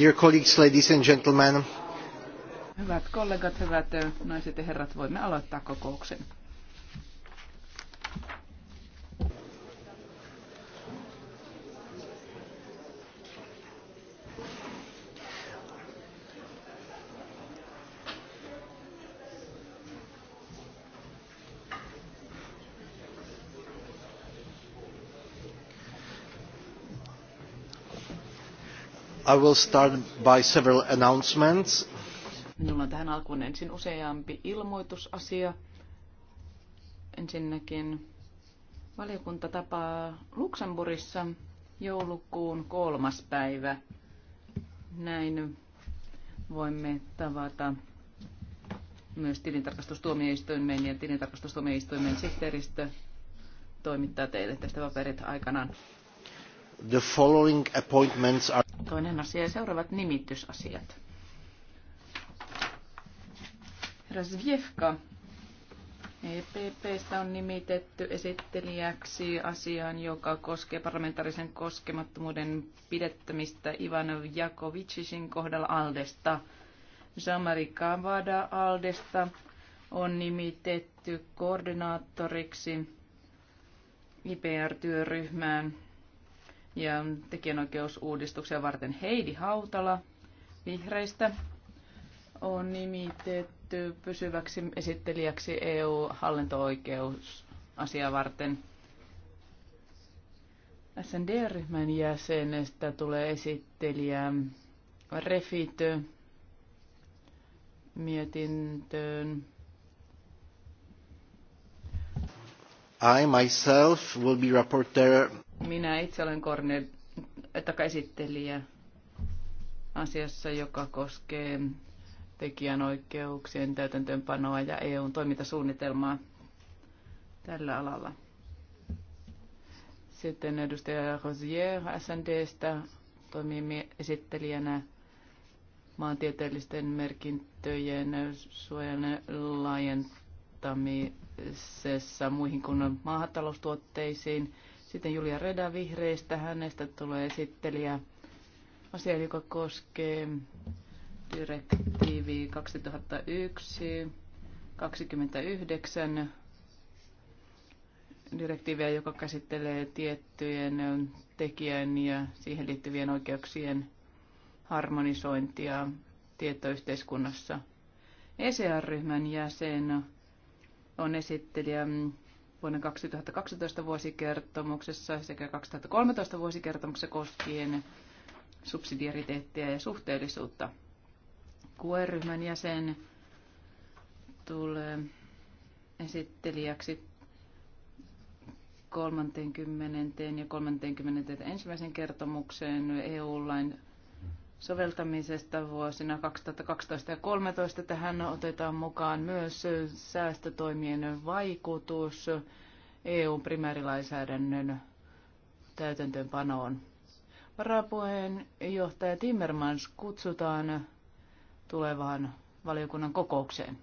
Dear colleagues, ladies and gentlemen. Hyvät kollegat, hyvät naiset ja herrat, voimme aloittaa kokouksen. I will start by several announcements. Minulla on tähän alkuun ensin useampi ilmoitusasia. Ensinnäkin valiokunta tapaa Luxemburissa joulukuun kolmas päivä. Näin voimme tavata myös tilintarkastustuomioistuimen ja tilintarkastustuomioistuimen sihteeristö toimittaa teille tästä paperit aikanaan. The following appointments are toinen asia. Ja seuraavat nimitysasiat. Herra EPPstä e on nimitetty esittelijäksi asiaan, joka koskee parlamentaarisen koskemattomuuden pidettämistä Ivan Jakovicisin kohdalla Aldesta. Samari Kavada Aldesta on nimitetty koordinaattoriksi IPR-työryhmään ja tekijänoikeusuudistuksia varten Heidi Hautala vihreistä on nimitetty pysyväksi esittelijäksi EU-hallinto-oikeusasiaa varten. SND-ryhmän jäsenestä tulee esittelijä Refit mietintöön. I myself will be reporter minä itse olen korne takaisittelijä asiassa, joka koskee tekijänoikeuksien täytäntöönpanoa ja EUn toimintasuunnitelmaa tällä alalla. Sitten edustaja Rosier SNDstä toimii esittelijänä maantieteellisten merkintöjen suojan laajentamisessa muihin kuin maataloustuotteisiin. Sitten Julia Reda vihreistä, hänestä tulee esittelijä. Asia, joka koskee direktiivi 2001 29 direktiiviä, joka käsittelee tiettyjen tekijän ja siihen liittyvien oikeuksien harmonisointia tietoyhteiskunnassa. ECR-ryhmän jäsen on esittelijä vuoden 2012 vuosikertomuksessa sekä 2013 vuosikertomuksessa koskien subsidiariteettia ja suhteellisuutta. QR-ryhmän jäsen tulee esittelijäksi 30. ja 31. kertomukseen EU-lain soveltamisesta vuosina 2012 ja 2013. Tähän otetaan mukaan myös säästötoimien vaikutus EUn primäärilainsäädännön täytäntöönpanoon. Varapuheenjohtaja Timmermans kutsutaan tulevaan valiokunnan kokoukseen.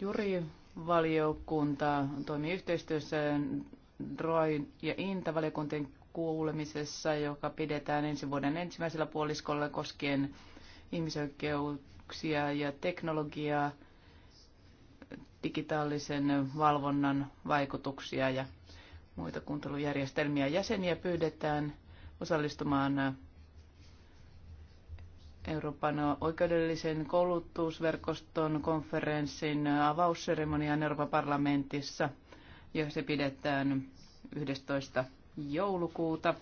Juri valiokunta toimii yhteistyössä Droin ja INTA-valiokuntien kuulemisessa, joka pidetään ensi vuoden ensimmäisellä puoliskolla koskien ihmisoikeuksia ja teknologiaa, digitaalisen valvonnan vaikutuksia ja muita kuuntelujärjestelmiä. Jäseniä pyydetään osallistumaan Euroopan oikeudellisen koulutusverkoston konferenssin avausseremoniaan Euroopan parlamentissa, ja se pidetään 11 joulukuuta.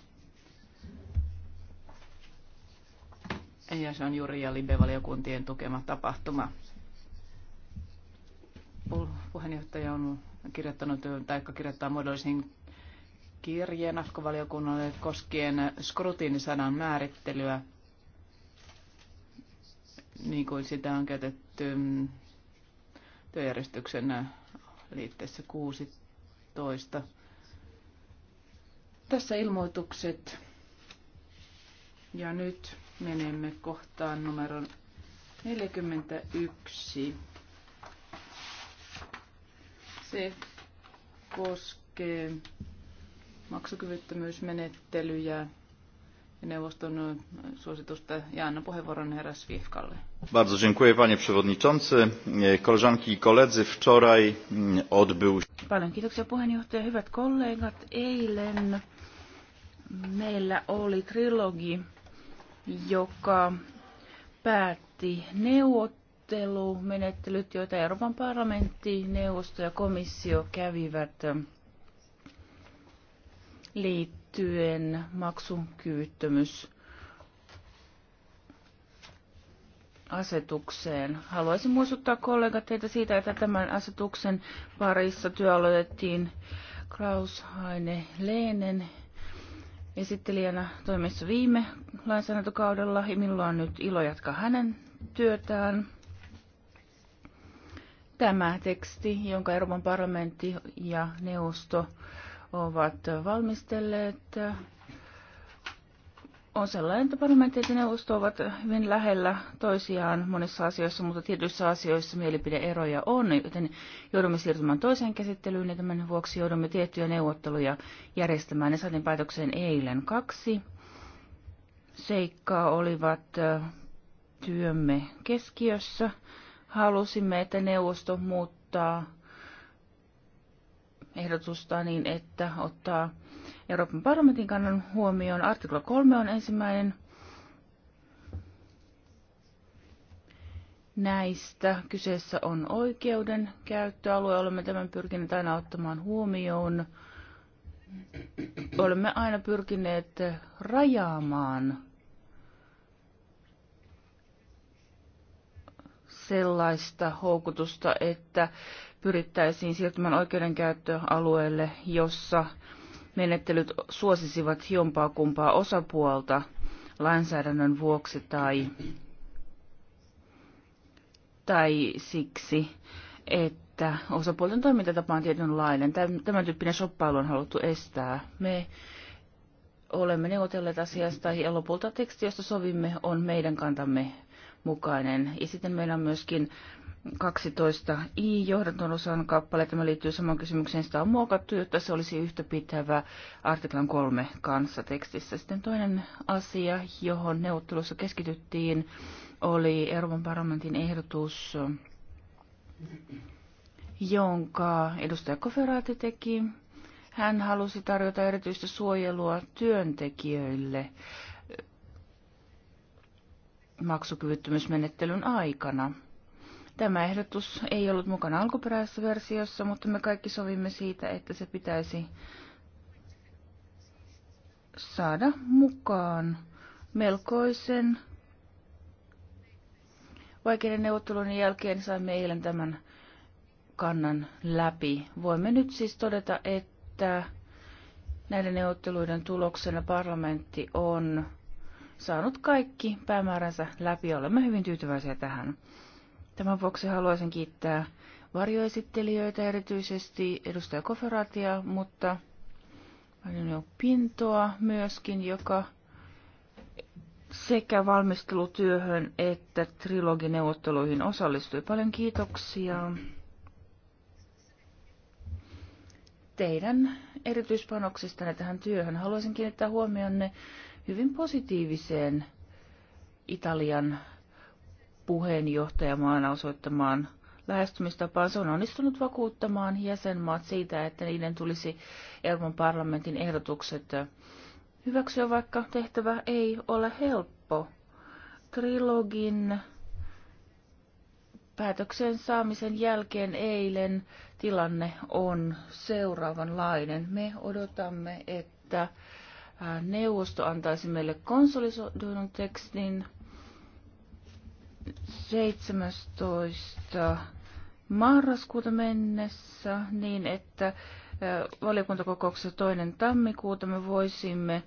Ja se on juuri ja Libe-valiokuntien tukema tapahtuma. Puheenjohtaja on kirjoittanut tai kirjoittaa muodollisin kirjeen afkovaliokunnalle koskien skrutiinisanan määrittelyä, niin kuin sitä on käytetty työjärjestyksen liitteessä 16. Tässä ilmoitukset. Ja nyt menemme kohtaan numeron 41. Se koskee maksukyvyttömyysmenettelyjä ja neuvoston suositusta ja annan puheenvuoron herra Swifkalle. Bardzo dziękuję panie przewodniczący. Koleżanki i koledzy, wczoraj mm, odbył się... Paljon kiitoksia puheenjohtaja. Hyvät kollegat, eilen meillä oli trilogi, joka päätti neuvottelumenettelyt, joita Euroopan parlamentti, neuvosto ja komissio kävivät liittyen maksukyvyttömyys asetukseen. Haluaisin muistuttaa kollegat teitä siitä, että tämän asetuksen parissa työ aloitettiin Klaus Heine Leenen esittelijänä toimissa viime lainsäädäntökaudella ja minulla on nyt ilo jatkaa hänen työtään. Tämä teksti, jonka Euroopan parlamentti ja neuvosto ovat valmistelleet, on sellainen, että parlamentit ja neuvosto ovat hyvin lähellä toisiaan monissa asioissa, mutta tietyissä asioissa mielipideeroja on, joten joudumme siirtymään toiseen käsittelyyn ja tämän vuoksi joudumme tiettyjä neuvotteluja järjestämään. Ne saatiin päätökseen eilen kaksi. Seikkaa olivat työmme keskiössä. Halusimme, että neuvosto muuttaa ehdotusta niin, että ottaa Euroopan parlamentin kannan huomioon. Artikla 3 on ensimmäinen näistä. Kyseessä on oikeuden käyttöalue. Olemme tämän pyrkineet aina ottamaan huomioon. Olemme aina pyrkineet rajaamaan sellaista houkutusta, että pyrittäisiin siirtymään oikeudenkäyttöalueelle, jossa menettelyt suosisivat jompaa kumpaa osapuolta lainsäädännön vuoksi tai, tai siksi, että osapuolten toimintatapa on tietynlainen. Tämän tyyppinen shoppailu on haluttu estää. Me olemme neuvotelleet asiasta ja lopulta teksti, josta sovimme, on meidän kantamme mukainen. Ja sitten meillä on myöskin 12 i johdanton osan kappale. Tämä liittyy samaan kysymykseen. Sitä on muokattu, jotta se olisi yhtä pitävä artiklan 3 kanssa tekstissä. Sitten toinen asia, johon neuvottelussa keskityttiin, oli Euroopan parlamentin ehdotus, jonka edustaja Koferaati teki. Hän halusi tarjota erityistä suojelua työntekijöille maksukyvyttömyysmenettelyn aikana. Tämä ehdotus ei ollut mukana alkuperäisessä versiossa, mutta me kaikki sovimme siitä, että se pitäisi saada mukaan melkoisen vaikeiden neuvottelun jälkeen saimme eilen tämän kannan läpi. Voimme nyt siis todeta, että näiden neuvotteluiden tuloksena parlamentti on saanut kaikki päämääränsä läpi. Olemme hyvin tyytyväisiä tähän. Tämän vuoksi haluaisin kiittää varjoesittelijöitä, erityisesti edustaja Koferatia, mutta paljon Pintoa myöskin, joka sekä valmistelutyöhön että trilogineuvotteluihin osallistui. Paljon kiitoksia teidän erityispanoksistanne tähän työhön. Haluaisin kiinnittää huomionne hyvin positiiviseen Italian puheenjohtajamaana osoittamaan lähestymistapaan. Se on onnistunut vakuuttamaan jäsenmaat siitä, että niiden tulisi Euroopan parlamentin ehdotukset hyväksyä, vaikka tehtävä ei ole helppo. Trilogin päätöksen saamisen jälkeen eilen tilanne on seuraavanlainen. Me odotamme, että neuvosto antaisi meille konsolidoidun tekstin 17. marraskuuta mennessä niin, että valiokuntakokouksessa toinen tammikuuta me voisimme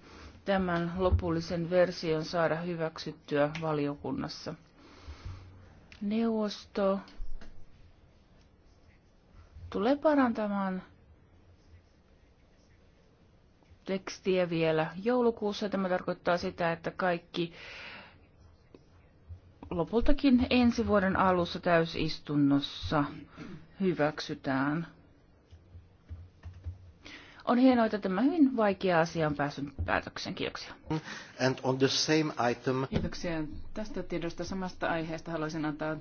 tämän lopullisen version saada hyväksyttyä valiokunnassa. Neuvosto tulee parantamaan tekstiä vielä joulukuussa. Tämä tarkoittaa sitä, että kaikki lopultakin ensi vuoden alussa täysistunnossa hyväksytään. On hienoa, että tämä hyvin vaikea asia on päässyt päätökseen. Kiitoksia. And on the same item. Kiitoksia. Tästä tiedosta samasta aiheesta haluaisin antaa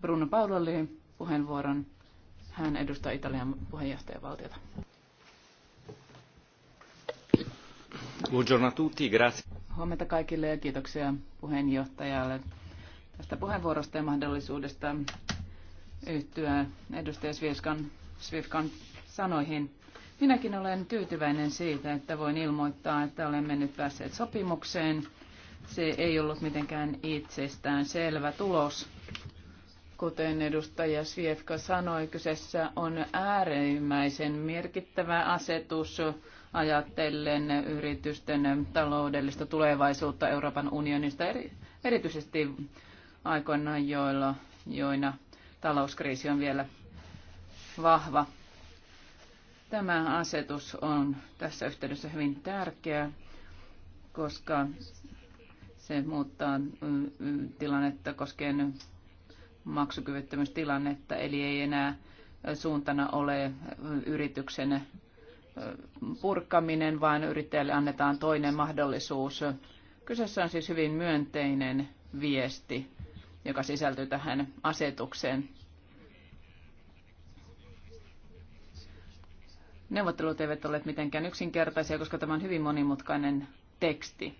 Bruno Paololle puheenvuoron. Hän edustaa Italian puheenjohtajavaltiota. Buongiorno a tutti, grazie. Huomenta kaikille ja kiitoksia puheenjohtajalle tästä puheenvuorosta ja mahdollisuudesta yhtyä edustaja Svifkan, Svifkan sanoihin. Minäkin olen tyytyväinen siitä, että voin ilmoittaa, että olemme nyt päässeet sopimukseen. Se ei ollut mitenkään itsestään selvä tulos. Kuten edustaja Sviefka sanoi, kyseessä on äärimmäisen merkittävä asetus ajatellen yritysten taloudellista tulevaisuutta Euroopan unionista, erityisesti aikoina, joilla, joina talouskriisi on vielä vahva. Tämä asetus on tässä yhteydessä hyvin tärkeä, koska se muuttaa mm, mm, tilannetta koskien maksukyvyttömyystilannetta, eli ei enää suuntana ole mm, yrityksen purkaminen, vaan yrittäjälle annetaan toinen mahdollisuus. Kyseessä on siis hyvin myönteinen viesti joka sisältyy tähän asetukseen. Neuvottelut eivät ole mitenkään yksinkertaisia, koska tämä on hyvin monimutkainen teksti.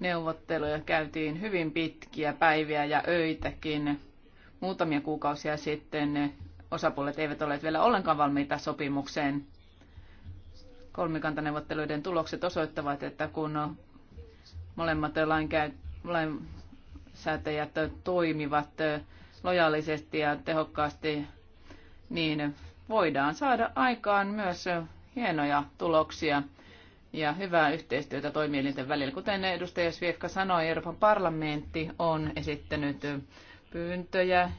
Neuvotteluja käytiin hyvin pitkiä päiviä ja öitäkin. Muutamia kuukausia sitten osapuolet eivät ole vielä ollenkaan valmiita sopimukseen. Kolmikantaneuvotteluiden tulokset osoittavat, että kun molemmat lainsäätäjät toimivat lojaalisesti ja tehokkaasti, niin voidaan saada aikaan myös hienoja tuloksia ja hyvää yhteistyötä toimielinten välillä. Kuten edustaja Sviekka sanoi, Euroopan parlamentti on esittänyt pyyntöjä,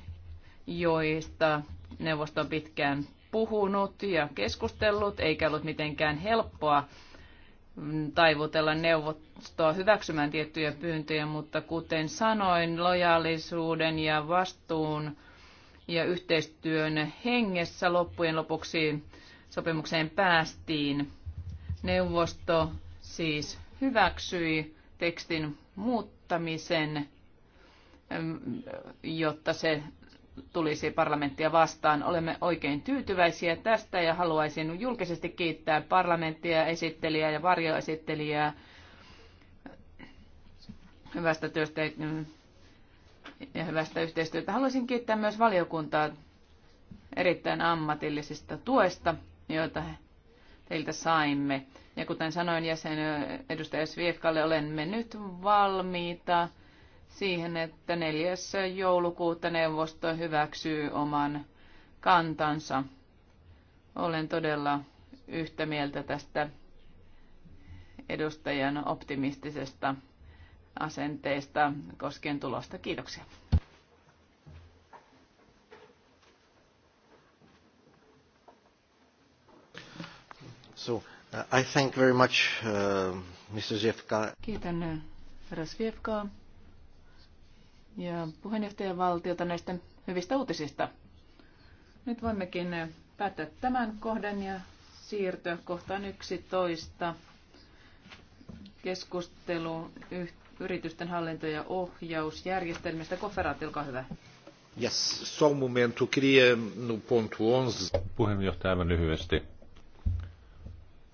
joista neuvosto on pitkään puhunut ja keskustellut, eikä ollut mitenkään helppoa taivutella neuvostoa hyväksymään tiettyjä pyyntöjä, mutta kuten sanoin, lojaalisuuden ja vastuun ja yhteistyön hengessä loppujen lopuksi sopimukseen päästiin. Neuvosto siis hyväksyi tekstin muuttamisen, jotta se tulisi parlamenttia vastaan. Olemme oikein tyytyväisiä tästä ja haluaisin julkisesti kiittää parlamenttia, esittelijää ja varjoesittelijää hyvästä työstä ja hyvästä yhteistyötä. Haluaisin kiittää myös valiokuntaa erittäin ammatillisista tuesta, joita teiltä saimme. Ja kuten sanoin jäsen edustaja Sviekalle, olemme nyt valmiita siihen, että 4. joulukuuta neuvosto hyväksyy oman kantansa. Olen todella yhtä mieltä tästä edustajan optimistisesta asenteesta koskien tulosta. Kiitoksia. So, uh, I thank very much, uh, Mr. Kiitän uh, herra Zjevkaa ja puheenjohtajavaltiota näistä hyvistä uutisista. Nyt voimmekin päättää tämän kohdan ja siirtyä kohtaan 11. Keskustelu yritysten hallinto- ja ohjausjärjestelmistä. Kofferaat, olkaa hyvä. Yes. Só um momento, queria no ponto 11. Puheenjohtaja aivan lyhyesti.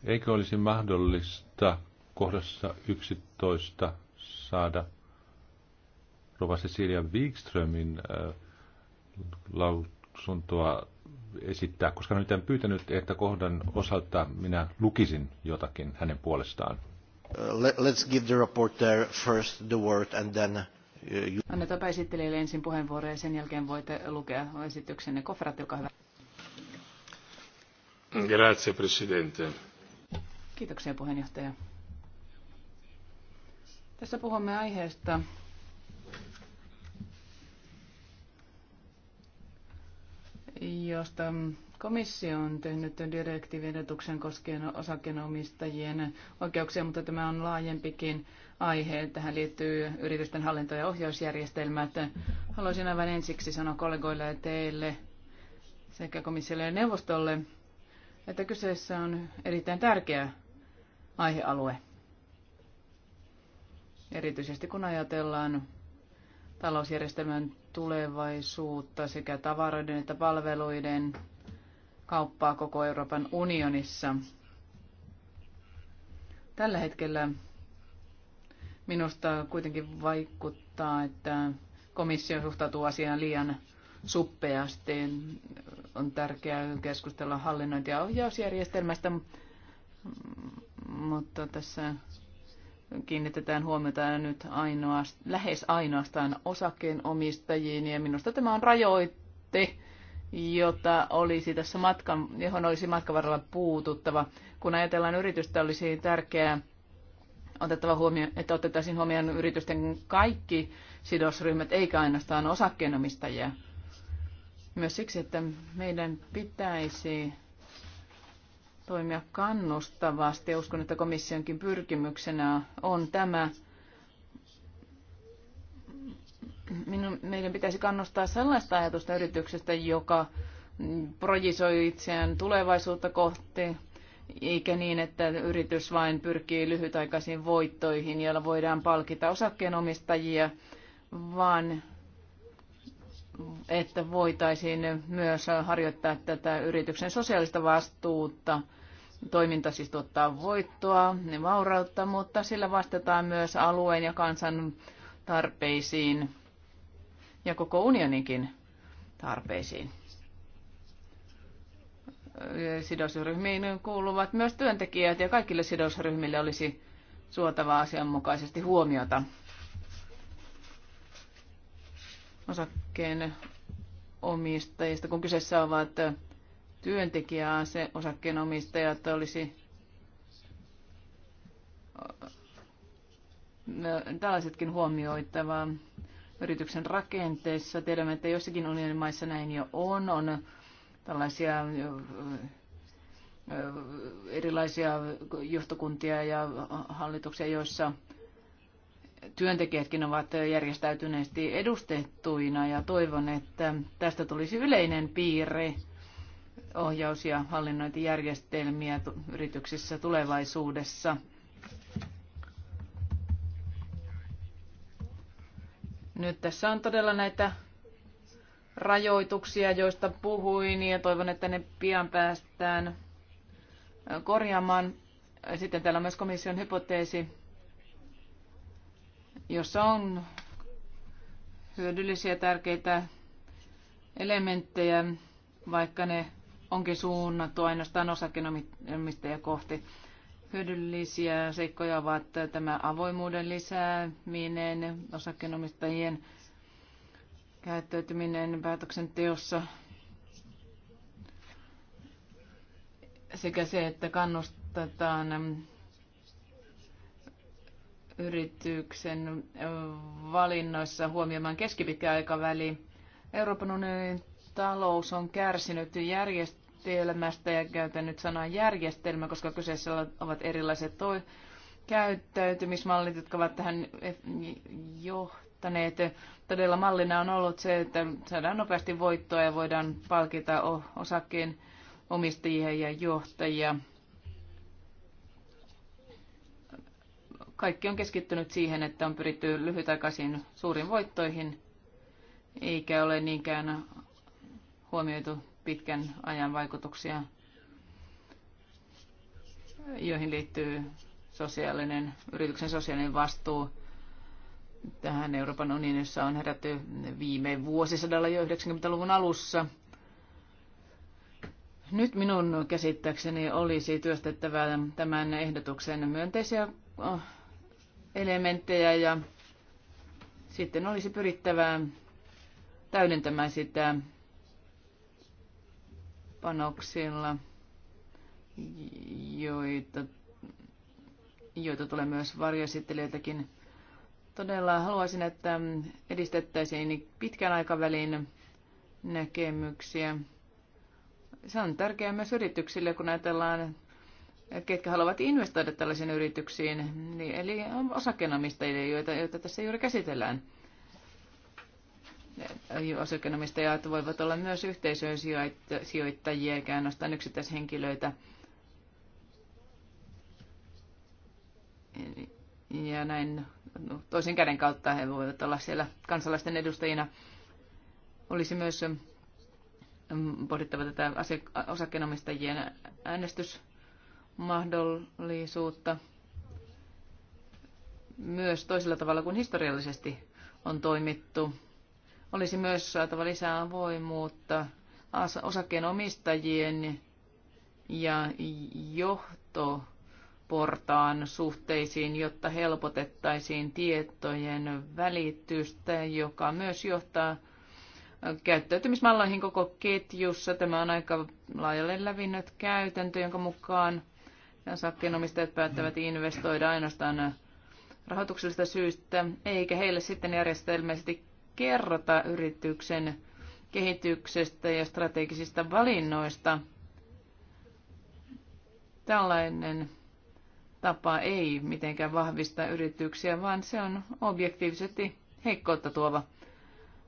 Eikö olisi mahdollista kohdassa 11 saada Rova Cecilia Wikströmin äh, lausuntoa esittää, koska hän on pyytänyt, että kohdan osalta minä lukisin jotakin hänen puolestaan. Uh, let's give the reporter first the word and then uh, you... Annetaanpa esittelijälle ensin puheenvuoro ja sen jälkeen voitte lukea esityksenne. Kofrat, joka hyvä. Grazie, Presidente. Kiitoksia puheenjohtaja. Tässä puhumme aiheesta, josta komissio on tehnyt direktiiviehdotuksen koskien osakkeenomistajien oikeuksia, mutta tämä on laajempikin aihe. Tähän liittyy yritysten hallinto- ja ohjausjärjestelmät. Haluaisin aivan ensiksi sanoa kollegoille ja teille sekä komissiolle ja neuvostolle, että kyseessä on erittäin tärkeä aihealue. Erityisesti kun ajatellaan talousjärjestelmän tulevaisuutta sekä tavaroiden että palveluiden kauppaa koko Euroopan unionissa. Tällä hetkellä minusta kuitenkin vaikuttaa, että komissio suhtautuu asiaan liian suppeasti. On tärkeää keskustella hallinnointi- ja ohjausjärjestelmästä, mutta tässä kiinnitetään huomiota nyt ainoastaan, lähes ainoastaan osakkeenomistajiin ja minusta tämä on rajoitte, jota olisi tässä matkan, johon olisi matkan varrella puututtava. Kun ajatellaan yritystä, olisi tärkeää otettava huomio, että otettaisiin huomioon yritysten kaikki sidosryhmät, eikä ainoastaan osakkeenomistajia. Myös siksi, että meidän pitäisi toimia kannustavasti. Uskon, että komissionkin pyrkimyksenä on tämä. Minun, meidän pitäisi kannustaa sellaista ajatusta yrityksestä, joka projisoi itseään tulevaisuutta kohti, eikä niin, että yritys vain pyrkii lyhytaikaisiin voittoihin, joilla voidaan palkita osakkeenomistajia, vaan että voitaisiin myös harjoittaa tätä yrityksen sosiaalista vastuutta – Toiminta siis tuottaa voittoa ja vaurautta, mutta sillä vastataan myös alueen ja kansan tarpeisiin ja koko unioninkin tarpeisiin. Sidosryhmiin kuuluvat myös työntekijät ja kaikille sidosryhmille olisi suotava asianmukaisesti huomiota. Osakkeen omistajista, kun kyseessä ovat työntekijää, se osakkeenomistajat olisi no, tällaisetkin huomioittavaa yrityksen rakenteessa. Tiedämme, että unionin maissa näin jo on. On tällaisia erilaisia johtokuntia ja hallituksia, joissa työntekijätkin ovat järjestäytyneesti edustettuina ja toivon, että tästä tulisi yleinen piirre ohjaus- ja hallinnointijärjestelmiä yrityksissä tulevaisuudessa. Nyt tässä on todella näitä rajoituksia, joista puhuin, ja toivon, että ne pian päästään korjaamaan. Sitten täällä on myös komission hypoteesi, jossa on hyödyllisiä tärkeitä elementtejä, vaikka ne onkin suunnattu ainoastaan osakkeenomistajia kohti. Hyödyllisiä seikkoja ovat tämä avoimuuden lisääminen, osakkeenomistajien käyttäytyminen päätöksenteossa sekä se, että kannustetaan yrityksen valinnoissa huomioimaan keskipitkä aikaväli. Euroopan unionin talous on kärsinyt järjestelmästä ja käytän nyt sanaa järjestelmä, koska kyseessä ovat erilaiset toi käyttäytymismallit, jotka ovat tähän johtaneet. Todella mallina on ollut se, että saadaan nopeasti voittoa ja voidaan palkita osakkeen omistajia ja johtajia. Kaikki on keskittynyt siihen, että on pyritty lyhytaikaisiin suuriin voittoihin, eikä ole niinkään huomioitu pitkän ajan vaikutuksia, joihin liittyy sosiaalinen, yrityksen sosiaalinen vastuu. Tähän Euroopan unionissa on herätty viime vuosisadalla jo 90-luvun alussa. Nyt minun käsittääkseni olisi työstettävä tämän ehdotuksen myönteisiä oh, elementtejä ja sitten olisi pyrittävää täydentämään sitä panoksilla, joita, joita tulee myös varjoesittelijöitäkin. Todella haluaisin, että edistettäisiin pitkän aikavälin näkemyksiä. Se on tärkeää myös yrityksille, kun ajatellaan, ketkä haluavat investoida tällaisiin yrityksiin, eli osakkeenomistajille, joita, joita tässä juuri käsitellään osakkeenomistajat voivat olla myös yhteisöön sijoittajia eikä ainoastaan yksittäishenkilöitä. Ja näin no, toisen käden kautta he voivat olla siellä kansalaisten edustajina. Olisi myös mm, pohdittava tätä osakkeenomistajien äänestysmahdollisuutta myös toisella tavalla kuin historiallisesti on toimittu olisi myös saatava lisää avoimuutta osakkeenomistajien ja johtoportaan suhteisiin, jotta helpotettaisiin tietojen välitystä, joka myös johtaa käyttäytymismalloihin koko ketjussa. Tämä on aika laajalle lävinnyt käytäntö, jonka mukaan osakkeenomistajat päättävät investoida ainoastaan rahoituksellisista syistä, eikä heille sitten järjestelmällisesti kerrota yrityksen kehityksestä ja strategisista valinnoista. Tällainen tapa ei mitenkään vahvista yrityksiä, vaan se on objektiivisesti heikkoutta tuova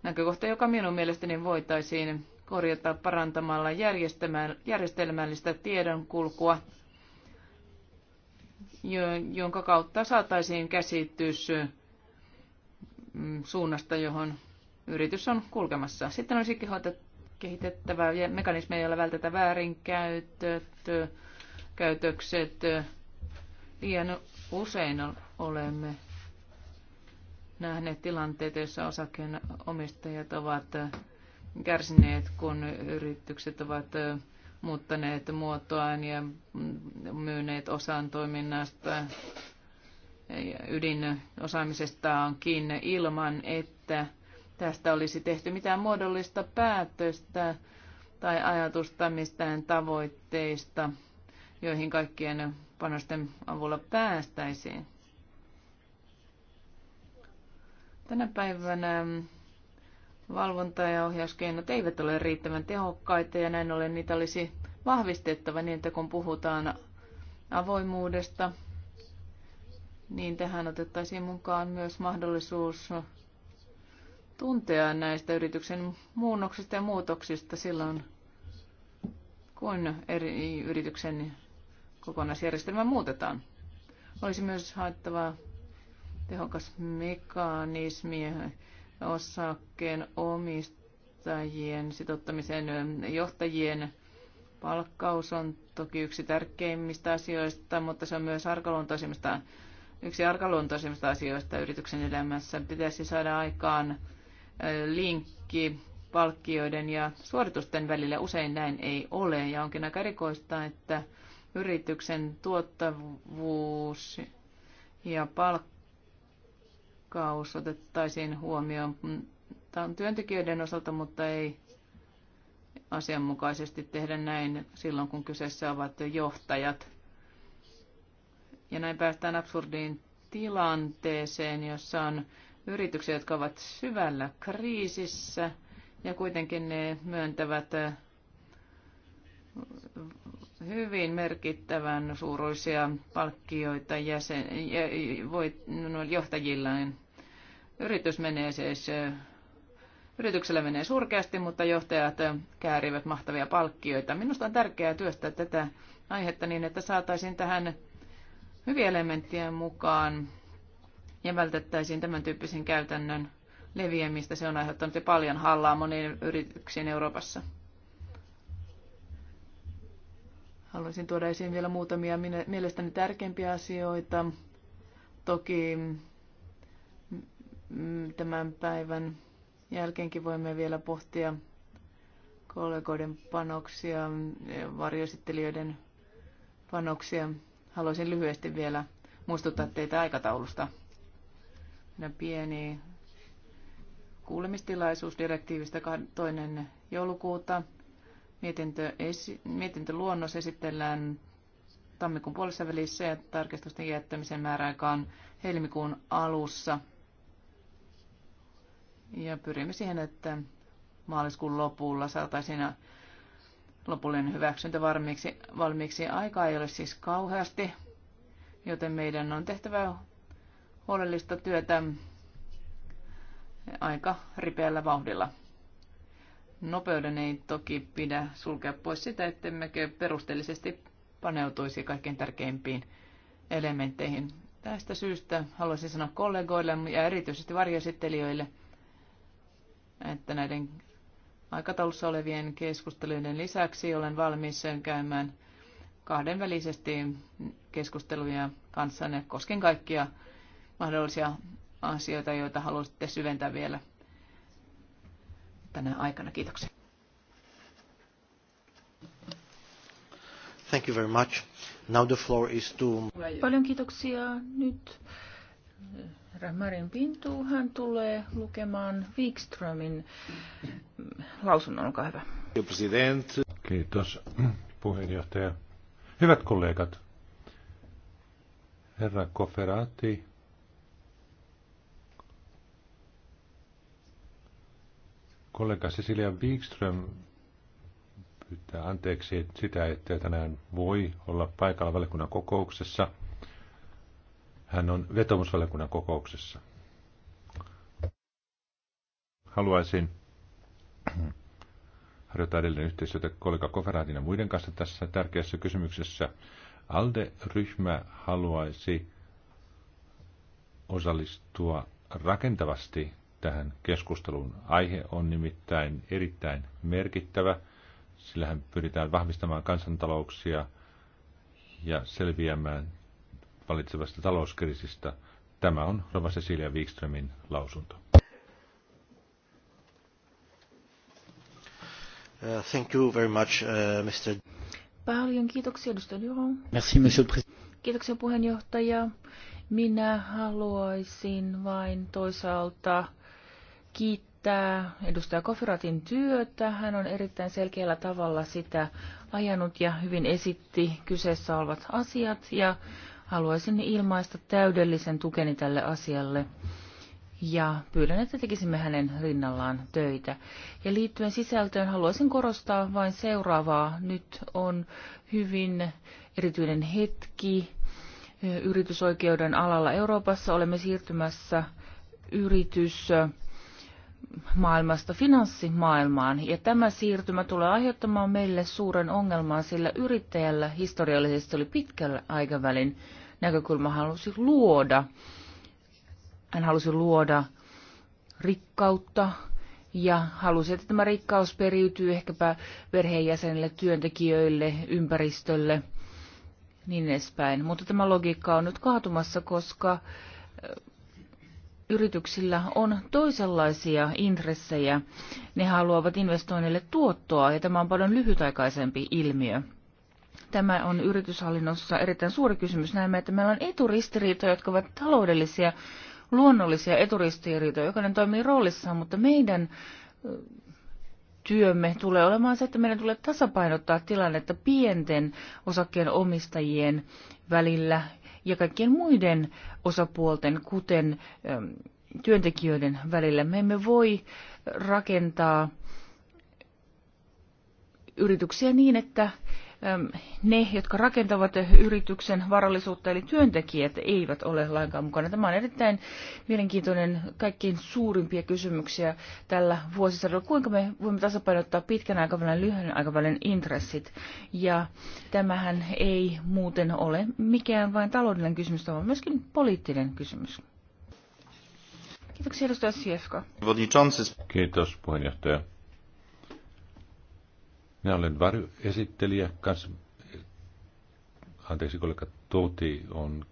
näkökohta, joka minun mielestäni voitaisiin korjata parantamalla järjestelmällistä tiedonkulkua, jonka kautta saataisiin käsitys Mm, suunnasta, johon yritys on kulkemassa. Sitten olisi kehitettävää mekanismeja, joilla vältetään väärinkäytöt, käytökset. Liian usein olemme nähneet tilanteita, joissa osakkeenomistajat ovat kärsineet, kun yritykset ovat muuttaneet muotoaan ja myyneet osan toiminnasta kiinni ilman, että tästä olisi tehty mitään muodollista päätöstä tai ajatusta mistään tavoitteista, joihin kaikkien panosten avulla päästäisiin. Tänä päivänä valvonta- ja ohjauskeinot eivät ole riittävän tehokkaita ja näin ollen niitä olisi vahvistettava niin, että kun puhutaan avoimuudesta, niin tähän otettaisiin mukaan myös mahdollisuus tuntea näistä yrityksen muunnoksista ja muutoksista silloin, kun eri yrityksen kokonaisjärjestelmä muutetaan. Olisi myös haettava tehokas mekanismi osakkeen omistajien sitouttamisen johtajien palkkaus on toki yksi tärkeimmistä asioista, mutta se on myös arkaluontoisimmista yksi arkaluontoisimmista asioista yrityksen elämässä. Pitäisi saada aikaan linkki palkkioiden ja suoritusten välillä. Usein näin ei ole ja onkin aika erikoista, että yrityksen tuottavuus ja palkkaus otettaisiin huomioon Tämä on työntekijöiden osalta, mutta ei asianmukaisesti tehdä näin silloin, kun kyseessä ovat johtajat. Ja näin päästään absurdiin tilanteeseen, jossa on yrityksiä, jotka ovat syvällä kriisissä ja kuitenkin ne myöntävät äh, hyvin merkittävän suuruisia palkkioita jäsen, voi, no, johtajillaan. Yritys menee siis, äh, yrityksellä menee surkeasti, mutta johtajat äh, käärivät mahtavia palkkioita. Minusta on tärkeää työstää tätä aihetta niin, että saataisiin tähän hyvien elementtien mukaan ja vältettäisiin tämän tyyppisen käytännön leviämistä. Se on aiheuttanut jo paljon hallaa moniin yrityksiin Euroopassa. Haluaisin tuoda esiin vielä muutamia mielestäni tärkeimpiä asioita. Toki tämän päivän jälkeenkin voimme vielä pohtia kollegoiden panoksia, varjoesittelijöiden panoksia Haluaisin lyhyesti vielä muistuttaa teitä aikataulusta. Meidän pieni kuulemistilaisuus direktiivistä toinen joulukuuta. Mietintö, esi- mietintöluonnos esitellään tammikuun puolessa välissä ja tarkistusten jättämisen määräaika on helmikuun alussa. Ja pyrimme siihen, että maaliskuun lopulla saataisiin lopullinen hyväksyntä varmiiksi, valmiiksi. Aikaa ei ole siis kauheasti, joten meidän on tehtävä huolellista työtä aika ripeällä vauhdilla. Nopeuden ei toki pidä sulkea pois sitä, ettemmekö perusteellisesti paneutuisi kaikkein tärkeimpiin elementteihin. Tästä syystä haluaisin sanoa kollegoille ja erityisesti varjoesittelijöille, että näiden aikataulussa olevien keskustelujen lisäksi olen valmis sen käymään kahdenvälisesti keskusteluja kanssanne kosken kaikkia mahdollisia asioita, joita haluaisitte syventää vielä tänä aikana. Kiitoksia. Thank you very much. Now the floor is to... Paljon kiitoksia. Nyt Rahmarin Pintu, hän tulee lukemaan Wikströmin lausunnon, olkaa hyvä. Kiitos puheenjohtaja. Hyvät kollegat, herra Koferati kollega Cecilia Wikström pyytää anteeksi sitä, että tänään voi olla paikalla valiokunnan kokouksessa – hän on vetomusvaliokunnan kokouksessa. Haluaisin harjoittaa edelleen yhteistyötä kollega Koferaatin ja muiden kanssa tässä tärkeässä kysymyksessä. ALDE-ryhmä haluaisi osallistua rakentavasti tähän keskusteluun. Aihe on nimittäin erittäin merkittävä. Sillähän pyritään vahvistamaan kansantalouksia ja selviämään vallitsevasta talouskriisistä. Tämä on Rova Cecilia Wikströmin lausunto. Uh, thank you very much, uh, Mr. Paljon kiitoksia, edustaja Duron. Merci, monsieur le président. Kiitoksia puheenjohtaja. Minä haluaisin vain toisaalta kiittää edustaja Kofiratin työtä. Hän on erittäin selkeällä tavalla sitä ajanut ja hyvin esitti kyseessä olevat asiat. Ja Haluaisin ilmaista täydellisen tukeni tälle asialle ja pyydän, että tekisimme hänen rinnallaan töitä. Ja liittyen sisältöön haluaisin korostaa vain seuraavaa. Nyt on hyvin erityinen hetki yritysoikeuden alalla Euroopassa. Olemme siirtymässä yritys maailmasta finanssimaailmaan, ja tämä siirtymä tulee aiheuttamaan meille suuren ongelman, sillä yrittäjällä historiallisesti oli pitkällä aikavälin näkökulma halusi luoda. Hän halusi luoda rikkautta ja halusi, että tämä rikkaus periytyy ehkäpä perheenjäsenille, työntekijöille, ympäristölle, niin edespäin. Mutta tämä logiikka on nyt kaatumassa, koska yrityksillä on toisenlaisia intressejä. Ne haluavat investoinnille tuottoa ja tämä on paljon lyhytaikaisempi ilmiö. Tämä on yrityshallinnossa erittäin suuri kysymys. Näemme, että meillä on eturistiriitoja, jotka ovat taloudellisia, luonnollisia eturistiriitoja. Jokainen toimii roolissaan, mutta meidän työmme tulee olemaan se, että meidän tulee tasapainottaa tilannetta pienten osakkeen omistajien välillä ja kaikkien muiden osapuolten, kuten työntekijöiden välillä. Me emme voi rakentaa yrityksiä niin, että ne, jotka rakentavat yrityksen varallisuutta, eli työntekijät, eivät ole lainkaan mukana. Tämä on erittäin mielenkiintoinen, kaikkein suurimpia kysymyksiä tällä vuosisadalla. Kuinka me voimme tasapainottaa pitkän aikavälin lyhyen aikavälin intressit? Ja tämähän ei muuten ole mikään vain taloudellinen kysymys, vaan myöskin poliittinen kysymys. Kiitoksia edustaja Siefka. Kiitos puheenjohtaja. Minä olen varjoesittelijä, kans, anteeksi kollega Tuuti on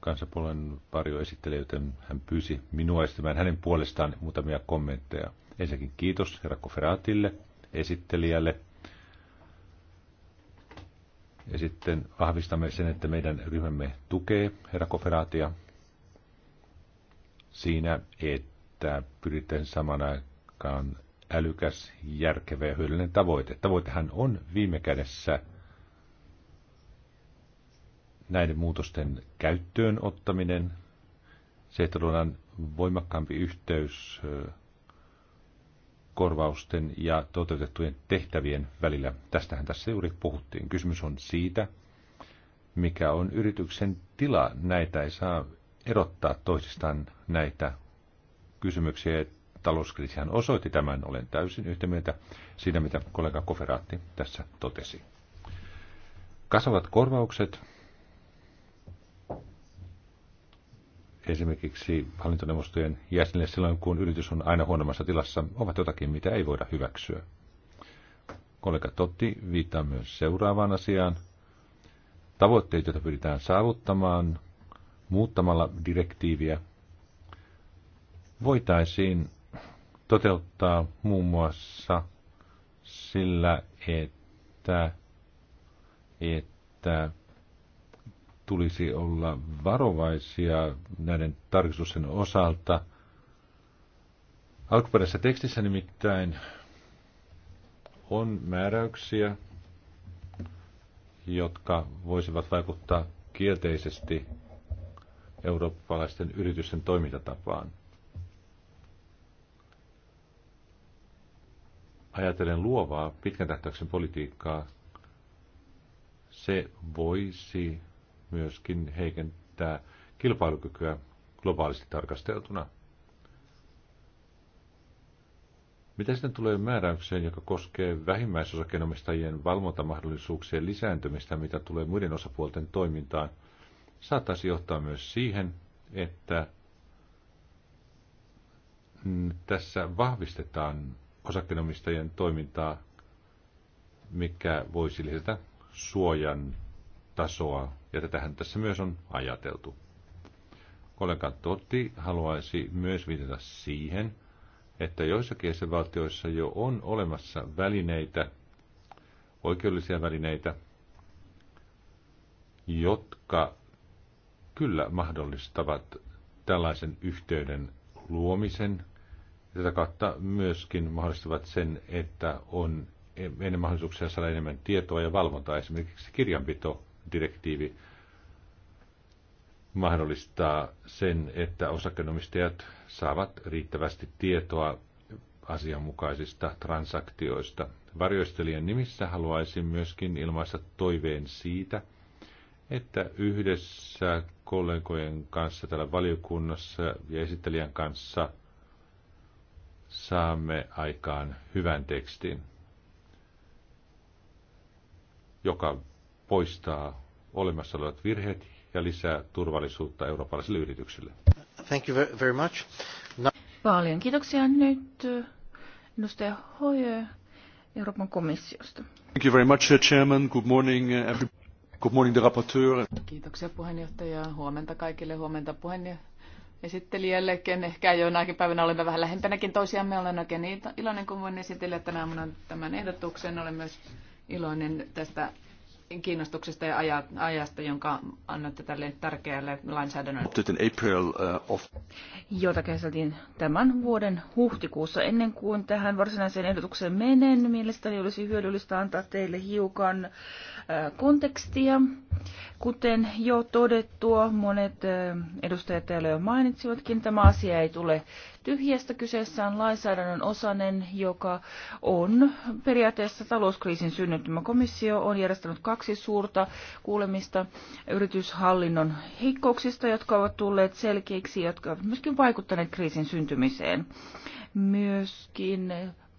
kansapuolen varjoesittelijä, joten hän pyysi minua esittämään hänen puolestaan muutamia kommentteja. Ensinnäkin kiitos herra Koferaatille, esittelijälle. Ja sitten vahvistamme sen, että meidän ryhmämme tukee herra Koferaatia siinä, että pyritään saman aikaan älykäs, järkevä ja hyödyllinen tavoite. Tavoitehan on viime kädessä näiden muutosten käyttöön ottaminen, se, että luodaan voimakkaampi yhteys korvausten ja toteutettujen tehtävien välillä. Tästähän tässä juuri puhuttiin. Kysymys on siitä, mikä on yrityksen tila. Näitä ei saa erottaa toisistaan näitä kysymyksiä talouskriisihän osoitti tämän, olen täysin yhtä mieltä siinä, mitä kollega Koferaatti tässä totesi. Kasvavat korvaukset, esimerkiksi hallintoneuvostojen jäsenille silloin, kun yritys on aina huonommassa tilassa, ovat jotakin, mitä ei voida hyväksyä. Kollega Totti viittaa myös seuraavaan asiaan. Tavoitteet, joita pyritään saavuttamaan muuttamalla direktiiviä, voitaisiin toteuttaa muun muassa sillä, että, että tulisi olla varovaisia näiden tarkistusten osalta. Alkuperäisessä tekstissä nimittäin on määräyksiä, jotka voisivat vaikuttaa kielteisesti eurooppalaisten yritysten toimintatapaan. ajatellen luovaa pitkän tähtäyksen politiikkaa, se voisi myöskin heikentää kilpailukykyä globaalisti tarkasteltuna. Mitä sitten tulee määräykseen, joka koskee vähimmäisosakkeenomistajien valvontamahdollisuuksien lisääntymistä, mitä tulee muiden osapuolten toimintaan, saattaisi johtaa myös siihen, että tässä vahvistetaan osakkeenomistajien toimintaa, mikä voisi lisätä suojan tasoa, ja tätähän tässä myös on ajateltu. Kollega Totti haluaisi myös viitata siihen, että joissakin jäsenvaltioissa jo on olemassa välineitä, oikeudellisia välineitä, jotka kyllä mahdollistavat tällaisen yhteyden luomisen tätä kautta myöskin mahdollistavat sen, että on enemmän mahdollisuuksia saada enemmän tietoa ja valvontaa. Esimerkiksi kirjanpitodirektiivi mahdollistaa sen, että osakkeenomistajat saavat riittävästi tietoa asianmukaisista transaktioista. Varjoistelijan nimissä haluaisin myöskin ilmaista toiveen siitä, että yhdessä kollegojen kanssa täällä valiokunnassa ja esittelijän kanssa saamme aikaan hyvän tekstin, joka poistaa olemassa olevat virheet ja lisää turvallisuutta eurooppalaisille yrityksille. Thank you very much. No... Paljon kiitoksia nyt edustaja Hoje Euroopan komissiosta. Thank you very much, uh, Chairman. Good morning, uh, everybody. Good morning, the rapporteur. Kiitoksia puheenjohtaja. Huomenta kaikille. Huomenta puheenjohtaja esittelijälle, ken ehkä näkin päivänä olemme vähän lähempänäkin toisiamme. Olen oikein iloinen, kun voin esitellä tänä aamuna tämän ehdotuksen. Olen myös iloinen tästä kiinnostuksesta ja ajasta, jonka annatte tälle tärkeälle lainsäädännölle. Uh, Jota käsiteltiin tämän vuoden huhtikuussa. Ennen kuin tähän varsinaiseen ehdotukseen menen, mielestäni olisi hyödyllistä antaa teille hiukan uh, kontekstia. Kuten jo todettua, monet uh, edustajat täällä jo mainitsivatkin, tämä asia ei tule tyhjästä. Kyseessä on lainsäädännön osanen, joka on periaatteessa talouskriisin synnyttämä. Komissio on järjestänyt kaksi suurta kuulemista yrityshallinnon heikkouksista, jotka ovat tulleet selkeiksi, jotka ovat myöskin vaikuttaneet kriisin syntymiseen. Myöskin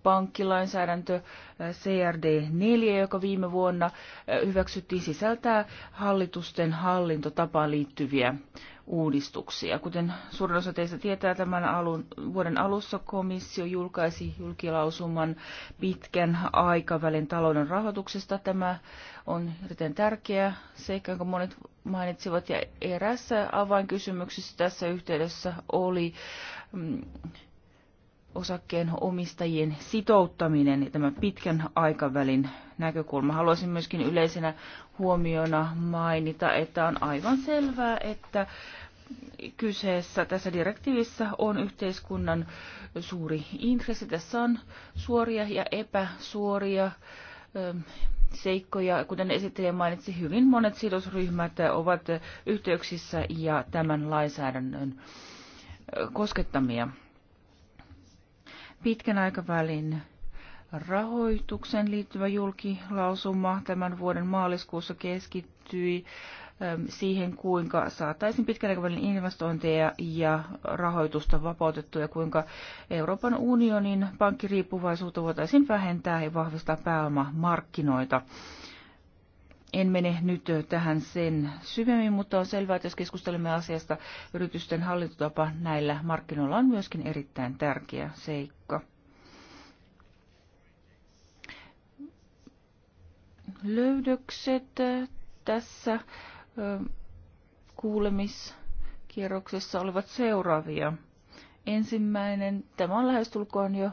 pankkilainsäädäntö CRD4, joka viime vuonna hyväksyttiin, sisältää hallitusten hallintotapaan liittyviä uudistuksia. Kuten suurin osa teistä tietää, tämän alun, vuoden alussa komissio julkaisi julkilausuman pitkän aikavälin talouden rahoituksesta. Tämä on erittäin tärkeä seikka, jonka monet mainitsivat, ja erässä avainkysymyksessä tässä yhteydessä oli mm, osakkeen omistajien sitouttaminen, tämä pitkän aikavälin näkökulma. Haluaisin myöskin yleisenä huomiona mainita, että on aivan selvää, että kyseessä tässä direktiivissä on yhteiskunnan suuri intressi. Tässä on suoria ja epäsuoria ähm, seikkoja, kuten esittelijä mainitsi, hyvin monet sidosryhmät ovat yhteyksissä ja tämän lainsäädännön koskettamia pitkän aikavälin rahoituksen liittyvä julkilausuma tämän vuoden maaliskuussa keskittyi siihen, kuinka saataisiin pitkän aikavälin investointeja ja rahoitusta vapautettua ja kuinka Euroopan unionin pankkiriippuvaisuutta voitaisiin vähentää ja vahvistaa pääomamarkkinoita. markkinoita. En mene nyt tähän sen syvemmin, mutta on selvää, että jos keskustelemme asiasta, yritysten hallintotapa näillä markkinoilla on myöskin erittäin tärkeä seikka. Löydökset tässä kuulemiskierroksessa olivat seuraavia. Ensimmäinen, tämä on lähestulkoon jo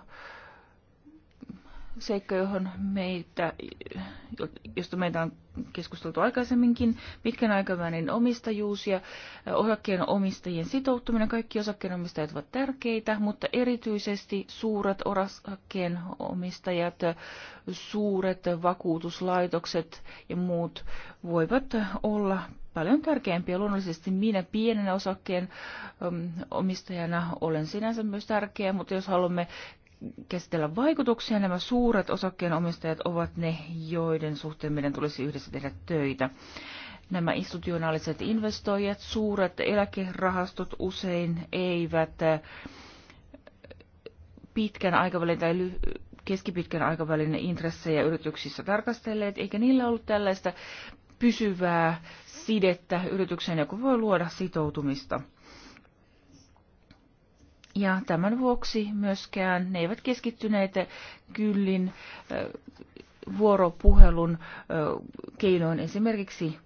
seikka, johon meitä, josta meitä on keskusteltu aikaisemminkin, pitkän aikavälin omistajuus ja osakkeen omistajien sitoutuminen. Kaikki osakkeenomistajat ovat tärkeitä, mutta erityisesti suuret osakkeen omistajat, suuret vakuutuslaitokset ja muut voivat olla paljon tärkeämpiä. Luonnollisesti minä pienenä osakkeen um, omistajana olen sinänsä myös tärkeä, mutta jos haluamme käsitellä vaikutuksia. Nämä suuret osakkeenomistajat ovat ne, joiden suhteen meidän tulisi yhdessä tehdä töitä. Nämä institutionaaliset investoijat, suuret eläkerahastot usein eivät äh, pitkän aikavälin tai keskipitkän aikavälin intressejä yrityksissä tarkastelleet, eikä niillä ollut tällaista pysyvää sidettä yritykseen, joka voi luoda sitoutumista. Ja tämän vuoksi myöskään ne eivät keskittyneet kyllin vuoropuhelun keinoin esimerkiksi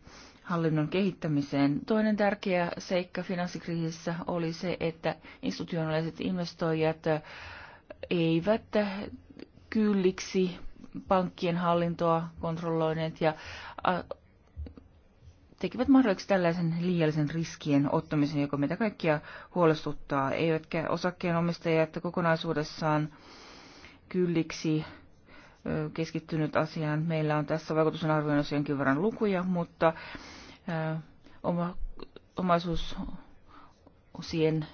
hallinnon kehittämiseen. Toinen tärkeä seikka finanssikriisissä oli se, että institutionaaliset investoijat eivät kylliksi pankkien hallintoa kontrolloineet ja tekivät mahdolliseksi tällaisen liiallisen riskien ottamisen, joka meitä kaikkia huolestuttaa, eivätkä osakkeenomistajat kokonaisuudessaan kylliksi keskittynyt asiaan. Meillä on tässä vaikutusten arvioinnissa jonkin verran lukuja, mutta oma, osien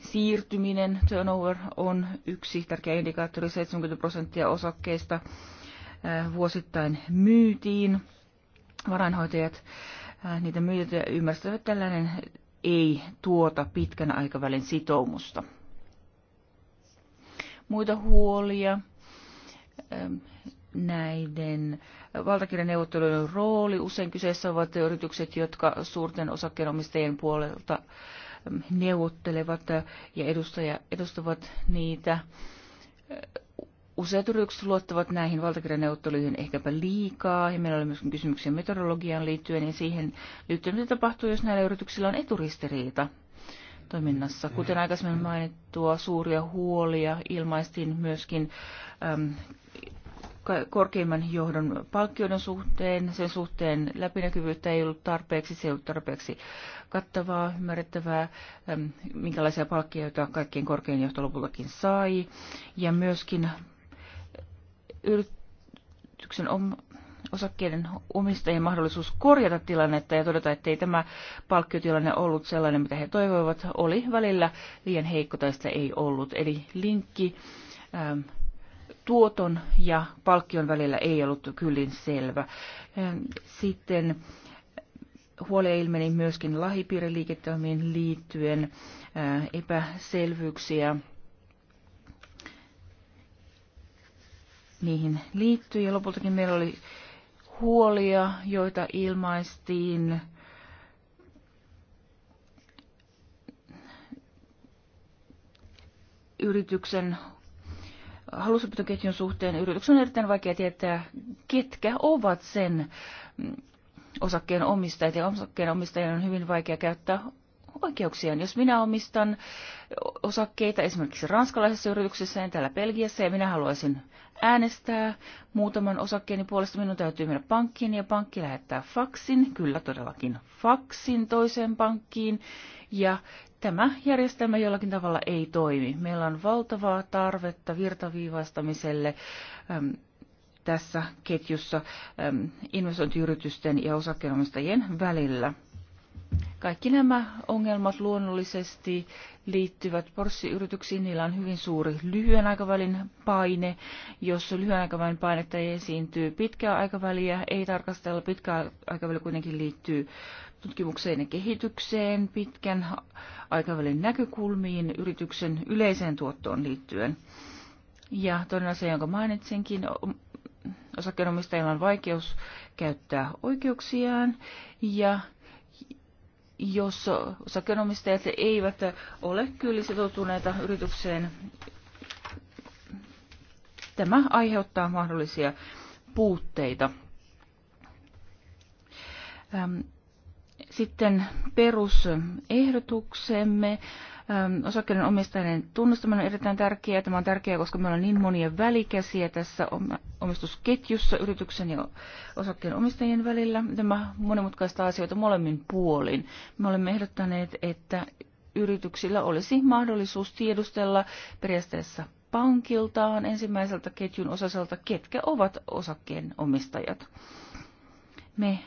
siirtyminen, turnover, on yksi tärkeä indikaattori. 70 prosenttia osakkeista vuosittain myytiin varainhoitajat, niitä myyjät ymmärsivät, että tällainen ei tuota pitkän aikavälin sitoumusta. Muita huolia näiden valtakirjaneuvottelujen rooli. Usein kyseessä ovat yritykset, jotka suurten osakkeenomistajien puolelta neuvottelevat ja edustaja, edustavat niitä. Useat yritykset luottavat näihin valtakirjaneuvotteluihin ehkäpä liikaa, ja meillä oli myös kysymyksiä metodologiaan liittyen ja siihen liittyen, mitä tapahtuu, jos näillä yrityksillä on eturistiriita toiminnassa. Kuten aikaisemmin mainittua, suuria huolia ilmaistiin myöskin äm, korkeimman johdon palkkioiden suhteen, sen suhteen läpinäkyvyyttä ei ollut tarpeeksi, se ei ollut tarpeeksi kattavaa, ymmärrettävää, minkälaisia palkkioita kaikkien korkein johto lopultakin sai, ja myöskin yrityksen om, osakkeiden omistajien mahdollisuus korjata tilannetta ja todeta, että ei tämä palkkiotilanne ollut sellainen, mitä he toivoivat, oli välillä liian heikko tai sitä ei ollut. Eli linkki ähm, tuoton ja palkkion välillä ei ollut kyllin selvä. Ähm, sitten huolia ilmeni myöskin lahipiiriliiketoimiin liittyen äh, epäselvyyksiä niihin liittyi. Ja lopultakin meillä oli huolia, joita ilmaistiin yrityksen hallussapitoketjun suhteen. Yrityksen on erittäin vaikea tietää, ketkä ovat sen osakkeen omistajat. Ja osakkeen omistajien on hyvin vaikea käyttää oikeuksiaan. Jos minä omistan osakkeita esimerkiksi ranskalaisessa yrityksessä ja niin täällä Belgiassa ja minä haluaisin äänestää muutaman osakkeeni puolesta, minun täytyy mennä pankkiin ja pankki lähettää faksin, kyllä todellakin faksin toiseen pankkiin ja tämä järjestelmä jollakin tavalla ei toimi. Meillä on valtavaa tarvetta virtaviivaistamiselle äm, tässä ketjussa äm, investointiyritysten ja osakkeenomistajien välillä. Kaikki nämä ongelmat luonnollisesti liittyvät porssiyrityksiin, Niillä on hyvin suuri lyhyen aikavälin paine. Jos lyhyen aikavälin painetta ei esiintyy pitkää aikaväliä, ei tarkastella. Pitkä aikaväli kuitenkin liittyy tutkimukseen ja kehitykseen, pitkän aikavälin näkökulmiin, yrityksen yleiseen tuottoon liittyen. Ja toinen asia, jonka mainitsinkin, osakkeenomistajilla on vaikeus käyttää oikeuksiaan ja jos osakkeenomistajat eivät ole kyllä sitoutuneita yritykseen, tämä aiheuttaa mahdollisia puutteita. Sitten perusehdotuksemme. Osakkeiden omistajien tunnustaminen on erittäin tärkeää. Tämä on tärkeää, koska meillä on niin monia välikäsiä tässä omistusketjussa yrityksen ja osakkeen omistajien välillä. Tämä monimutkaista asioita molemmin puolin. Me olemme ehdottaneet, että yrityksillä olisi mahdollisuus tiedustella periaatteessa pankiltaan ensimmäiseltä ketjun osaselta, ketkä ovat osakkeen omistajat. Me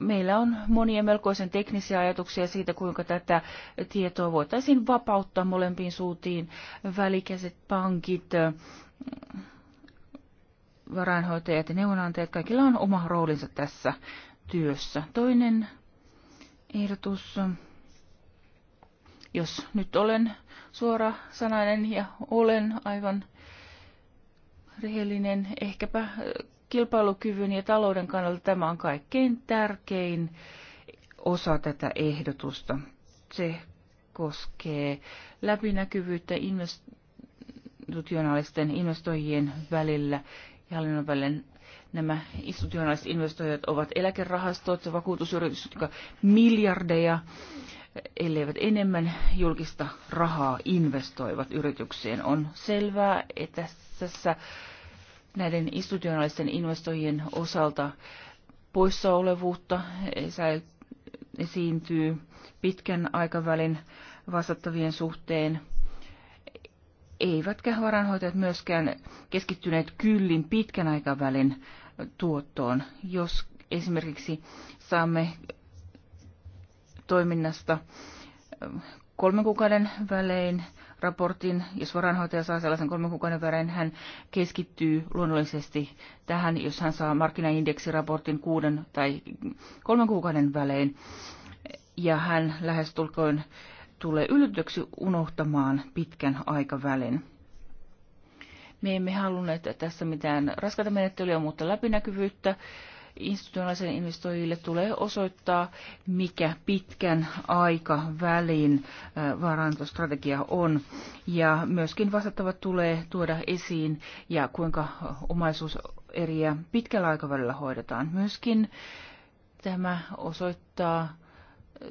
meillä on monia melkoisen teknisiä ajatuksia siitä, kuinka tätä tietoa voitaisiin vapauttaa molempiin suuntiin, välikäiset pankit, varainhoitajat ja neuvonantajat, kaikilla on oma roolinsa tässä työssä. Toinen ehdotus, jos nyt olen suora sanainen ja olen aivan rehellinen, ehkäpä kilpailukyvyn ja talouden kannalta tämä on kaikkein tärkein osa tätä ehdotusta. Se koskee läpinäkyvyyttä institutionaalisten investoijien välillä ja hallinnon välillä. Nämä institutionaaliset investoijat ovat eläkerahastot ja vakuutusyritykset, jotka miljardeja elleivät enemmän julkista rahaa investoivat yritykseen. On selvää, että tässä näiden institutionaalisten investoijien osalta poissaolevuutta esiintyy pitkän aikavälin vastattavien suhteen eivätkä varanhoitajat myöskään keskittyneet kyllin pitkän aikavälin tuottoon. Jos esimerkiksi saamme toiminnasta kolmen kuukauden välein raportin. Jos varanhoitaja saa sellaisen kolmen kuukauden välein, hän keskittyy luonnollisesti tähän, jos hän saa markkinaindeksiraportin kuuden tai kolmen kuukauden välein. Ja hän lähestulkoon tulee yllätyksi unohtamaan pitkän aikavälin. Me emme halunneet tässä mitään raskaita menettelyä, mutta läpinäkyvyyttä institutionaalisille investoijille tulee osoittaa, mikä pitkän aikavälin varantostrategia on. Ja myöskin vastattavat tulee tuoda esiin ja kuinka omaisuus eriä pitkällä aikavälillä hoidetaan. Myöskin tämä osoittaa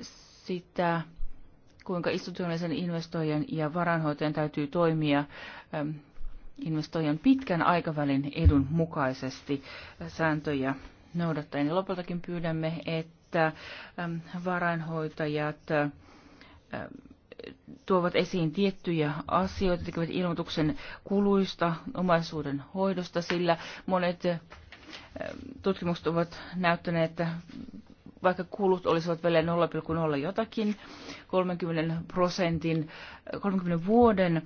sitä, kuinka institutionaalisen investoijan ja varanhoitajan täytyy toimia investoijan pitkän aikavälin edun mukaisesti sääntöjä noudattaen. lopultakin pyydämme, että varainhoitajat tuovat esiin tiettyjä asioita, tekevät ilmoituksen kuluista, omaisuuden hoidosta, sillä monet tutkimukset ovat näyttäneet, että vaikka kulut olisivat vielä 0,0 jotakin, 30 prosentin, 30 vuoden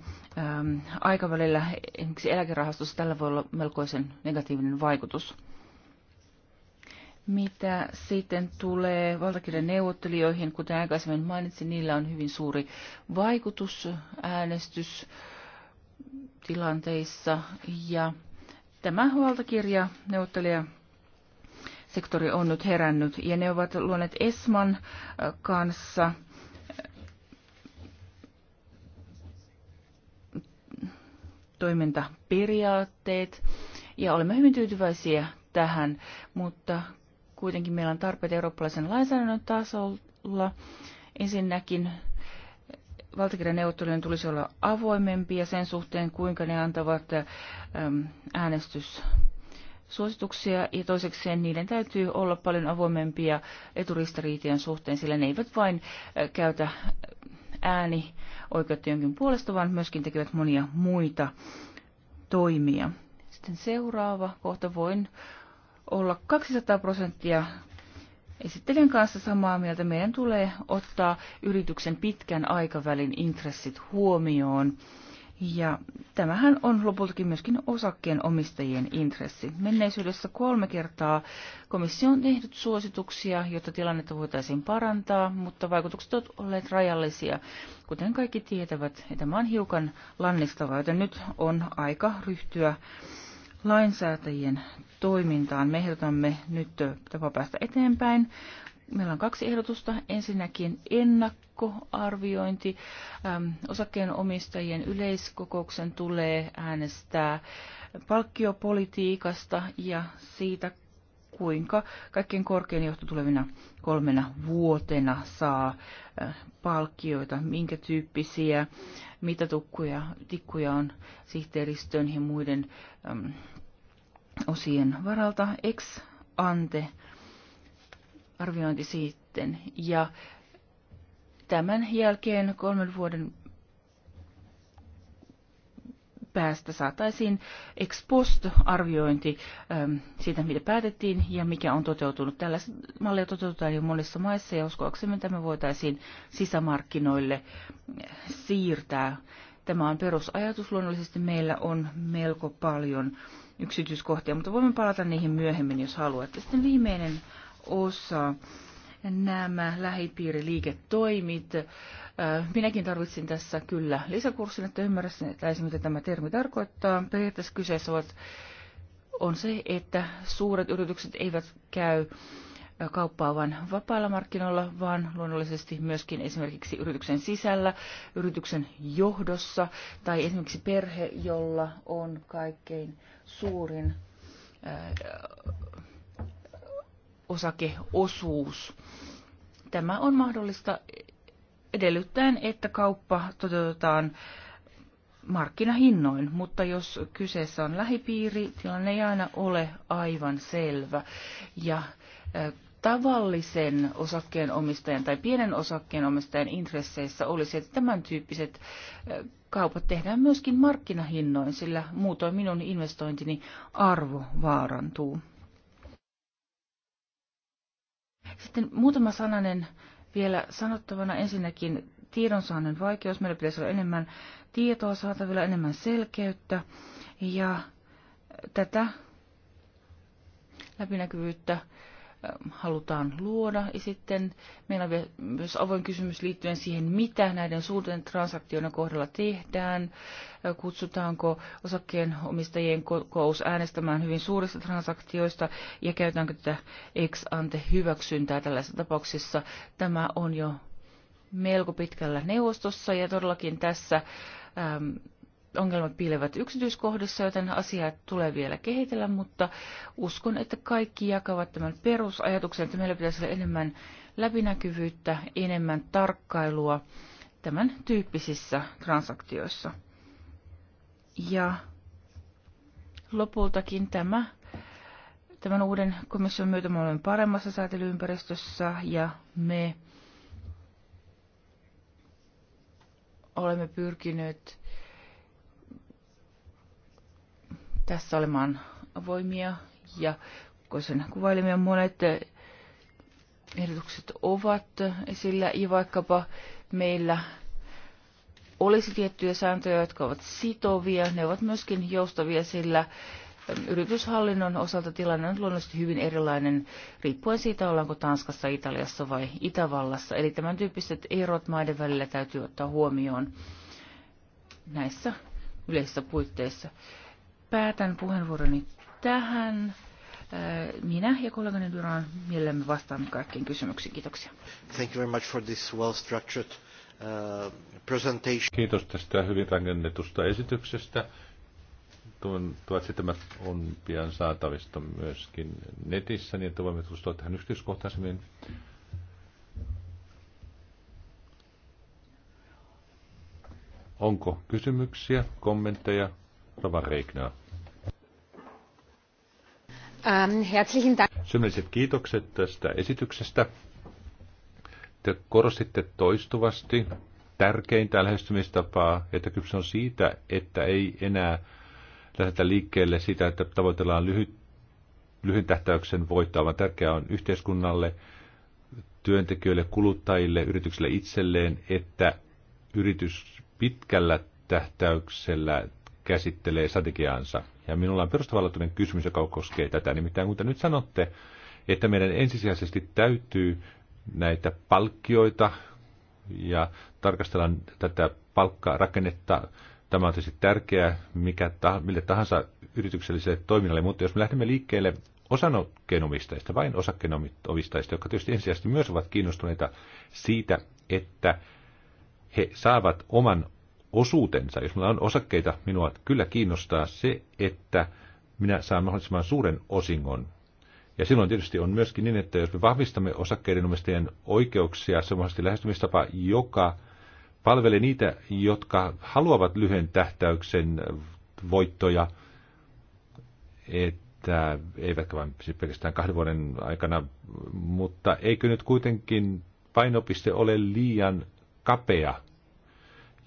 äm, aikavälillä esimerkiksi eläkerahastossa tällä voi olla melkoisen negatiivinen vaikutus. Mitä sitten tulee valtakirjan neuvottelijoihin, kuten aikaisemmin mainitsin, niillä on hyvin suuri vaikutus äänestystilanteissa. Ja tämä valtakirja neuvottelija sektori on nyt herännyt ja ne ovat luoneet ESMAN äh, kanssa äh, toimintaperiaatteet ja olemme hyvin tyytyväisiä tähän, mutta kuitenkin meillä on tarpeet eurooppalaisen lainsäädännön tasolla. Ensinnäkin neuvottelujen tulisi olla avoimempia sen suhteen, kuinka ne antavat äänestys suosituksia ja toisekseen niiden täytyy olla paljon avoimempia eturistariitien suhteen, sillä ne eivät vain käytä ääni oikeutta jonkin puolesta, vaan myöskin tekevät monia muita toimia. Sitten seuraava kohta voin olla 200 prosenttia esittelijän kanssa samaa mieltä. Meidän tulee ottaa yrityksen pitkän aikavälin intressit huomioon. Ja tämähän on lopultakin myöskin osakkeen omistajien intressi. Menneisyydessä kolme kertaa komissio on tehnyt suosituksia, jotta tilannetta voitaisiin parantaa, mutta vaikutukset ovat olleet rajallisia, kuten kaikki tietävät. että tämä on hiukan lannistavaa, joten nyt on aika ryhtyä lainsäätäjien toimintaan. Me ehdotamme nyt tapa päästä eteenpäin. Meillä on kaksi ehdotusta. Ensinnäkin ennakkoarviointi. Ähm, osakkeenomistajien yleiskokouksen tulee äänestää palkkiopolitiikasta ja siitä, kuinka kaikkien korkein johto tulevina kolmena vuotena saa äh, palkkioita, minkä tyyppisiä mitatukkuja, tikkuja on sihteeristön ja muiden ähm, osien varalta, ex ante arviointi sitten. Ja tämän jälkeen kolmen vuoden päästä saataisiin ex post-arviointi ähm, siitä, mitä päätettiin ja mikä on toteutunut. Tällaista mallia toteutetaan jo monissa maissa ja uskoaksemme tämä voitaisiin sisämarkkinoille äh, siirtää. Tämä on perusajatus. Luonnollisesti meillä on melko paljon yksityiskohtia, mutta voimme palata niihin myöhemmin, jos haluatte. Sitten viimeinen osa, nämä lähipiiriliiketoimit. Äh, minäkin tarvitsin tässä kyllä lisäkurssin, että ymmärtäisin, mitä tämä termi tarkoittaa. Periaatteessa kyseessä on se, että suuret yritykset eivät käy kauppaa vain vapailla markkinoilla, vaan luonnollisesti myöskin esimerkiksi yrityksen sisällä, yrityksen johdossa tai esimerkiksi perhe, jolla on kaikkein suurin äh, osakeosuus. Tämä on mahdollista edellyttäen, että kauppa toteutetaan markkinahinnoin, mutta jos kyseessä on lähipiiri, tilanne ei aina ole aivan selvä. Ja äh, tavallisen osakkeenomistajan tai pienen osakkeenomistajan intresseissä olisi, että tämän tyyppiset kaupat tehdään myöskin markkinahinnoin, sillä muutoin minun investointini arvo vaarantuu. Sitten muutama sananen vielä sanottavana ensinnäkin tiedonsaannin vaikeus. Meillä pitäisi olla enemmän tietoa saatavilla, enemmän selkeyttä ja tätä läpinäkyvyyttä halutaan luoda. Ja sitten meillä on myös avoin kysymys liittyen siihen, mitä näiden suurten transaktioiden kohdalla tehdään. Kutsutaanko osakkeenomistajien kokous äänestämään hyvin suurista transaktioista ja käytetäänkö tätä ex ante hyväksyntää tällaisissa tapauksissa. Tämä on jo melko pitkällä neuvostossa ja todellakin tässä äm, ongelmat piilevät yksityiskohdissa, joten asiaa tulee vielä kehitellä, mutta uskon, että kaikki jakavat tämän perusajatuksen, että meillä pitäisi olla enemmän läpinäkyvyyttä, enemmän tarkkailua tämän tyyppisissä transaktioissa. Ja lopultakin tämä, tämän uuden komission myötä me olemme paremmassa säätelyympäristössä ja me olemme pyrkineet tässä olemaan avoimia ja kokoisen kuvailemia monet ehdotukset ovat esillä ja vaikkapa meillä olisi tiettyjä sääntöjä, jotka ovat sitovia, ne ovat myöskin joustavia, sillä yrityshallinnon osalta tilanne on luonnollisesti hyvin erilainen riippuen siitä, ollaanko Tanskassa, Italiassa vai Itävallassa. Eli tämän tyyppiset erot maiden välillä täytyy ottaa huomioon näissä yleisissä puitteissa päätän puheenvuoroni tähän. Äh, minä ja kollegani Duran mielemme vastaamme kaikkiin kysymyksiin. Kiitoksia. Thank you very much for this well-structured uh, presentation. Kiitos tästä hyvin rakennetusta esityksestä. Tuon, tuot sitten on pian saatavista myöskin netissä, niin että voimme tutustua tähän yksityiskohtaisemmin. Onko kysymyksiä, kommentteja? Rova ähm, kiitokset tästä esityksestä. Te korostitte toistuvasti tärkeintä lähestymistapaa, että kyse on siitä, että ei enää lähdetä liikkeelle sitä, että tavoitellaan lyhyt, lyhyen tähtäyksen voittoa, vaan tärkeää on yhteiskunnalle, työntekijöille, kuluttajille, yrityksille itselleen, että yritys pitkällä tähtäyksellä käsittelee strategiaansa. Ja minulla on perustavallatuinen kysymys, joka koskee tätä. Nimittäin kun te nyt sanotte, että meidän ensisijaisesti täytyy näitä palkkioita ja tarkastellaan tätä palkkarakennetta. Tämä on tietysti tärkeää mikä ta, mille tahansa yritykselliselle toiminnalle, mutta jos me lähdemme liikkeelle osakkeenomistajista, vain osakkeenomistajista, jotka tietysti ensisijaisesti myös ovat kiinnostuneita siitä, että he saavat oman osuutensa, jos minulla on osakkeita, minua kyllä kiinnostaa se, että minä saan mahdollisimman suuren osingon. Ja silloin tietysti on myöskin niin, että jos me vahvistamme osakkeiden omistajien oikeuksia, semmoisesti lähestymistapa, joka palvelee niitä, jotka haluavat lyhyen tähtäyksen voittoja, että eivätkä vain siis pelkästään kahden vuoden aikana, mutta eikö nyt kuitenkin painopiste ole liian kapea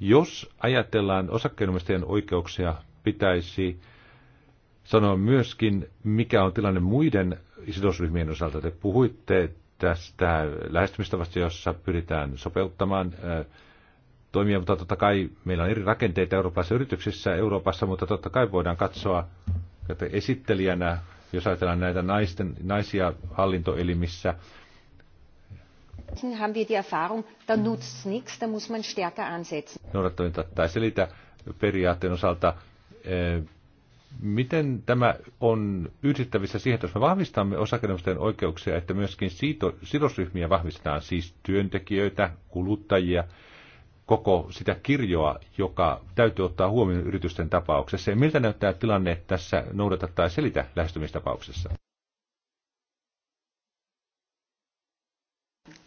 jos ajatellaan osakkeenomistajien oikeuksia, pitäisi sanoa myöskin, mikä on tilanne muiden sidosryhmien osalta. Te puhuitte tästä lähestymistavasta, jossa pyritään sopeuttamaan äh, toimia, mutta totta kai meillä on eri rakenteita Euroopassa yrityksissä Euroopassa, mutta totta kai voidaan katsoa että esittelijänä, jos ajatellaan näitä naisten, naisia hallintoelimissä, haben wir die Erfahrung, da nutzt nichts, da muss man stärker ansetzen. osalta. Eh, miten tämä on yhdistettävissä siihen, että jos me vahvistamme osakkeenomistajien oikeuksia, että myöskin siito, sidosryhmiä vahvistetaan, siis työntekijöitä, kuluttajia, koko sitä kirjoa, joka täytyy ottaa huomioon yritysten tapauksessa. Ja miltä näyttää tilanne tässä noudata tai selitä lähestymistapauksessa?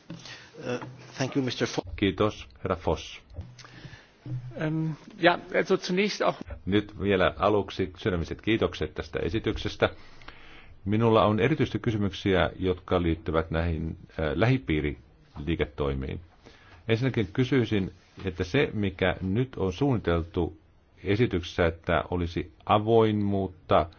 Uh, Kiitos, herra Foss. Ähm, ja, also zunächst auch... Nyt vielä aluksi sydämiset kiitokset tästä esityksestä. Minulla on erityisesti kysymyksiä, jotka liittyvät näihin äh, lähipiiriliiketoimiin. Ensinnäkin kysyisin, että se, mikä nyt on suunniteltu esityksessä, että olisi avoimuutta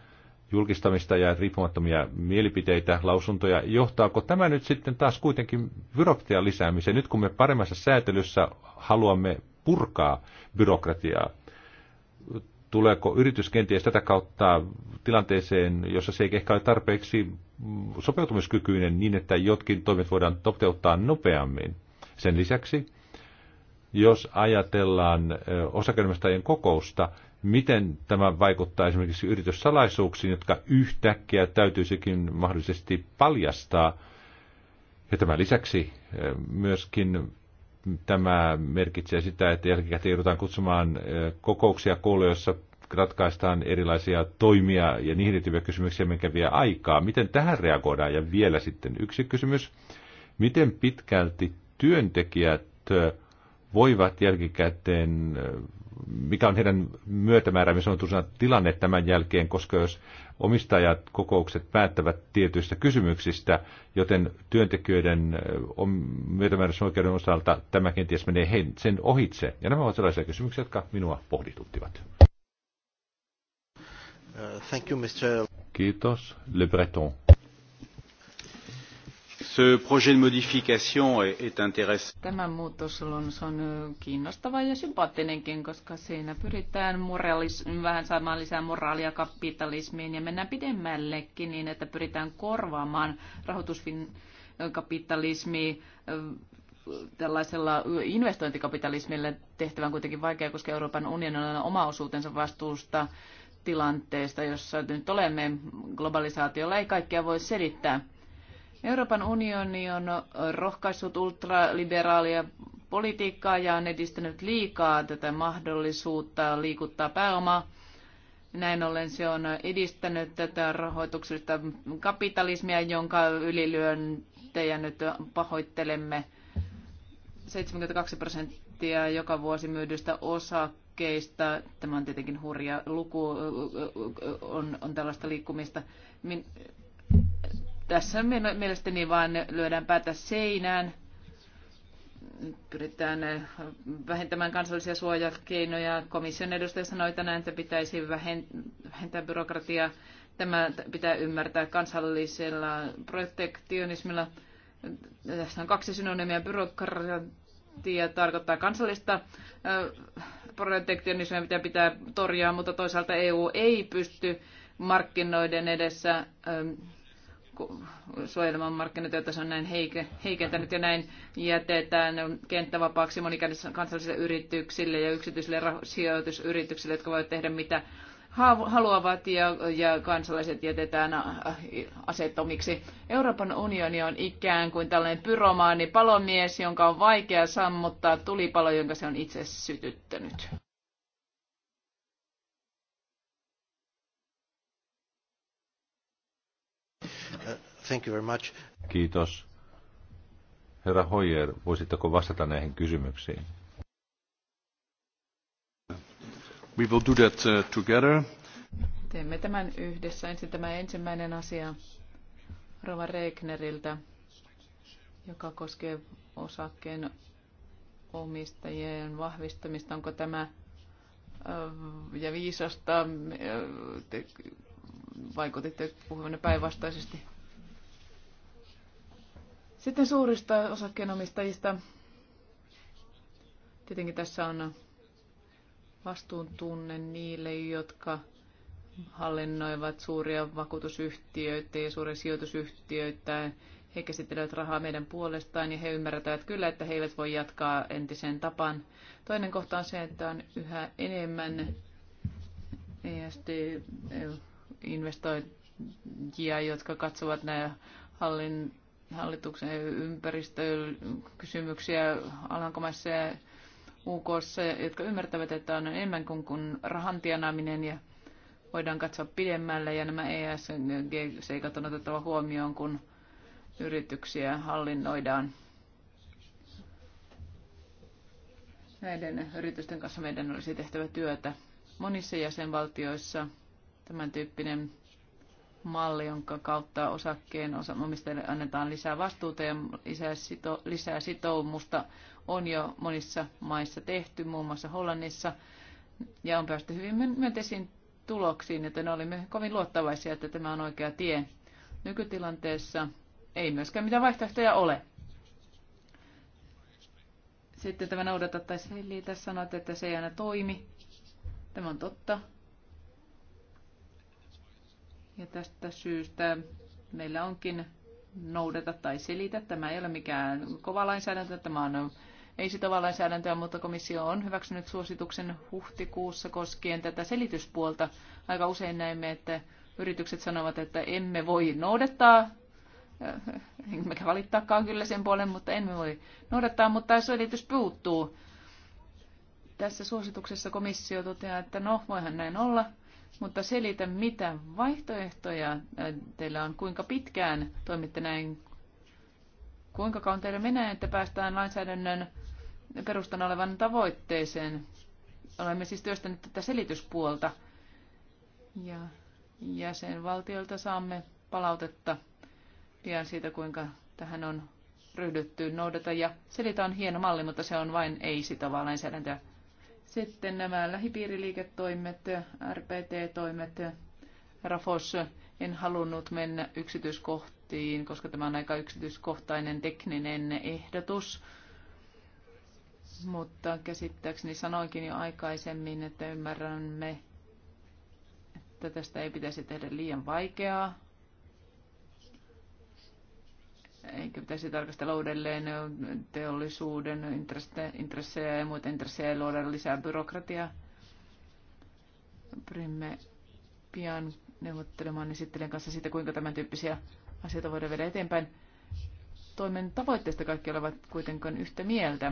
julkistamista ja riippumattomia mielipiteitä, lausuntoja. Johtaako tämä nyt sitten taas kuitenkin byrokratian lisäämiseen, nyt kun me paremmassa säätelyssä haluamme purkaa byrokratiaa? Tuleeko yritys kenties tätä kautta tilanteeseen, jossa se ei ehkä ole tarpeeksi sopeutumiskykyinen niin, että jotkin toimet voidaan toteuttaa nopeammin? Sen lisäksi, jos ajatellaan osakeyhtiöiden kokousta, miten tämä vaikuttaa esimerkiksi yrityssalaisuuksiin, jotka yhtäkkiä täytyisikin mahdollisesti paljastaa. Ja tämän lisäksi eh, myöskin tämä merkitsee sitä, että jälkikäteen joudutaan kutsumaan eh, kokouksia kouluja, joissa ratkaistaan erilaisia toimia ja niihin liittyviä kysymyksiä, mikä vie aikaa. Miten tähän reagoidaan? Ja vielä sitten yksi kysymys. Miten pitkälti työntekijät eh, voivat jälkikäteen mikä on heidän on sanotusena tilanne tämän jälkeen, koska jos omistajat kokoukset päättävät tietyistä kysymyksistä, joten työntekijöiden myötämääräisen oikeuden osalta tämä kenties menee he, sen ohitse. Ja nämä ovat sellaisia kysymyksiä, jotka minua pohdituttivat. Uh, thank you, Mr. Kiitos. Le Breton. Ce projet de modification est intéressant. Tämä muutos on kiinnostava ja sympaattinenkin, koska siinä pyritään moralis- vähän saamaan lisää moraalia kapitalismiin ja mennään pidemmällekin niin, että pyritään korvaamaan rahoituskapitalismi tällaisella investointikapitalismille tehtävän kuitenkin vaikea, koska Euroopan unionilla on oma osuutensa vastuusta tilanteesta, jossa nyt olemme globalisaatiolla, ei kaikkea voi selittää Euroopan unioni on rohkaissut ultraliberaalia politiikkaa ja on edistänyt liikaa tätä mahdollisuutta liikuttaa pääomaa. Näin ollen se on edistänyt tätä rahoituksellista kapitalismia, jonka ylilyöntejä nyt pahoittelemme. 72 prosenttia joka vuosi myydystä osakkeista, tämä on tietenkin hurja luku, on, on tällaista liikkumista. Min, tässä mielestäni vain lyödään päätä seinään. Pyritään eh, vähentämään kansallisia suojakeinoja. Komission edustaja sanoi tänään, että pitäisi vähentää byrokratiaa. Tämä pitää ymmärtää kansallisella protektionismilla. Tässä on kaksi synonyymiä. Byrokratia tarkoittaa kansallista eh, protektionismia, mitä pitää torjua, mutta toisaalta EU ei pysty markkinoiden edessä eh, suojelemaan markkinoita, joita se on näin heike, heikentänyt ja näin jätetään kenttävapaaksi kansallisille yrityksille ja yksityisille sijoitusyrityksille, jotka voivat tehdä mitä haluavat ja, ja kansalaiset jätetään äh, asettomiksi. Euroopan unioni on ikään kuin tällainen pyromaani palomies, jonka on vaikea sammuttaa tulipalo, jonka se on itse sytyttänyt. Thank you very much. Kiitos. Herra Hoyer, voisitteko vastata näihin kysymyksiin? We will do that uh, together. Teemme tämän yhdessä. Ensin tämä ensimmäinen asia Rova Regneriltä, joka koskee osakkeen omistajien vahvistamista. Onko tämä ja viisasta, vaikutitte puhuvanne päinvastaisesti sitten suurista osakkeenomistajista. Tietenkin tässä on vastuuntunne niille, jotka hallinnoivat suuria vakuutusyhtiöitä ja suuria sijoitusyhtiöitä. He käsittelevät rahaa meidän puolestaan ja he ymmärtävät kyllä, että he eivät voi jatkaa entiseen tapaan. Toinen kohta on se, että on yhä enemmän ESD-investointia, jotka katsovat nämä hallin hallituksen ympäristökysymyksiä Alankomaissa ja UK, jotka ymmärtävät, että on enemmän kuin, kuin rahan tienaaminen ja voidaan katsoa pidemmälle ja nämä ESG-seikat on otettava huomioon, kun yrityksiä hallinnoidaan. Näiden yritysten kanssa meidän olisi tehtävä työtä. Monissa jäsenvaltioissa tämän tyyppinen malli, jonka kautta osakkeen omistajille annetaan lisää vastuuta ja lisää, sito, lisää sitoumusta, on jo monissa maissa tehty, muun muassa Hollannissa, ja on päästy hyvin myönteisiin tuloksiin, joten olimme kovin luottavaisia, että tämä on oikea tie. Nykytilanteessa ei myöskään mitään vaihtoehtoja ole. Sitten tämä noudata tai tässä sanoit, että se ei aina toimi. Tämä on totta. Ja tästä syystä meillä onkin noudata tai selitä. Tämä ei ole mikään kova lainsäädäntö, tämä on ei sitovaa lainsäädäntöä, mutta komissio on hyväksynyt suosituksen huhtikuussa koskien tätä selityspuolta. Aika usein näemme, että yritykset sanovat, että emme voi noudattaa, enkä eh, valittaakaan kyllä sen puolen, mutta emme voi noudattaa, mutta selitys puuttuu. Tässä suosituksessa komissio toteaa, että no, voihan näin olla, mutta selitä, mitä vaihtoehtoja äh, teillä on, kuinka pitkään toimitte näin, kuinka kauan teillä menee, että päästään lainsäädännön perustana olevan tavoitteeseen. Olemme siis työstäneet tätä selityspuolta ja jäsenvaltiolta saamme palautetta pian siitä, kuinka tähän on ryhdytty noudata. Ja selitä on hieno malli, mutta se on vain ei-sitovaa lainsäädäntöä. Sitten nämä lähipiiriliiketoimet, RPT-toimet, Rafos, en halunnut mennä yksityiskohtiin, koska tämä on aika yksityiskohtainen tekninen ehdotus. Mutta käsittääkseni sanoinkin jo aikaisemmin, että ymmärrämme, että tästä ei pitäisi tehdä liian vaikeaa eikä pitäisi tarkastella uudelleen teollisuuden intressejä ja muita intressejä ja luoda lisää byrokratiaa? Pyrimme pian neuvottelemaan esittelijän kanssa siitä, kuinka tämän tyyppisiä asioita voidaan viedä eteenpäin. Toimen tavoitteista kaikki olivat kuitenkin yhtä mieltä.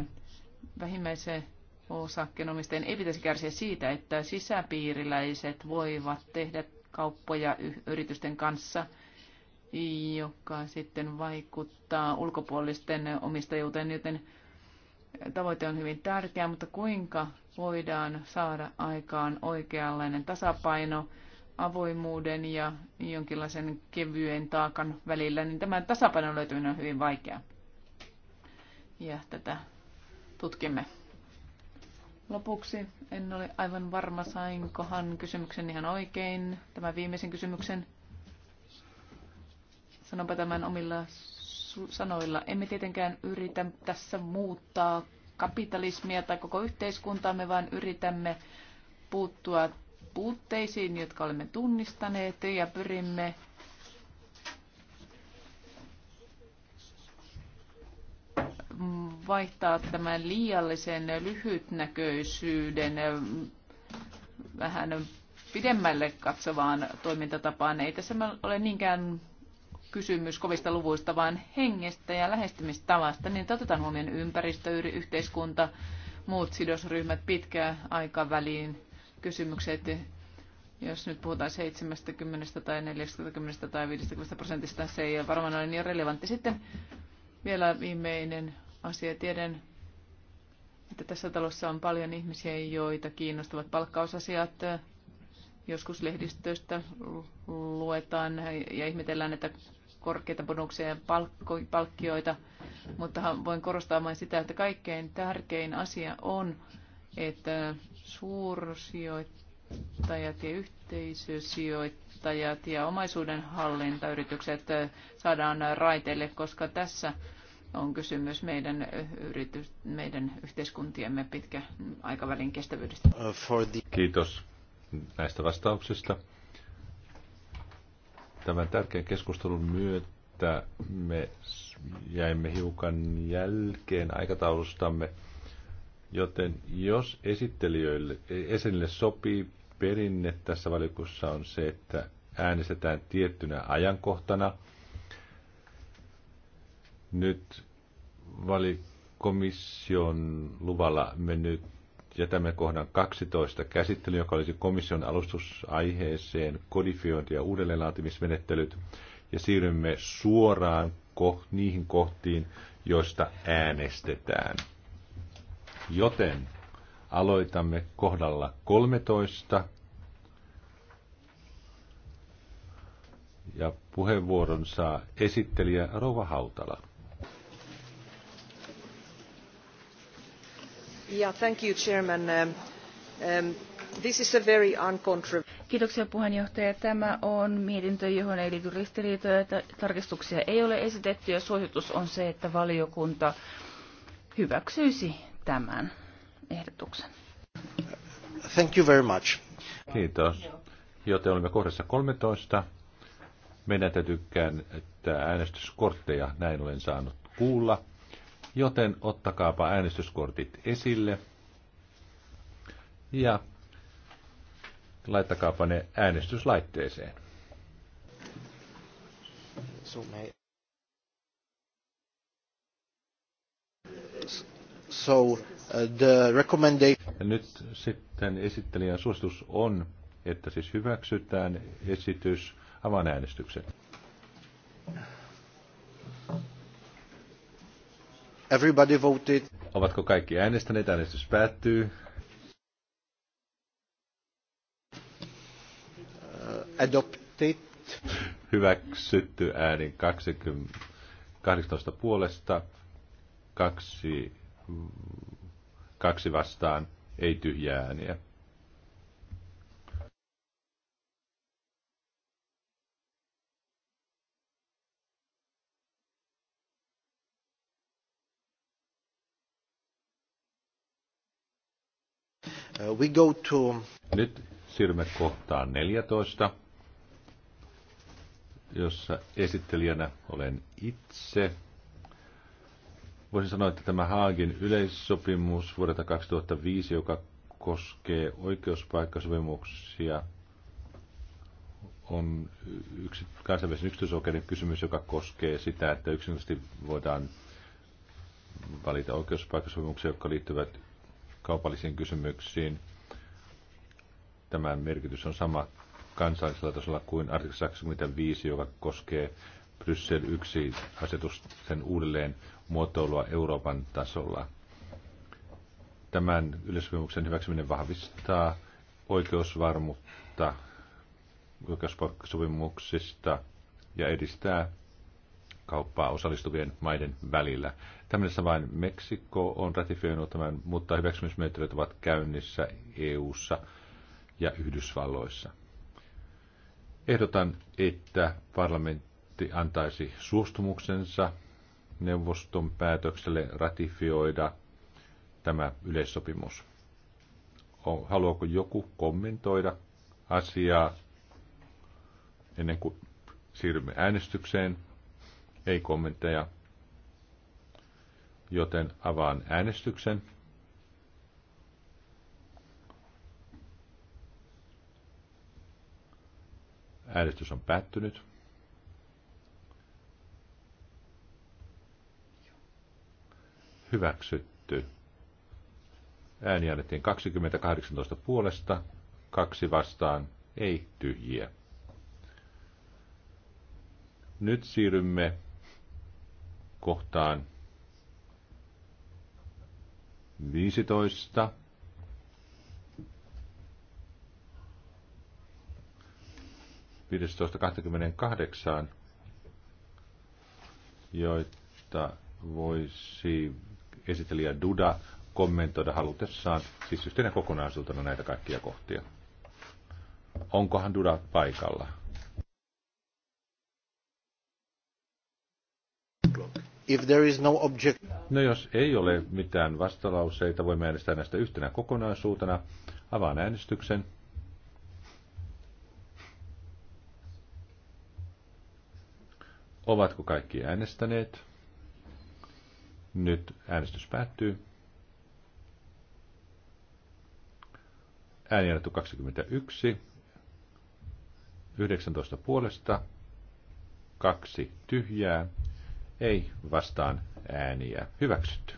Vähimmäisen osakkeenomistajien ei pitäisi kärsiä siitä, että sisäpiiriläiset voivat tehdä kauppoja yritysten kanssa – joka sitten vaikuttaa ulkopuolisten omistajuuteen, joten tavoite on hyvin tärkeä, mutta kuinka voidaan saada aikaan oikeanlainen tasapaino avoimuuden ja jonkinlaisen kevyen taakan välillä, niin tämä tasapainon löytyminen on hyvin vaikea. Ja tätä tutkimme. Lopuksi en ole aivan varma, sainkohan kysymyksen ihan oikein, tämä viimeisen kysymyksen. Sanonpa tämän omilla sanoilla. Emme tietenkään yritä tässä muuttaa kapitalismia tai koko yhteiskuntaa me vaan yritämme puuttua puutteisiin, jotka olemme tunnistaneet ja pyrimme vaihtaa tämän liiallisen lyhytnäköisyyden vähän pidemmälle katsovaan toimintatapaan. Ei tässä ole niinkään kysymys kovista luvuista, vaan hengestä ja lähestymistavasta, niin otetaan huomioon ympäristö, yhteiskunta, muut sidosryhmät, pitkään aikaväliin kysymykset. Jos nyt puhutaan 70 tai 40 tai 50 prosentista, se ei ole varmaan ole niin relevantti. Sitten vielä viimeinen asia. Tiedän, että tässä talossa on paljon ihmisiä, joita kiinnostavat palkkausasiat, joskus lehdistöstä luetaan ja ihmetellään, että korkeita bonuksia ja palkkioita, mutta voin korostaa vain sitä, että kaikkein tärkein asia on, että suursijoittajat ja yhteisösijoittajat ja omaisuudenhallintayritykset saadaan raiteille, koska tässä on kysymys meidän, yritys, meidän yhteiskuntiemme pitkä aikavälin kestävyydestä. Uh, Kiitos näistä vastauksista. Tämän tärkeän keskustelun myötä me jäimme hiukan jälkeen aikataulustamme, joten jos esittelijöille, esille sopii, perinne tässä valikussa on se, että äänestetään tiettynä ajankohtana. Nyt valikomission luvalla me nyt jätämme kohdan 12 käsittely, joka olisi komission alustusaiheeseen kodifiointi- ja uudelleenlaatimismenettelyt, ja siirrymme suoraan ko- niihin kohtiin, joista äänestetään. Joten aloitamme kohdalla 13. Ja puheenvuoron saa esittelijä Rova Hautala. Yeah, thank um, um, Kiitoksia puheenjohtaja. Tämä on mietintö, johon ei liity ristiriitoja. Tarkistuksia ei ole esitetty ja suositus on se, että valiokunta hyväksyisi tämän ehdotuksen. Thank you very much. Kiitos. Joten olemme kohdassa 13. Meidän täytyy että äänestyskortteja näin olen saanut kuulla joten ottakaapa äänestyskortit esille ja laittakaapa ne äänestyslaitteeseen. So, uh, the recommendation... Nyt sitten esittelijän suositus on, että siis hyväksytään esitys, avaan äänestyksen. Everybody voted. Ovatko kaikki äänestäneet? Äänestys päättyy. Uh, adopted. Hyväksytty äänin 18 puolesta, kaksi, kaksi vastaan, ei tyhjää ääniä. Uh, we go to... Nyt siirrymme kohtaan 14, jossa esittelijänä olen itse. Voisin sanoa, että tämä Haagin yleissopimus vuodelta 2005, joka koskee oikeuspaikkasopimuksia, on yksi, kansainvälisen yksityisoikeuden kysymys, joka koskee sitä, että yksinkertaisesti voidaan valita oikeuspaikkasopimuksia, jotka liittyvät kaupallisiin kysymyksiin. Tämän merkitys on sama kansallisella tasolla kuin artikla 25, joka koskee Bryssel 1 asetusten uudelleen muotoilua Euroopan tasolla. Tämän yleissopimuksen hyväksyminen vahvistaa oikeusvarmuutta oikeussopimuksista ja edistää kauppaa osallistuvien maiden välillä. Tämmöisessä vain Meksiko on ratifioinut tämän, mutta hyväksymismenettelyt ovat käynnissä EU:ssa ja Yhdysvalloissa. Ehdotan, että parlamentti antaisi suostumuksensa neuvoston päätökselle ratifioida tämä yleissopimus. Haluaako joku kommentoida asiaa ennen kuin siirrymme äänestykseen? Ei kommentteja joten avaan äänestyksen. Äänestys on päättynyt. Hyväksytty. Ääni annettiin 2018 puolesta, kaksi vastaan, ei tyhjiä. Nyt siirrymme kohtaan 15. kahdeksaan, joita voisi esittelijä Duda kommentoida halutessaan, siis yhtenä kokonaisuutena näitä kaikkia kohtia. Onkohan Duda paikalla? If there is no object... No jos ei ole mitään vastalauseita, voimme äänestää näistä yhtenä kokonaisuutena. Avaan äänestyksen. Ovatko kaikki äänestäneet? Nyt äänestys päättyy. Ääni 21, 19 puolesta, kaksi tyhjää, ei vastaan ääniä hyväksytty.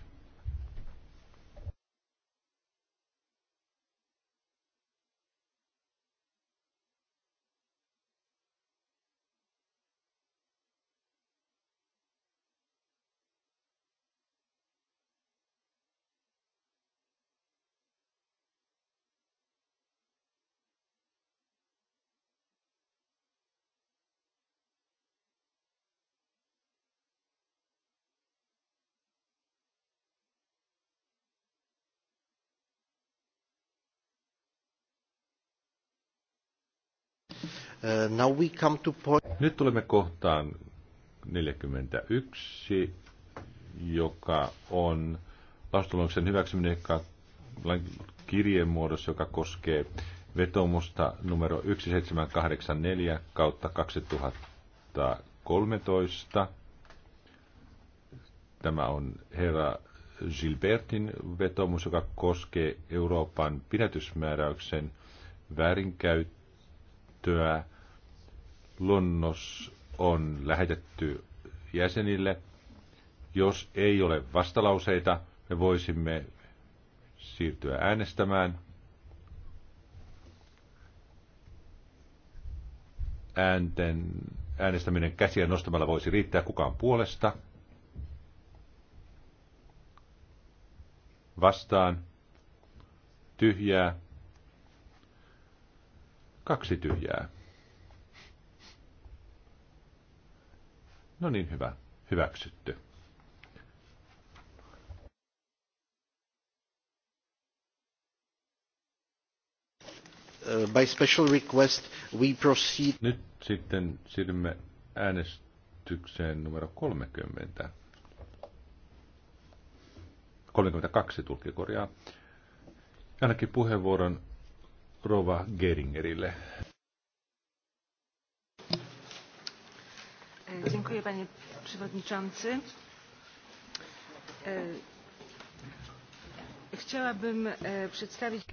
Uh, now we come to point... Nyt tulemme kohtaan 41, joka on vastuullisen hyväksyminen kirjeen muodossa, joka koskee vetomusta numero 1784 kautta 2013. Tämä on herra Gilbertin vetomus, joka koskee Euroopan pidätysmääräyksen väärinkäyttöä luonnos on lähetetty jäsenille. Jos ei ole vastalauseita, me voisimme siirtyä äänestämään. Äänten, äänestäminen käsiä nostamalla voisi riittää kukaan puolesta. Vastaan. Tyhjää. Kaksi tyhjää. No niin, hyvä. Hyväksytty. by special request we proceed. Nyt sitten siirrymme äänestykseen numero 30. 32 tulkki korjaa. Ainakin puheenvuoron Rova Geringerille. panie przewodniczący. E, chciałabym e, przedstawić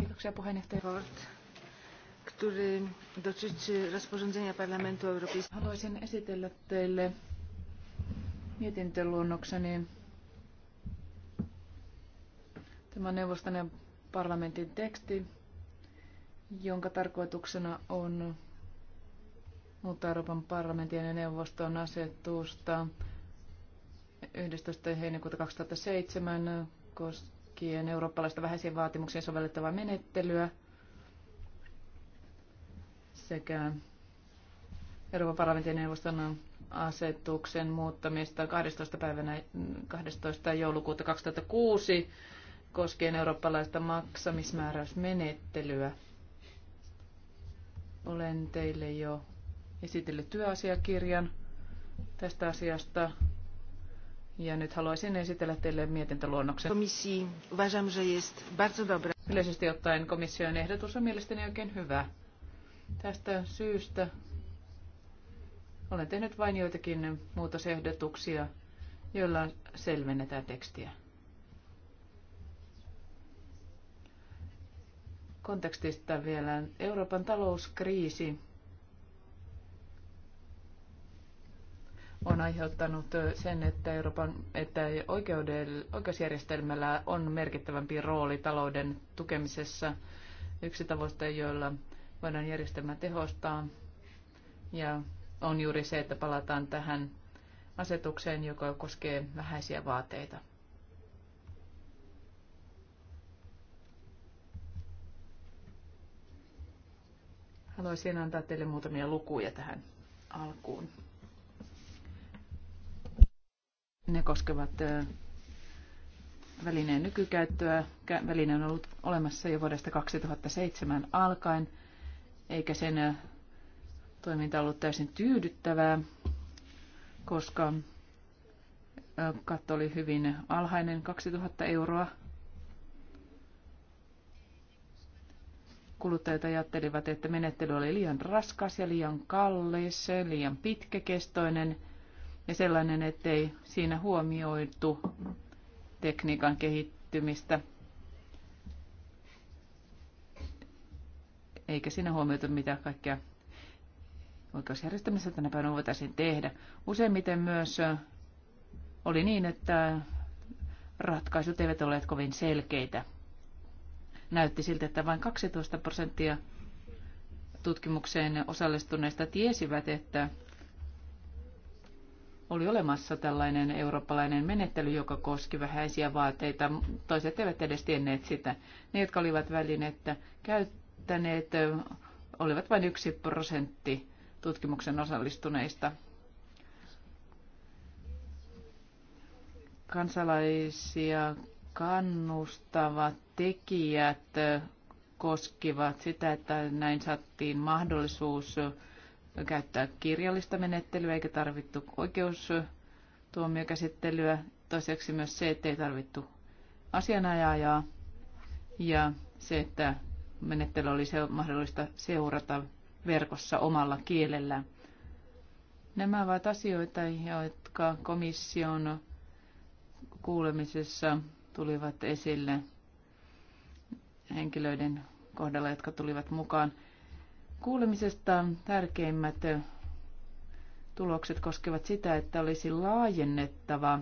który dotyczy rozporządzenia Parlamentu Europejskiego. Haluaisin esitellä teille mietintöluonnokseni. neuvoston parlamentin teksti, jonka tarkoituksena on mutta Euroopan parlamentin ja neuvoston asetusta 11. heinäkuuta 2007 koskien eurooppalaista vähäisiin vaatimuksiin sovellettavaa menettelyä sekä Euroopan parlamentin neuvoston asetuksen muuttamista 12. päivänä 12. joulukuuta 2006 koskien eurooppalaista maksamismääräysmenettelyä. Olen teille jo esitellyt työasiakirjan tästä asiasta. Ja nyt haluaisin esitellä teille mietintöluonnoksen. Yleisesti ottaen komission ehdotus on mielestäni oikein hyvä. Tästä syystä olen tehnyt vain joitakin muutosehdotuksia, joilla selvennetään tekstiä. Kontekstista vielä. Euroopan talouskriisi on aiheuttanut sen, että, Euroopan, että oikeusjärjestelmällä on merkittävämpi rooli talouden tukemisessa. Yksi tavoite, joilla voidaan järjestelmää tehostaa, ja on juuri se, että palataan tähän asetukseen, joka koskee vähäisiä vaateita. Haluaisin antaa teille muutamia lukuja tähän alkuun. Ne koskevat välineen nykykäyttöä. Väline on ollut olemassa jo vuodesta 2007 alkaen, eikä sen toiminta ollut täysin tyydyttävää, koska katto oli hyvin alhainen, 2000 euroa. Kuluttajat ajattelivat, että menettely oli liian raskas ja liian kallis, liian pitkäkestoinen – ja sellainen, ettei siinä huomioitu tekniikan kehittymistä eikä siinä huomioitu mitä kaikkea oikeusjärjestelmässä tänä päivänä voitaisiin tehdä. Useimmiten myös oli niin, että ratkaisut eivät olleet kovin selkeitä. Näytti siltä, että vain 12 prosenttia tutkimukseen osallistuneista tiesivät, että oli olemassa tällainen eurooppalainen menettely, joka koski vähäisiä vaateita. Toiset eivät edes tienneet sitä. Ne, jotka olivat välinettä käyttäneet, olivat vain yksi prosentti tutkimuksen osallistuneista. Kansalaisia kannustavat tekijät koskivat sitä, että näin saatiin mahdollisuus käyttää kirjallista menettelyä eikä tarvittu oikeustuomiokäsittelyä. Toiseksi myös se, ei tarvittu asianajajaa ja se, että menettely oli se mahdollista seurata verkossa omalla kielellä. Nämä ovat asioita, jotka komission kuulemisessa tulivat esille henkilöiden kohdalla, jotka tulivat mukaan. Kuulemisesta tärkeimmät tulokset koskevat sitä, että olisi laajennettava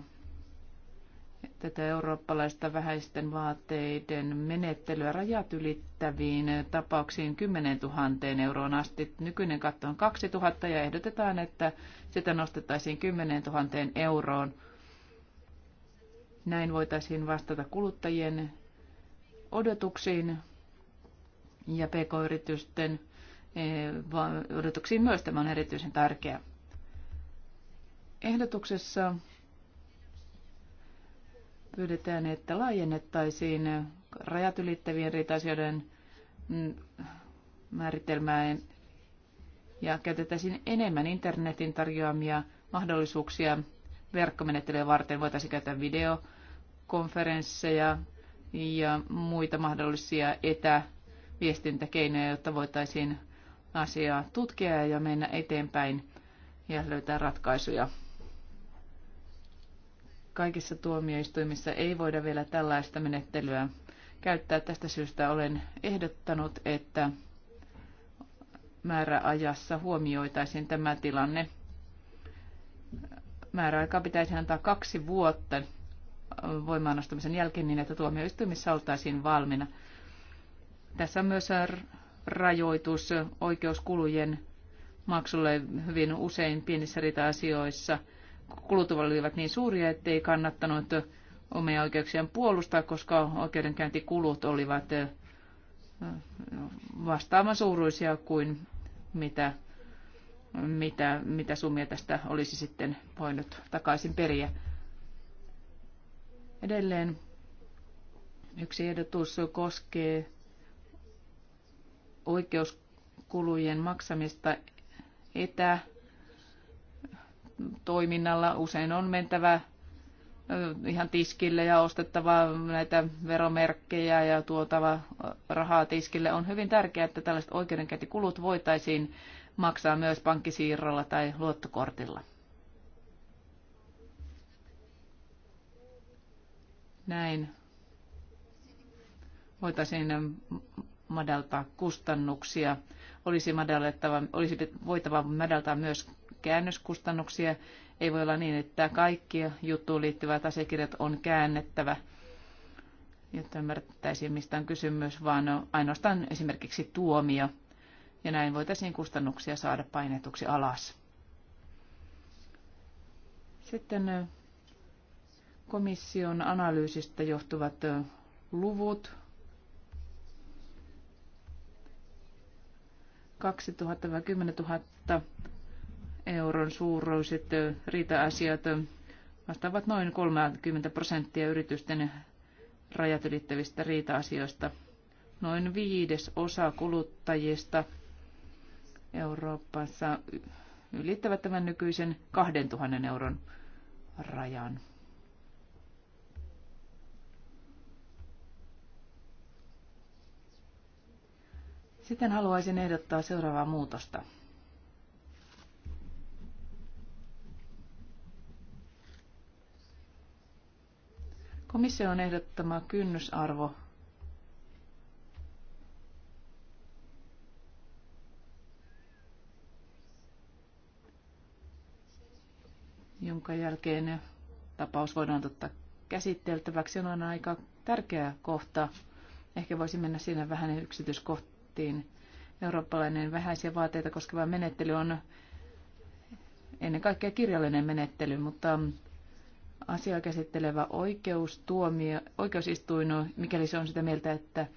tätä eurooppalaista vähäisten vaatteiden menettelyä rajat ylittäviin tapauksiin 10 000 euroon asti. Nykyinen katto on 2 000 ja ehdotetaan, että sitä nostettaisiin 10 000 euroon. Näin voitaisiin vastata kuluttajien odotuksiin ja pk-yritysten odotuksiin myös tämä on erityisen tärkeä. Ehdotuksessa pyydetään, että laajennettaisiin rajat ylittävien riitaisijoiden mm, määritelmää ja käytettäisiin enemmän internetin tarjoamia mahdollisuuksia verkkomenettelyä varten. Voitaisiin käyttää videokonferensseja ja muita mahdollisia etäviestintäkeinoja, jotta voitaisiin asiaa tutkia ja mennä eteenpäin ja löytää ratkaisuja. Kaikissa tuomioistuimissa ei voida vielä tällaista menettelyä käyttää. Tästä syystä olen ehdottanut, että määräajassa huomioitaisiin tämä tilanne. Määräaikaa pitäisi antaa kaksi vuotta voimaanastumisen jälkeen niin, että tuomioistuimissa oltaisiin valmiina. Tässä on myös rajoitus oikeuskulujen maksulle hyvin usein pienissä rita-asioissa. Kulut olivat niin suuria, ettei kannattanut omia oikeuksiaan puolustaa, koska oikeudenkäyntikulut olivat vastaavan suuruisia kuin mitä, mitä, mitä summia tästä olisi sitten voinut takaisin periä. Edelleen yksi ehdotus koskee oikeuskulujen maksamista etätoiminnalla. Usein on mentävä ihan tiskille ja ostettava näitä veromerkkejä ja tuotava rahaa tiskille. On hyvin tärkeää, että tällaiset oikeudenkäyntikulut voitaisiin maksaa myös pankkisiirrolla tai luottokortilla. Näin voitaisiin madaltaa kustannuksia. Olisi, madallettava, olisi voitava madaltaa myös käännöskustannuksia. Ei voi olla niin, että kaikki juttuun liittyvät asiakirjat on käännettävä, jotta ymmärrettäisiin, mistä on kysymys, vaan ainoastaan esimerkiksi tuomio. Ja näin voitaisiin kustannuksia saada painetuksi alas. Sitten komission analyysistä johtuvat luvut 2000-10 000 euron suuruiset riita-asiat vastaavat noin 30 prosenttia yritysten rajat ylittävistä riita-asioista. Noin viides osa kuluttajista Euroopassa ylittävät tämän nykyisen 2000 euron rajan. Sitten haluaisin ehdottaa seuraavaa muutosta. Komission ehdottama kynnysarvo jonka jälkeen tapaus voidaan ottaa käsiteltäväksi, on aika tärkeä kohta. Ehkä voisi mennä siinä vähän yksityiskoht- otettiin. Eurooppalainen vähäisiä vaateita koskeva menettely on ennen kaikkea kirjallinen menettely, mutta asiaa käsittelevä tuomio, oikeusistuin, mikäli se on sitä mieltä, että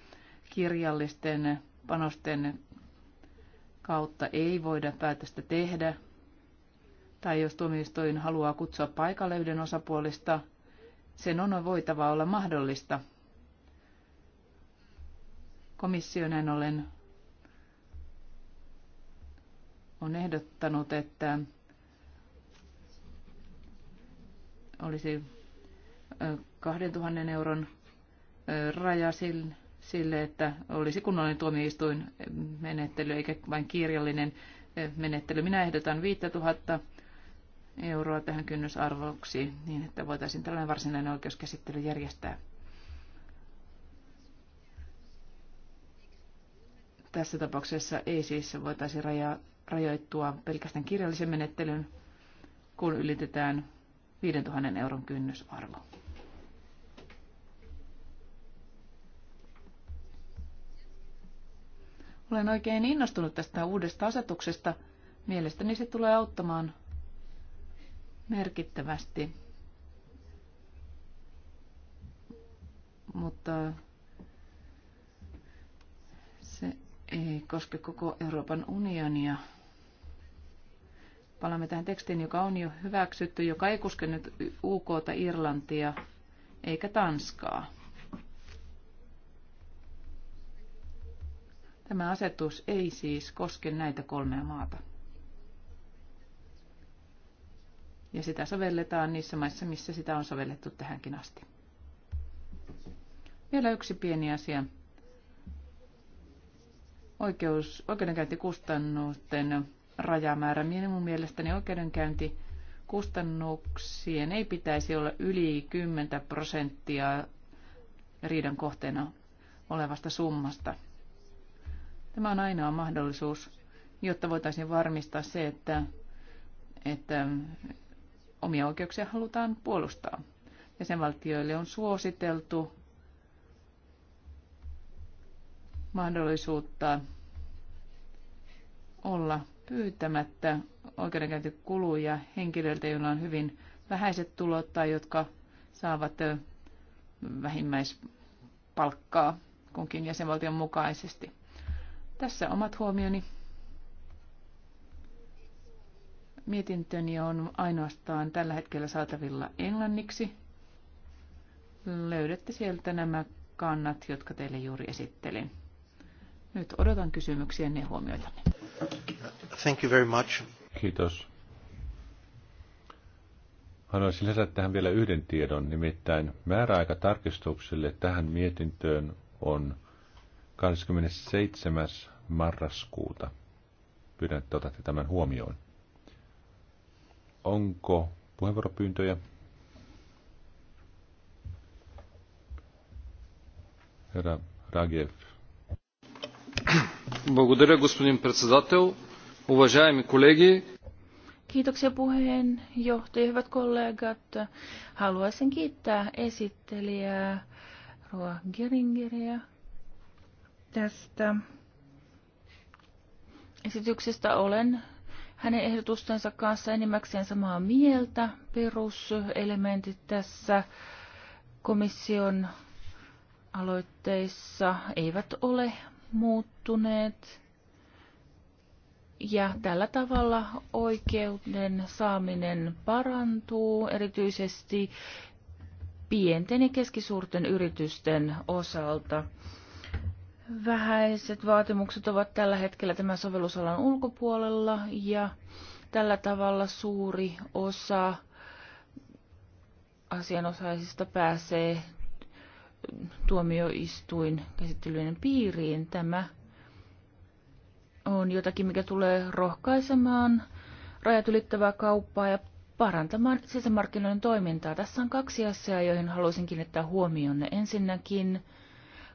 kirjallisten panosten kautta ei voida päätöstä tehdä, tai jos tuomioistuin haluaa kutsua paikalle yhden osapuolista, sen on voitava olla mahdollista – Komissio näin ollen on ehdottanut, että olisi 2000 euron raja sille, että olisi kunnollinen tuomioistuinmenettely eikä vain kirjallinen menettely. Minä ehdotan 5000 euroa tähän kynnysarvoksi niin, että voitaisiin tällainen varsinainen oikeuskäsittely järjestää. Tässä tapauksessa ei siis voitaisi raja, rajoittua pelkästään kirjallisen menettelyn, kun ylitetään 5000 euron kynnysarvo. Olen oikein innostunut tästä uudesta asetuksesta. Mielestäni se tulee auttamaan merkittävästi. Mutta ei koske koko Euroopan unionia. Palaamme tähän tekstiin, joka on jo hyväksytty, joka ei koske nyt UK Irlantia eikä Tanskaa. Tämä asetus ei siis koske näitä kolmea maata. Ja sitä sovelletaan niissä maissa, missä sitä on sovellettu tähänkin asti. Vielä yksi pieni asia oikeus, oikeudenkäyntikustannusten rajamäärä. Minun mielestäni oikeudenkäynti ei pitäisi olla yli 10 prosenttia riidan kohteena olevasta summasta. Tämä on ainoa mahdollisuus, jotta voitaisiin varmistaa se, että, että omia oikeuksia halutaan puolustaa. Ja sen valtioille on suositeltu mahdollisuutta olla pyytämättä oikeudenkäyntikuluja henkilöiltä, joilla on hyvin vähäiset tulot tai jotka saavat vähimmäispalkkaa kunkin jäsenvaltion mukaisesti. Tässä omat huomioni. Mietintöni on ainoastaan tällä hetkellä saatavilla englanniksi. Löydätte sieltä nämä kannat, jotka teille juuri esittelin. Nyt odotan kysymyksiä ja huomioita. Thank you very much. Kiitos. Haluaisin lisätä tähän vielä yhden tiedon, nimittäin määräaika tarkistuksille tähän mietintöön on 27. marraskuuta. Pyydän, että otatte tämän huomioon. Onko puheenvuoropyyntöjä? Herra Ragev, Благодаря, господин председател. Уважаеми колеги. Kiitoksia puheenjohtaja, hyvät kollegat. Haluaisin kiittää esittelijää Roa Geringeriä tästä esityksestä. Olen hänen ehdotustensa kanssa enimmäkseen samaa mieltä. Peruselementit tässä komission aloitteissa eivät ole muuttuneet ja tällä tavalla oikeuden saaminen parantuu erityisesti pienten ja keskisuurten yritysten osalta. Vähäiset vaatimukset ovat tällä hetkellä tämän sovellusalan ulkopuolella ja tällä tavalla suuri osa asianosaisista pääsee tuomioistuin käsittelyjen piiriin. Tämä on jotakin, mikä tulee rohkaisemaan rajat ylittävää kauppaa ja parantamaan sisämarkkinoiden toimintaa. Tässä on kaksi asiaa, joihin haluaisin kiinnittää huomioon. Ensinnäkin,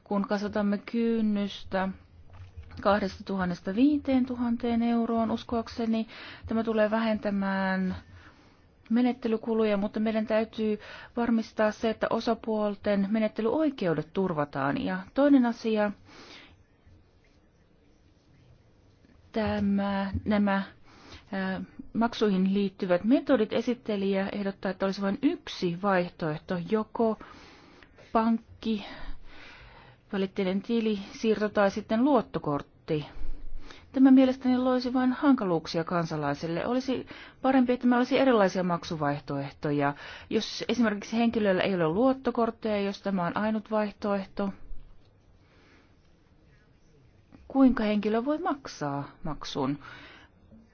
kun kasvatamme kynnystä 2000-5000 euroon, uskoakseni tämä tulee vähentämään menettelykuluja, mutta meidän täytyy varmistaa se, että osapuolten menettelyoikeudet turvataan. Ja toinen asia, tämä, nämä maksuihin liittyvät metodit esittelijä ehdottaa, että olisi vain yksi vaihtoehto, joko pankki, välitteinen tili, siirto tai sitten luottokortti Tämä mielestäni loisi vain hankaluuksia kansalaisille. Olisi parempi, että me olisi erilaisia maksuvaihtoehtoja. Jos esimerkiksi henkilöllä ei ole luottokortteja, jos tämä on ainut vaihtoehto, kuinka henkilö voi maksaa maksun?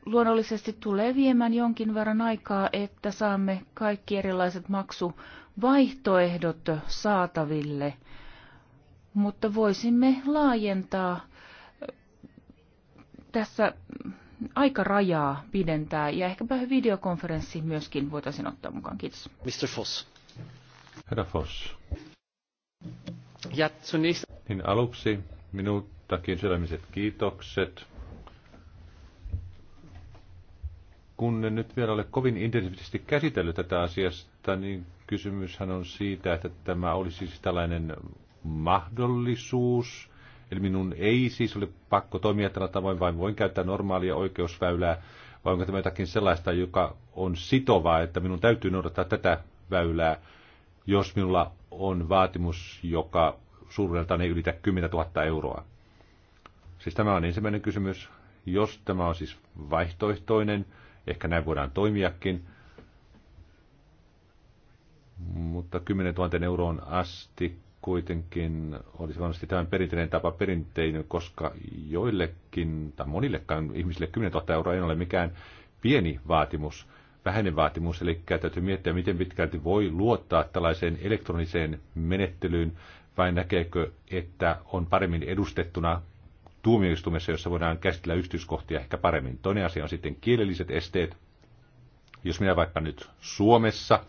Luonnollisesti tulee viemään jonkin verran aikaa, että saamme kaikki erilaiset maksuvaihtoehdot saataville, mutta voisimme laajentaa tässä aika rajaa pidentää ja ehkäpä videokonferenssi myöskin voitaisiin ottaa mukaan. Kiitos. Mr. Foss. Herra Foss. Ja zunächst... Niin aluksi minuuttakin sydämiset kiitokset. Kun en nyt vielä ole kovin intensiivisesti käsitellyt tätä asiasta, niin kysymyshän on siitä, että tämä olisi siis tällainen mahdollisuus – Eli minun ei siis ole pakko toimia tällä tavoin, vaan voin käyttää normaalia oikeusväylää, vai onko tämä jotakin sellaista, joka on sitovaa, että minun täytyy noudattaa tätä väylää, jos minulla on vaatimus, joka suurelta ei ylitä 10 000 euroa. Siis tämä on ensimmäinen kysymys. Jos tämä on siis vaihtoehtoinen, ehkä näin voidaan toimiakin, mutta 10 000 euroon asti kuitenkin olisi varmasti tämän perinteinen tapa perinteinen, koska joillekin tai monillekaan ihmisille 10 000 euroa ei ole mikään pieni vaatimus, vähäinen vaatimus, eli täytyy miettiä, miten pitkälti voi luottaa tällaiseen elektroniseen menettelyyn, vai näkeekö, että on paremmin edustettuna tuomioistumessa, jossa voidaan käsitellä yksityiskohtia ehkä paremmin. Toinen asia on sitten kielelliset esteet. Jos minä vaikka nyt Suomessa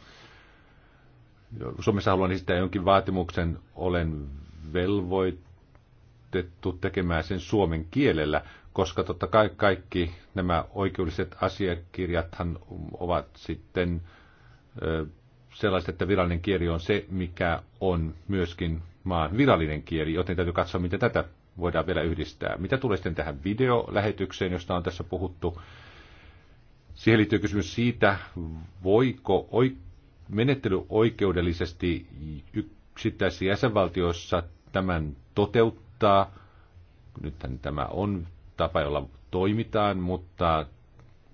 Suomessa haluan esittää jonkin vaatimuksen, olen velvoitettu tekemään sen suomen kielellä, koska totta kai kaikki nämä oikeudelliset asiakirjathan ovat sitten sellaiset, että virallinen kieli on se, mikä on myöskin maan virallinen kieli, joten täytyy katsoa, miten tätä voidaan vielä yhdistää. Mitä tulee sitten tähän videolähetykseen, josta on tässä puhuttu? Siihen liittyy kysymys siitä, voiko menettely oikeudellisesti yksittäisissä jäsenvaltioissa tämän toteuttaa. Nythän tämä on tapa, jolla toimitaan, mutta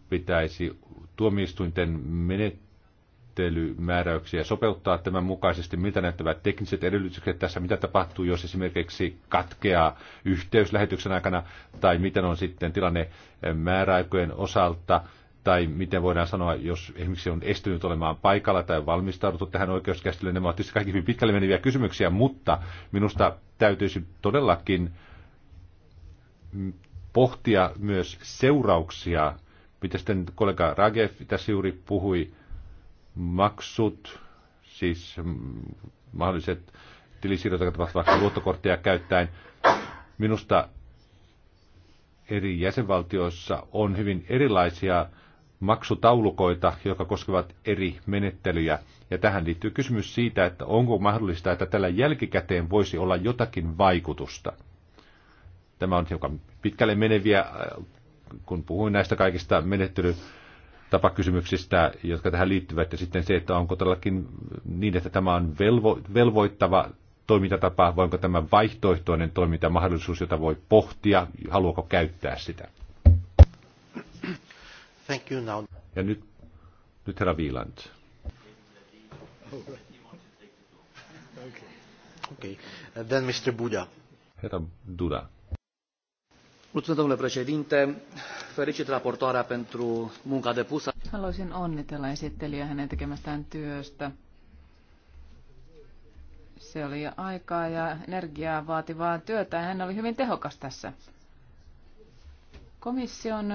pitäisi tuomioistuinten menettelymääräyksiä sopeuttaa tämän mukaisesti, miltä näyttävät tekniset edellytykset tässä, mitä tapahtuu, jos esimerkiksi katkeaa yhteys lähetyksen aikana, tai miten on sitten tilanne määräaikojen osalta – tai miten voidaan sanoa, jos esimerkiksi on estynyt olemaan paikalla tai valmistautunut tähän oikeuskäsittelyyn, nämä ovat tietysti kaikki hyvin pitkälle meneviä kysymyksiä, mutta minusta täytyisi todellakin pohtia myös seurauksia, mitä sitten kollega Ragef tässä juuri puhui, maksut, siis mm, mahdolliset tilisiirrot, jotka tapahtuvat vaikka luottokortteja käyttäen. Minusta eri jäsenvaltioissa on hyvin erilaisia maksutaulukoita, jotka koskevat eri menettelyjä. Ja tähän liittyy kysymys siitä, että onko mahdollista, että tällä jälkikäteen voisi olla jotakin vaikutusta. Tämä on hiukan pitkälle meneviä, äh, kun puhuin näistä kaikista menettely tapakysymyksistä, jotka tähän liittyvät, ja sitten se, että onko todellakin niin, että tämä on velvo, velvoittava toimintatapa, vai onko tämä vaihtoehtoinen toimintamahdollisuus, jota voi pohtia, haluako käyttää sitä. Thank you now. Ja nyt, nyt herra Wieland. Okay. okay. Then Mr. Buda. Herra Duda. Mulțumesc, domnule președinte. Fericit raportoarea pentru munca depusă. Haluaisin onnitella esittelijä hänen tekemästään työstä. Se oli aikaa ja energiaa vaativaa työtä ja hän oli hyvin tehokas tässä. Komission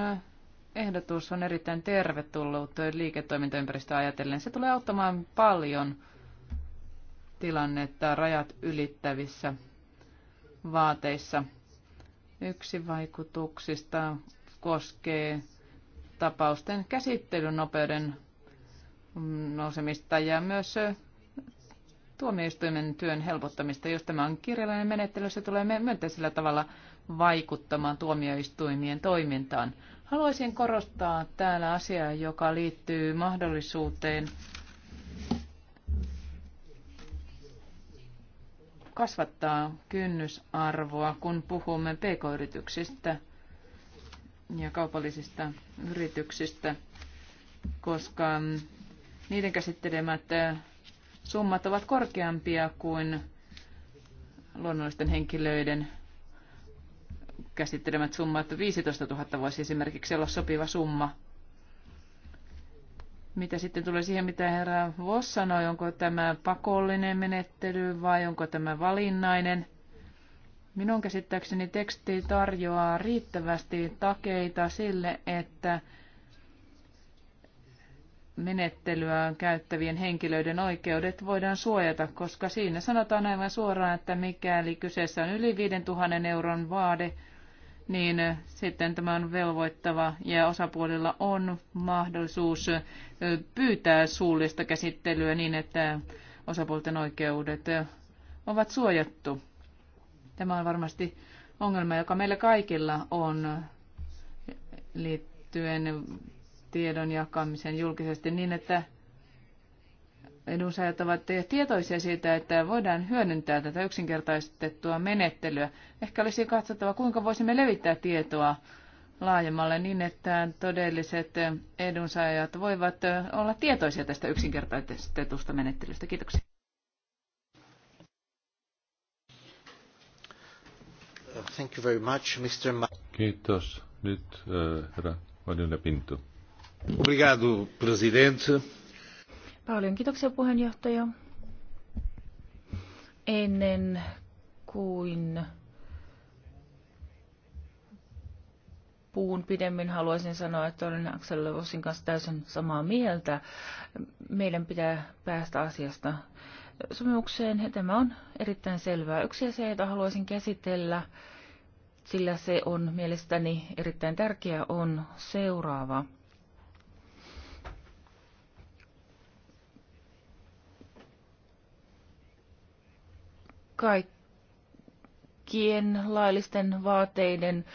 ehdotus on erittäin tervetullut liiketoimintaympäristöä ajatellen. Se tulee auttamaan paljon tilannetta rajat ylittävissä vaateissa. Yksi vaikutuksista koskee tapausten käsittelynopeuden nousemista ja myös tuomioistuimen työn helpottamista. Jos tämä on kirjallinen menettely, se tulee myönteisellä tavalla vaikuttamaan tuomioistuimien toimintaan. Haluaisin korostaa täällä asiaa, joka liittyy mahdollisuuteen kasvattaa kynnysarvoa, kun puhumme pk-yrityksistä ja kaupallisista yrityksistä, koska niiden käsittelemät summat ovat korkeampia kuin luonnollisten henkilöiden käsittelemät summat, 15 000 voisi esimerkiksi olla sopiva summa. Mitä sitten tulee siihen, mitä herra Voss sanoi, onko tämä pakollinen menettely vai onko tämä valinnainen? Minun käsittääkseni teksti tarjoaa riittävästi takeita sille, että menettelyä käyttävien henkilöiden oikeudet voidaan suojata, koska siinä sanotaan aivan suoraan, että mikäli kyseessä on yli 5000 euron vaade, niin eh, sitten tämä on velvoittava ja osapuolilla on mahdollisuus eh, pyytää suullista käsittelyä niin, että osapuolten oikeudet eh, ovat suojattu. Tämä on varmasti ongelma, joka meillä kaikilla on liittyen tiedon jakamiseen julkisesti niin, että edunsaajat ovat tietoisia siitä, että voidaan hyödyntää tätä yksinkertaistettua menettelyä. Ehkä olisi katsottava, kuinka voisimme levittää tietoa laajemmalle niin, että todelliset edunsaajat voivat olla tietoisia tästä yksinkertaistetusta menettelystä. Kiitoksia. Thank you very much, Mr. Ma- Kiitos. Nyt eh, herra Pinto. Obrigado, presidente. Paljon kiitoksia puheenjohtaja. Ennen kuin puun pidemmin, haluaisin sanoa, että olen Axel Levosin kanssa täysin samaa mieltä. Meidän pitää päästä asiasta sopimukseen. Tämä on erittäin selvää. Yksi asia, jota haluaisin käsitellä, sillä se on mielestäni erittäin tärkeä, on seuraava. kaikkien laillisten vaateiden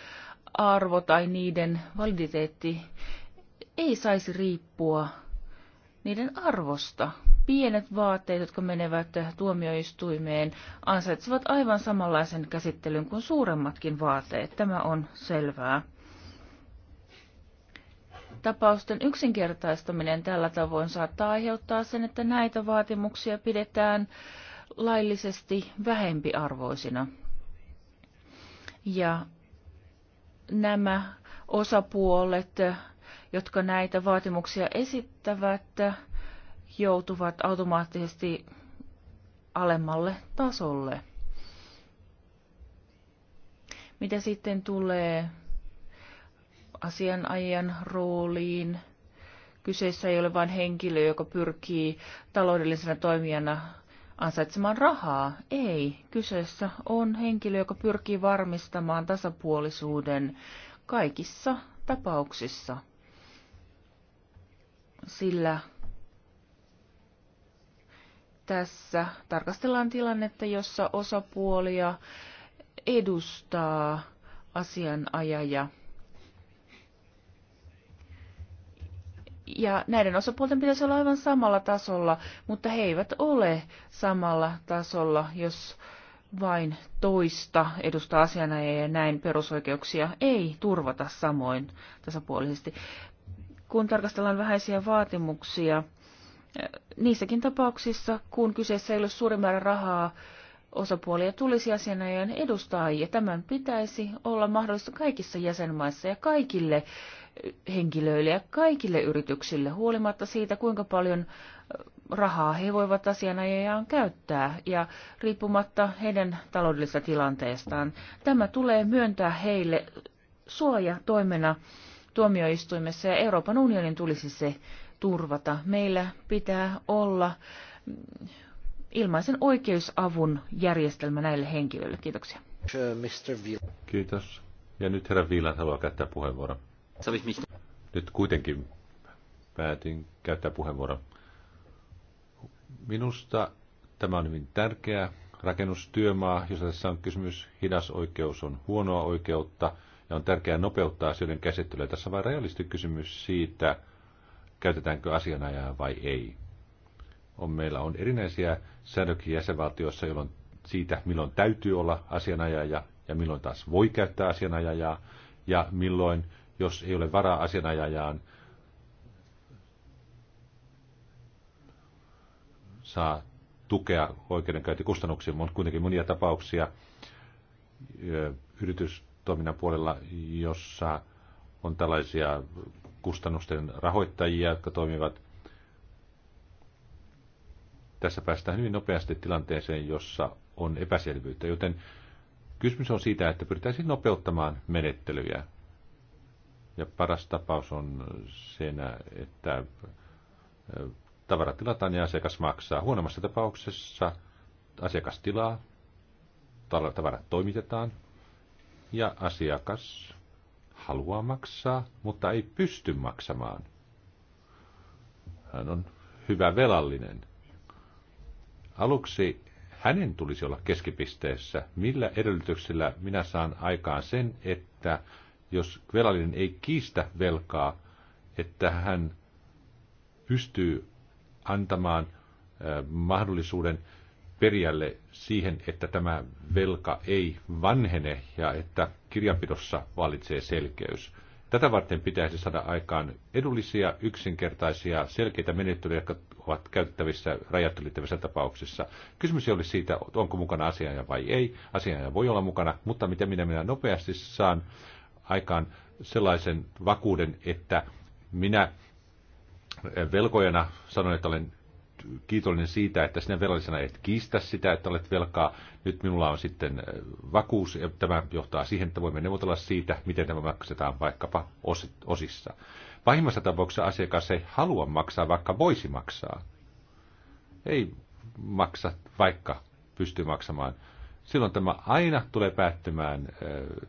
arvo tai niiden validiteetti ei saisi riippua niiden arvosta. Pienet vaatteet, jotka menevät tuomioistuimeen, ansaitsevat aivan samanlaisen käsittelyn kuin suuremmatkin vaatteet. Tämä on selvää. Tapausten yksinkertaistaminen tällä tavoin saattaa aiheuttaa sen, että näitä vaatimuksia pidetään äh, laillisesti vähempiarvoisina. Ja nämä osapuolet, jotka näitä vaatimuksia esittävät, joutuvat automaattisesti alemmalle tasolle. Mitä sitten tulee asianajan rooliin? Kyseessä ei ole vain henkilö, joka pyrkii taloudellisena toimijana ansaitsemaan rahaa. Ei, kyseessä on henkilö, joka pyrkii varmistamaan tasapuolisuuden kaikissa tapauksissa. Sillä tässä tarkastellaan tilannetta, jossa osapuolia edustaa asianajaja Ja näiden osapuolten pitäisi olla aivan samalla tasolla, mutta he eivät ole samalla tasolla, jos vain toista edustaa asiana ja näin perusoikeuksia ei turvata samoin tasapuolisesti. Kun tarkastellaan vähäisiä vaatimuksia, niissäkin tapauksissa, kun kyseessä ei ole suuri määrä rahaa, osapuolia tulisi asianajajan edustaa, ja tämän pitäisi olla mahdollista kaikissa jäsenmaissa ja kaikille henkilöille ja kaikille yrityksille, huolimatta siitä, kuinka paljon rahaa he voivat asianajajaan käyttää ja riippumatta heidän taloudellisesta tilanteestaan. Tämä tulee myöntää heille suoja toimena tuomioistuimessa ja Euroopan unionin tulisi se turvata. Meillä pitää olla mm, ilmaisen oikeusavun järjestelmä näille henkilöille. Kiitoksia. Kiitos. Ja nyt herra Viilan haluaa käyttää puheenvuoron. Nyt kuitenkin päätin käyttää puheenvuoron. Minusta tämä on hyvin tärkeä rakennustyömaa, jossa tässä on kysymys hidas oikeus on huonoa oikeutta ja on tärkeää nopeuttaa asioiden käsittelyä. Tässä on vain realisti kysymys siitä, käytetäänkö asianajaa vai ei. On, meillä on erinäisiä säädöksiä jäsenvaltioissa, jolloin siitä, milloin täytyy olla asianajaja ja milloin taas voi käyttää asianajajaa ja milloin jos ei ole varaa asianajajaan, saa tukea oikeudenkäyntikustannuksiin, On kuitenkin monia tapauksia yritystoiminnan puolella, jossa on tällaisia kustannusten rahoittajia, jotka toimivat. Tässä päästään hyvin nopeasti tilanteeseen, jossa on epäselvyyttä, joten kysymys on siitä, että pyritään nopeuttamaan menettelyjä. Ja paras tapaus on siinä, että äh, tavara tilataan ja asiakas maksaa. Huonommassa tapauksessa asiakas tilaa, tavarat toimitetaan ja asiakas haluaa maksaa, mutta ei pysty maksamaan. Hän on hyvä velallinen. Aluksi hänen tulisi olla keskipisteessä, millä edellytyksillä minä saan aikaan sen, että jos velallinen ei kiistä velkaa, että hän pystyy antamaan mahdollisuuden perijälle siihen, että tämä velka ei vanhene ja että kirjanpidossa vallitsee selkeys. Tätä varten pitäisi saada aikaan edullisia, yksinkertaisia, selkeitä menettelyjä, jotka ovat käytettävissä rajattelittävissä tapauksissa. Kysymys ei ole siitä, onko mukana asiaaja vai ei. Asiaaja voi olla mukana, mutta miten minä, minä nopeasti saan aikaan sellaisen vakuuden, että minä velkojana sanoin, että olen kiitollinen siitä, että sinä velallisena et kiistä sitä, että olet velkaa. Nyt minulla on sitten äh, vakuus, ja tämä johtaa siihen, että voimme neuvotella siitä, miten tämä maksetaan vaikkapa osissa. Pahimmassa tapauksessa asiakas ei halua maksaa, vaikka voisi maksaa. Ei maksa, vaikka pystyy maksamaan. Silloin tämä aina tulee päättymään äh,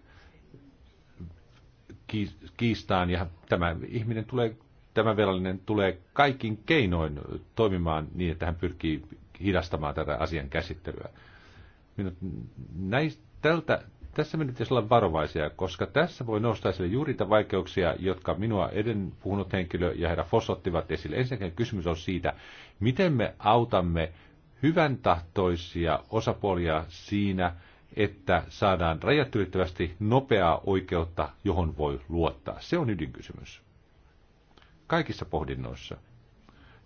kiistaan ja tämä ihminen tulee, tämä velallinen tulee kaikin keinoin toimimaan niin, että hän pyrkii hidastamaan tätä asian käsittelyä. Minut, näistä, tältä, tässä meidän pitäisi olla varovaisia, koska tässä voi nostaa esille juuri niitä vaikeuksia, jotka minua eden puhunut henkilö ja herra Foss ottivat esille. Ensinnäkin kysymys on siitä, miten me autamme hyvän tahtoisia osapuolia siinä, että saadaan rajat ylittävästi nopeaa oikeutta, johon voi luottaa. Se on ydinkysymys. Kaikissa pohdinnoissa.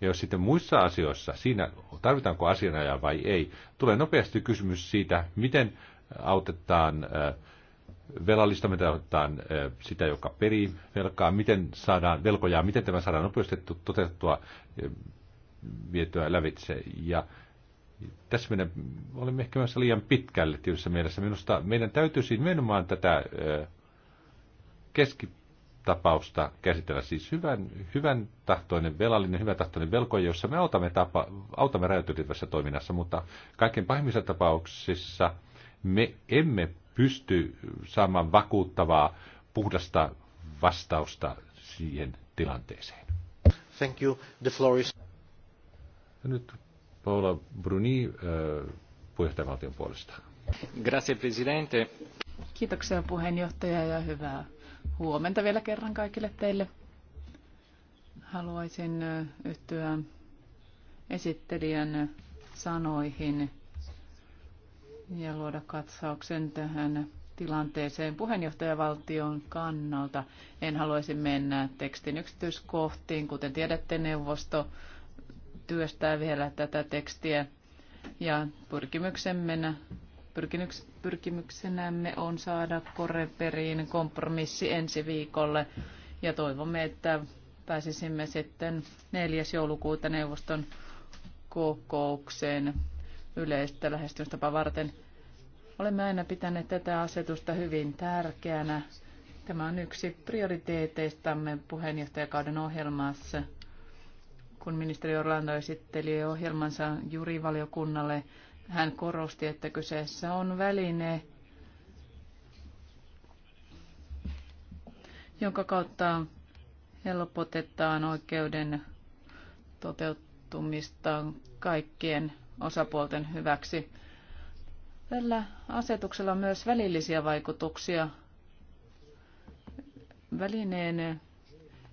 Ja jos sitten muissa asioissa, siinä tarvitaanko asianajaja vai ei, tulee nopeasti kysymys siitä, miten autetaan velallista, miten autetaan sitä, joka perii velkaa, miten saadaan velkojaa, miten tämä saadaan nopeasti toteutettua, vietyä lävitse. Ja tässä meidän olemme ehkä myös liian pitkälle tietyssä mielessä. Minusta meidän täytyisi nimenomaan tätä keskitapausta käsitellä. Siis hyvän, hyvän tahtoinen velallinen, hyvän tahtoinen velkoja, jossa me autamme, tapa, autamme rajoitettavassa toiminnassa, mutta kaiken pahimmissa tapauksissa me emme pysty saamaan vakuuttavaa, puhdasta vastausta siihen tilanteeseen. Thank you. The floor is... Nyt Paula Bruni äh, puheenjohtajavaltion puolesta. Grazie, presidente. Kiitoksia puheenjohtaja ja hyvää huomenta vielä kerran kaikille teille. Haluaisin äh, yhtyä esittelijän sanoihin ja luoda katsauksen tähän tilanteeseen puheenjohtajavaltion kannalta. En haluaisi mennä tekstin yksityiskohtiin, kuten tiedätte neuvosto työstää vielä tätä tekstiä ja pyrkimyksemme pyrkimyks, pyrkimyksenämme on saada Koreperiin kompromissi ensi viikolle ja toivomme, että pääsisimme sitten 4. joulukuuta neuvoston kokoukseen yleistä lähestymistapaa varten. Olemme aina pitäneet tätä asetusta hyvin tärkeänä. Tämä on yksi prioriteeteistamme puheenjohtajakauden ohjelmassa – kun ministeri Orlando esitteli ohjelmansa jurivaliokunnalle, hän korosti, että kyseessä on väline, jonka kautta helpotetaan oikeuden toteutumista kaikkien osapuolten hyväksi. Tällä asetuksella on myös välillisiä vaikutuksia. Välineen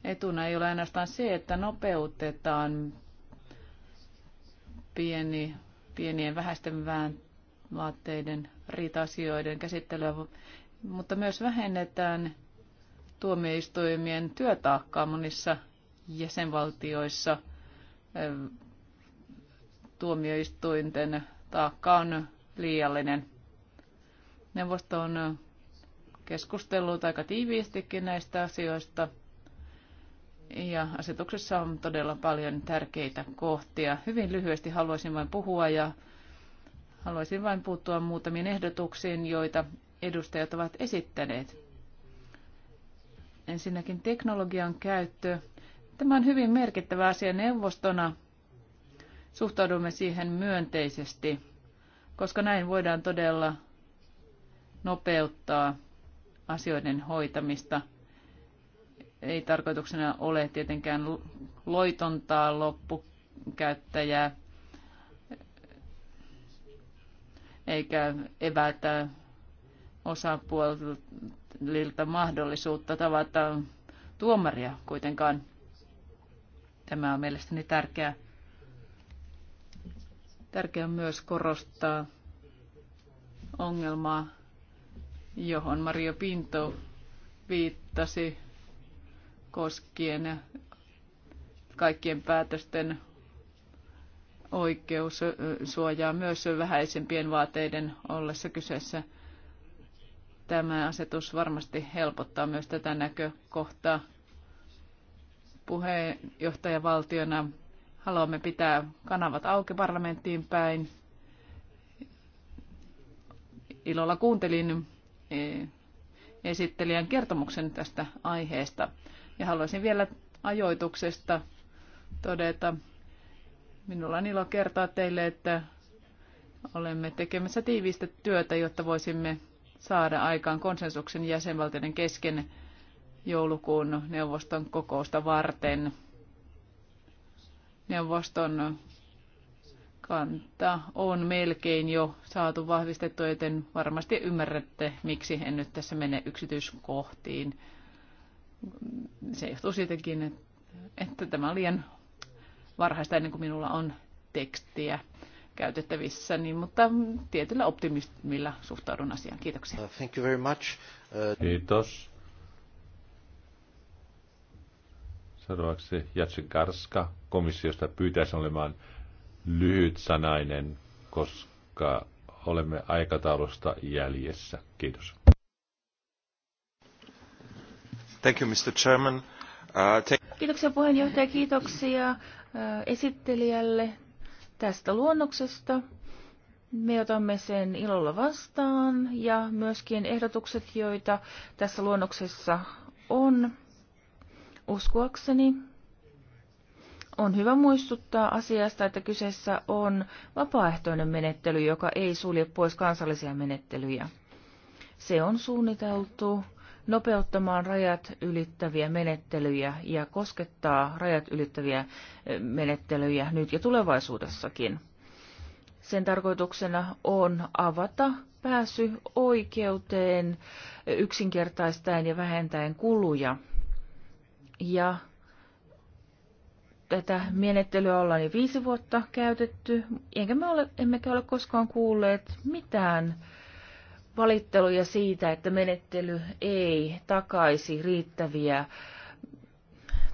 etuna ei ole ainoastaan se, että nopeutetaan pieni, pienien vähäisten vaatteiden riita-asioiden käsittelyä, mutta myös vähennetään tuomioistuimien työtaakkaa monissa jäsenvaltioissa. Tuomioistuinten taakka on liiallinen. Neuvosto on keskustellut aika tiiviistikin näistä asioista – ja asetuksessa on todella paljon tärkeitä kohtia. Hyvin lyhyesti haluaisin vain puhua ja haluaisin vain puuttua muutamiin ehdotuksiin, joita edustajat ovat esittäneet. Ensinnäkin teknologian käyttö. Tämä on hyvin merkittävä asia neuvostona. Suhtaudumme siihen myönteisesti, koska näin voidaan todella nopeuttaa asioiden hoitamista – ei tarkoituksena ole tietenkään loitontaa loppukäyttäjää eikä evätä osapuolilta mahdollisuutta tavata tuomaria kuitenkaan. Tämä on mielestäni tärkeää. Tärkeää on myös korostaa ongelmaa, johon Mario Pinto viittasi koskien kaikkien päätösten oikeus suojaa myös vähäisempien vaateiden ollessa kyseessä. Tämä asetus varmasti helpottaa myös tätä näkökohtaa. Puheenjohtajavaltiona haluamme pitää kanavat auki parlamenttiin päin. Ilolla kuuntelin e, esittelijän kertomuksen tästä aiheesta. Ja haluaisin vielä ajoituksesta todeta, minulla on ilo kertoa teille, että olemme tekemässä tiivistä työtä, jotta voisimme saada aikaan konsensuksen jäsenvaltioiden kesken joulukuun neuvoston kokousta varten. Neuvoston kanta on melkein jo saatu vahvistettua, joten varmasti ymmärrätte, miksi en nyt tässä mene yksityiskohtiin. Se johtuu siitäkin, että tämä on liian varhaista ennen kuin minulla on tekstiä käytettävissä, niin, mutta tietyllä optimismilla suhtaudun asiaan. Kiitoksia. Uh, thank you very much. Uh... Kiitos. Seuraavaksi Jatsi Karska komissiosta pyytäisi olemaan lyhyt sanainen, koska olemme aikataulusta jäljessä. Kiitos. Uh, kiitoksia puheenjohtaja, kiitoksia uh, esittelijälle tästä luonnoksesta. Me otamme sen ilolla vastaan ja myöskin ehdotukset, joita tässä luonnoksessa on. Uskoakseni on hyvä muistuttaa asiasta, että kyseessä on vapaaehtoinen menettely, joka ei sulje pois kansallisia menettelyjä. Se on suunniteltu nopeuttamaan rajat ylittäviä menettelyjä ja koskettaa rajat ylittäviä menettelyjä nyt ja tulevaisuudessakin. Sen tarkoituksena on avata pääsy oikeuteen yksinkertaistaen ja vähentäen kuluja. Ja tätä menettelyä ollaan jo viisi vuotta käytetty, enkä me ole, emmekä ole koskaan kuulleet mitään valitteluja siitä, että menettely ei takaisi riittäviä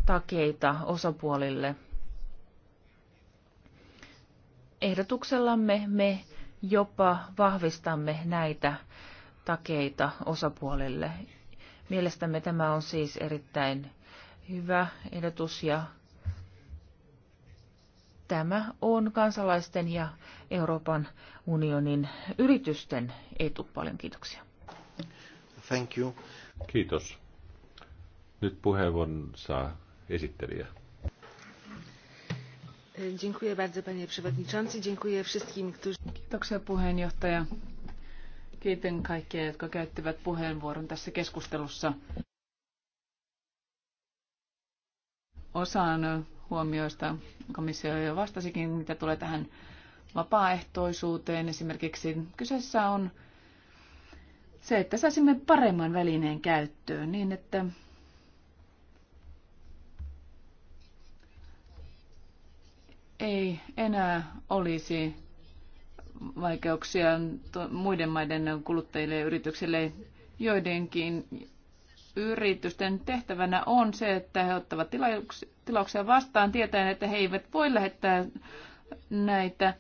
takeita osapuolille. Ehdotuksellamme me jopa vahvistamme näitä takeita osapuolille. Mielestämme tämä on siis erittäin hyvä ehdotus ja tämä on kansalaisten ja Euroopan unionin yritysten etu. Paljon kiitoksia. Thank you. Kiitos. Nyt puheenvuoron saa esittelijä. Dziękuję bardzo przewodniczący. Dziękuję wszystkim, którzy... Kiitoksia puheenjohtaja. Kiitän kaikkia, jotka käyttivät puheenvuoron tässä keskustelussa. Osaan huomioista. Komissio jo vastasikin, mitä tulee tähän vapaaehtoisuuteen. Esimerkiksi kyseessä on se, että saisimme paremman välineen käyttöön niin, että ei enää olisi vaikeuksia muiden maiden kuluttajille ja yrityksille. Joidenkin yritysten tehtävänä on se, että he ottavat tilauks- tilauksia vastaan tietäen, että he eivät voi lähettää näitä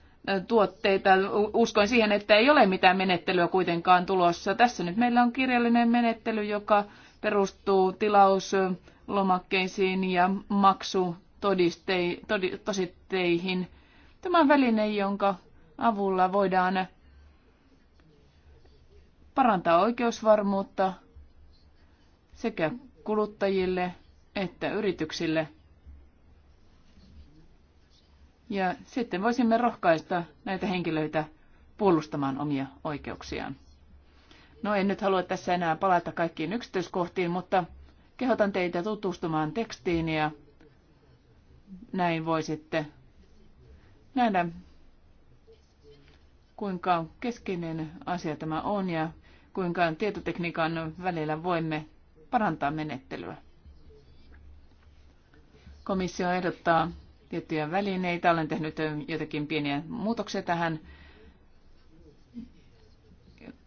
tuotteita. Uskoin siihen, että ei ole mitään menettelyä kuitenkaan tulossa. Tässä nyt meillä on kirjallinen menettely, joka perustuu tilauslomakkeisiin ja maksutositteihin. Tämä on väline, jonka avulla voidaan parantaa oikeusvarmuutta sekä kuluttajille että yrityksille – ja sitten voisimme rohkaista näitä henkilöitä puolustamaan omia oikeuksiaan. No en nyt halua tässä enää palata kaikkiin yksityiskohtiin, mutta kehotan teitä tutustumaan tekstiin ja näin voisitte nähdä, kuinka keskeinen asia tämä on ja kuinka tietotekniikan välillä voimme parantaa menettelyä. Komissio ehdottaa tiettyjä välineitä. Olen tehnyt jotakin pieniä muutoksia tähän.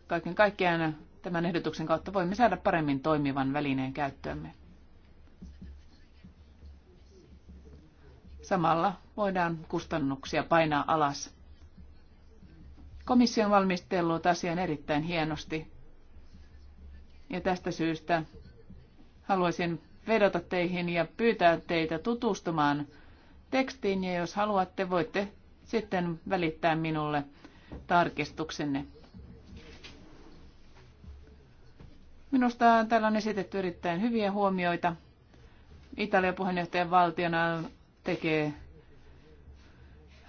Kaiken kaikkiaan tämän ehdotuksen kautta voimme saada paremmin toimivan välineen käyttöömme. Samalla voidaan kustannuksia painaa alas. Komissio on valmistellut asian erittäin hienosti. Ja tästä syystä haluaisin vedota teihin ja pyytää teitä tutustumaan tekstiin ja jos haluatte, voitte sitten välittää minulle tarkistuksenne. Minusta täällä on esitetty erittäin hyviä huomioita. Italian puheenjohtajan valtiona tekee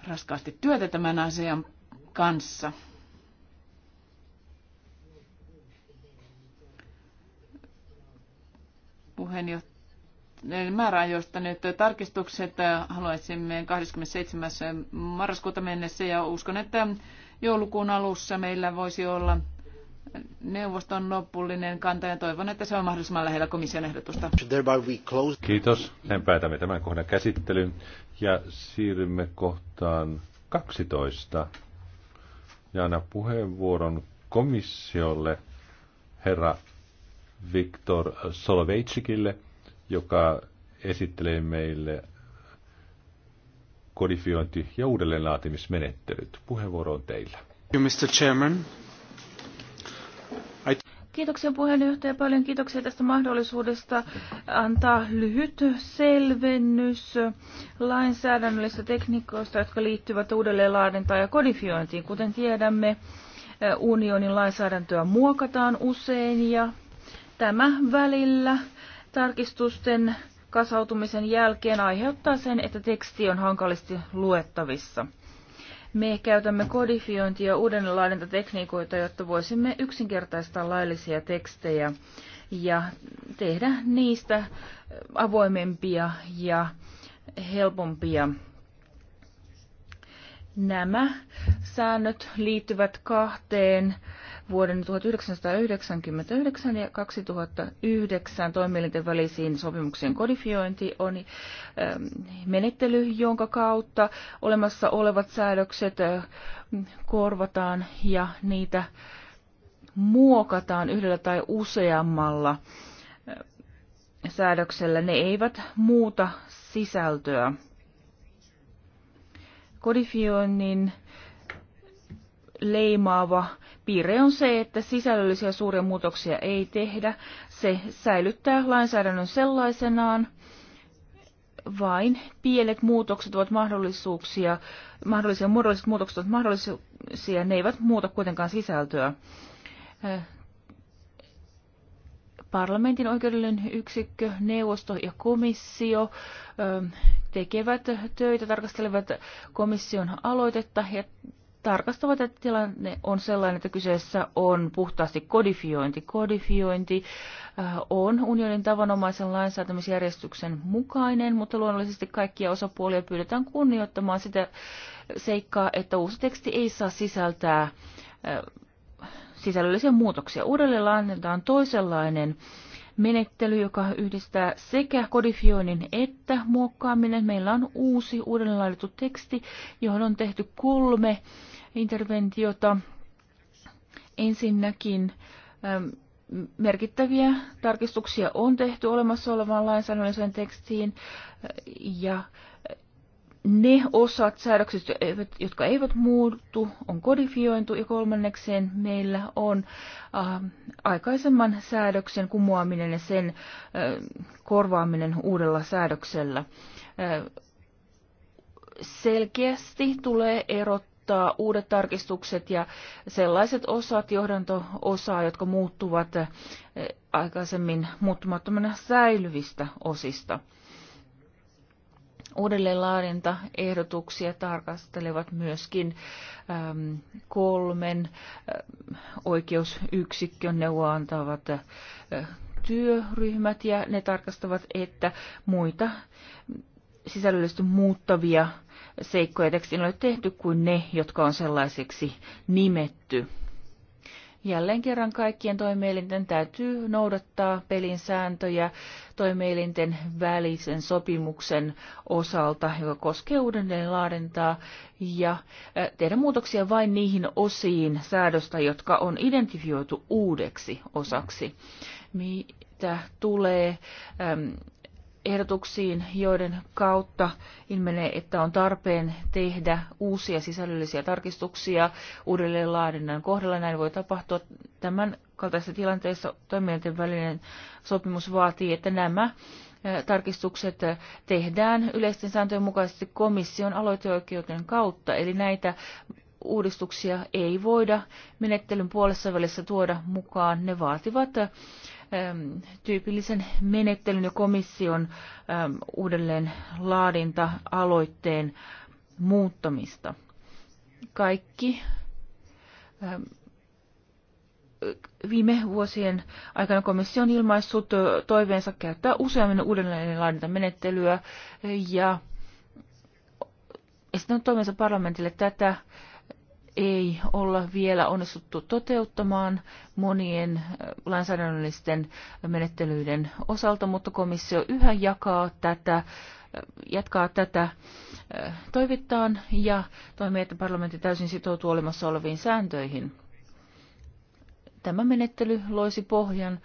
raskaasti työtä tämän asian kanssa. Puheenjohtaja niin määräajoista nyt tarkistukset haluaisimme 27. marraskuuta mennessä ja uskon, että joulukuun alussa meillä voisi olla neuvoston lopullinen kanta ja toivon, että se on mahdollisimman lähellä komission ehdotusta. Kiitos. Näin päätämme tämän kohdan käsittelyn ja siirrymme kohtaan 12. Ja puheenvuoron komissiolle herra Viktor Soloveitsikille – joka esittelee meille kodifiointi- ja uudelleenlaatimismenettelyt. Puheenvuoro on teillä. Mr. Chairman. Kiitoksia puheenjohtaja. Paljon kiitoksia tästä mahdollisuudesta antaa lyhyt selvennys lainsäädännöllisistä tekniikoista, jotka liittyvät uudelleenlaadintaan ja kodifiointiin. Kuten tiedämme, unionin lainsäädäntöä muokataan usein ja tämä välillä tarkistusten kasautumisen jälkeen aiheuttaa sen, että teksti on hankalasti luettavissa. Me käytämme kodifiointia ja uudenlaadintatekniikoita, jotta voisimme yksinkertaistaa laillisia tekstejä ja tehdä niistä avoimempia ja helpompia. Nämä säännöt liittyvät kahteen vuoden 1999 ja 2009 toimielinten välisiin sopimuksien kodifiointi on ähm, menettely, jonka kautta olemassa olevat säädökset äh, korvataan ja niitä muokataan yhdellä tai useammalla äh, säädöksellä. Ne eivät muuta sisältöä. Kodifioinnin leimaava piirre on se, että sisällöllisiä suuria muutoksia ei tehdä. Se säilyttää lainsäädännön sellaisenaan. Vain pienet muutokset ovat mahdollisuuksia, mahdollisia muodolliset muutokset ovat mahdollisia, ne eivät muuta kuitenkaan sisältöä. Äh, parlamentin oikeudellinen yksikkö, neuvosto ja komissio ähm, tekevät töitä, tarkastelevat komission aloitetta ja tarkastavat, että tilanne on sellainen, että kyseessä on puhtaasti kodifiointi. Kodifiointi äh, on unionin tavanomaisen lainsäätämisjärjestyksen mukainen, mutta luonnollisesti kaikkia osapuolia pyydetään kunnioittamaan sitä seikkaa, että uusi teksti ei saa sisältää äh, sisällöllisiä muutoksia. Uudelleen annetaan toisenlainen menettely, joka yhdistää sekä kodifioinnin että muokkaaminen. Meillä on uusi uudelleen teksti, johon on tehty kolme interventiota. Ensinnäkin ähm, merkittäviä tarkistuksia on tehty olemassa olevaan lainsäädännölliseen tekstiin äh, ja ne osat säädöksistä, jotka eivät muutu, on kodifiointu ja kolmannekseen meillä on äh, aikaisemman säädöksen kumoaminen ja sen äh, korvaaminen uudella säädöksellä. Äh, selkeästi tulee erot ottaa uudet tarkistukset ja sellaiset osat, johdanto-osaa, jotka muuttuvat eh, aikaisemmin muuttumattomana säilyvistä osista. ehdotuksia tarkastelevat myöskin äm, kolmen äh, oikeusyksikön neuvoa antavat eh, työryhmät ja ne tarkastavat, että muita sisällöllisesti muuttavia seikkoja tekstin ole tehty kuin ne, jotka on sellaisiksi nimetty. Jälleen kerran kaikkien toimielinten täytyy noudattaa pelin sääntöjä toimielinten välisen sopimuksen osalta, joka koskee uudelleen laadentaa ja tehdä muutoksia vain niihin osiin säädöstä, jotka on identifioitu uudeksi osaksi. Mitä tulee ehdotuksiin, joiden kautta ilmenee, että on tarpeen tehdä uusia sisällöllisiä tarkistuksia uudelleenlaadinnan kohdalla. Näin voi tapahtua tämän kaltaisessa tilanteessa. Toimijoiden välinen sopimus vaatii, että nämä tarkistukset tehdään yleisten sääntöjen mukaisesti komission aloiteoikeuden kautta, eli näitä uudistuksia ei voida menettelyn puolessa välissä tuoda mukaan. Ne vaativat tyypillisen menettelyn ja komission uudelleen laadinta-aloitteen muuttamista. Kaikki viime vuosien aikana komissio on ilmaissut toiveensa käyttää useammin uudelleen menettelyä ja esittänyt toiveensa parlamentille tätä ei olla vielä onnistuttu toteuttamaan monien äh, lainsäädännöllisten menettelyiden osalta, mutta komissio yhä jakaa tätä, äh, jatkaa tätä äh, toivittaan ja toimii, että parlamentti täysin sitoutuu olemassa oleviin sääntöihin. Tämä menettely loisi pohjan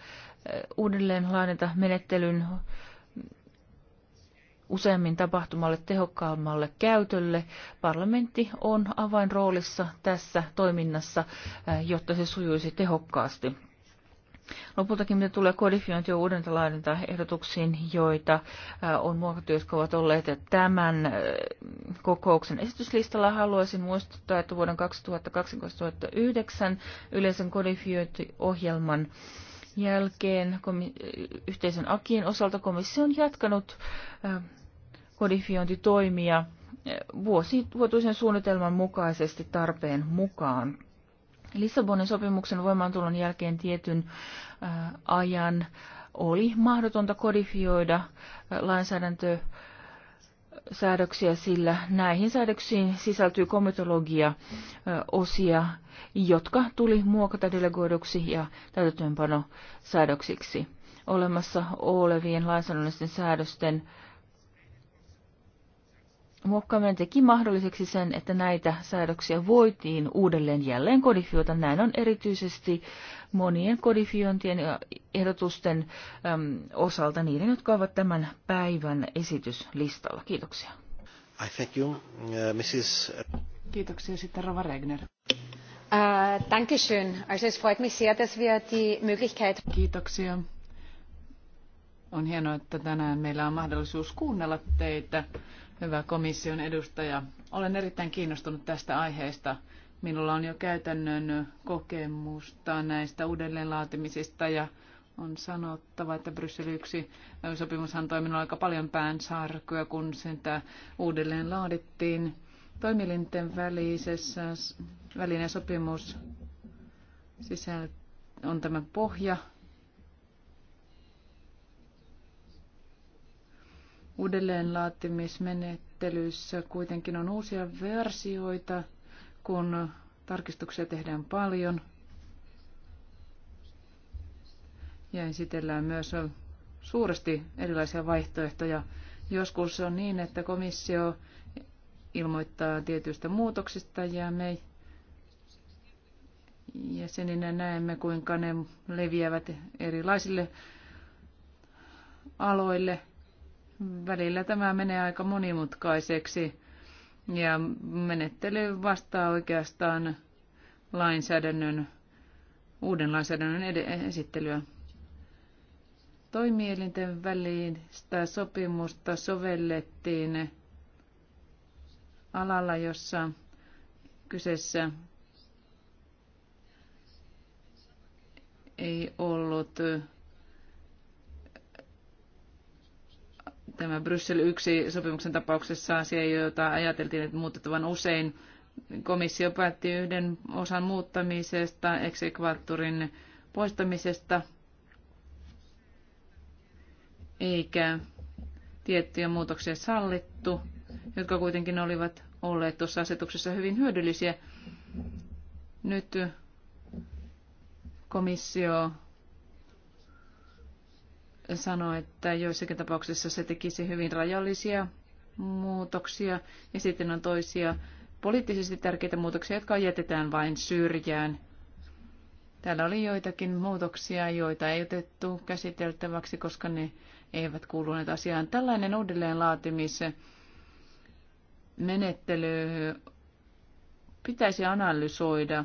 uudelleen laadinta menettelyn useammin tapahtumalle tehokkaammalle käytölle. Parlamentti on avainroolissa tässä toiminnassa, äh, jotta se sujuisi tehokkaasti. Lopultakin mitä tulee kodifiointi- ja uudentalaadinta ehdotuksiin, joita äh, on muokattu, jotka ovat olleet tämän äh, kokouksen esityslistalla, haluaisin muistuttaa, että vuoden 2009 yleisen kodifiointiohjelman ohjelman jälkeen yhteisön akien osalta komissio on jatkanut kodifiointitoimia vuotuisen suunnitelman mukaisesti tarpeen mukaan. Lissabonin sopimuksen voimaantulon jälkeen tietyn ajan oli mahdotonta kodifioida lainsäädäntö säädöksiä, sillä näihin säädöksiin sisältyy komitologia-osia, jotka tuli muokata delegoiduksi ja täytäntöönpanosäädöksiksi. Olemassa olevien lainsäädännöllisten säädösten muokkaaminen teki mahdolliseksi sen, että näitä säädöksiä voitiin uudelleen jälleen kodifioita. Näin on erityisesti monien kodifiointien ja ehdotusten osalta niiden, jotka ovat tämän päivän esityslistalla. Kiitoksia. I thank you, uh, Mrs. Kiitoksia sitten Rova Regner. Uh, danke schön. Also es freut mich sehr, dass wir die Möglichkeit... Kiitoksia. On hienoa, että tänään meillä on mahdollisuus kuunnella teitä, hyvä komission edustaja. Olen erittäin kiinnostunut tästä aiheesta. Minulla on jo käytännön kokemusta näistä uudelleenlaatimisista ja on sanottava, että Bryssel 1 sopimus antoi minulla aika paljon päänsärkyä, kun sitä uudelleen laadittiin. Toimielinten välisessä välinen sopimus sisäl- on tämä pohja. Uudelleenlaatimismenettelyssä kuitenkin on uusia versioita – kun tarkistuksia tehdään paljon ja esitellään myös suuresti erilaisia vaihtoehtoja. Joskus on niin, että komissio ilmoittaa tietyistä muutoksista ja me jäseninä näemme, kuinka ne leviävät erilaisille aloille. Välillä tämä menee aika monimutkaiseksi ja menettely vastaa oikeastaan lainsäädännön, uuden lainsäädännön ed- esittelyä. Toimielinten sitä sopimusta sovellettiin alalla, jossa kyseessä ei ollut Tämä Bryssel 1 sopimuksen tapauksessa asia, jota ajateltiin, että muutettavan usein. Komissio päätti yhden osan muuttamisesta, eksekvaattorin poistamisesta, eikä tiettyjä muutoksia sallittu, jotka kuitenkin olivat olleet tuossa asetuksessa hyvin hyödyllisiä. Nyt komissio sanoi, että joissakin tapauksissa se tekisi hyvin rajallisia muutoksia ja sitten on toisia poliittisesti tärkeitä muutoksia, jotka jätetään vain syrjään. Täällä oli joitakin muutoksia, joita ei otettu käsiteltäväksi, koska ne eivät kuuluneet asiaan. Tällainen uudelleenlaatimisen menettely pitäisi analysoida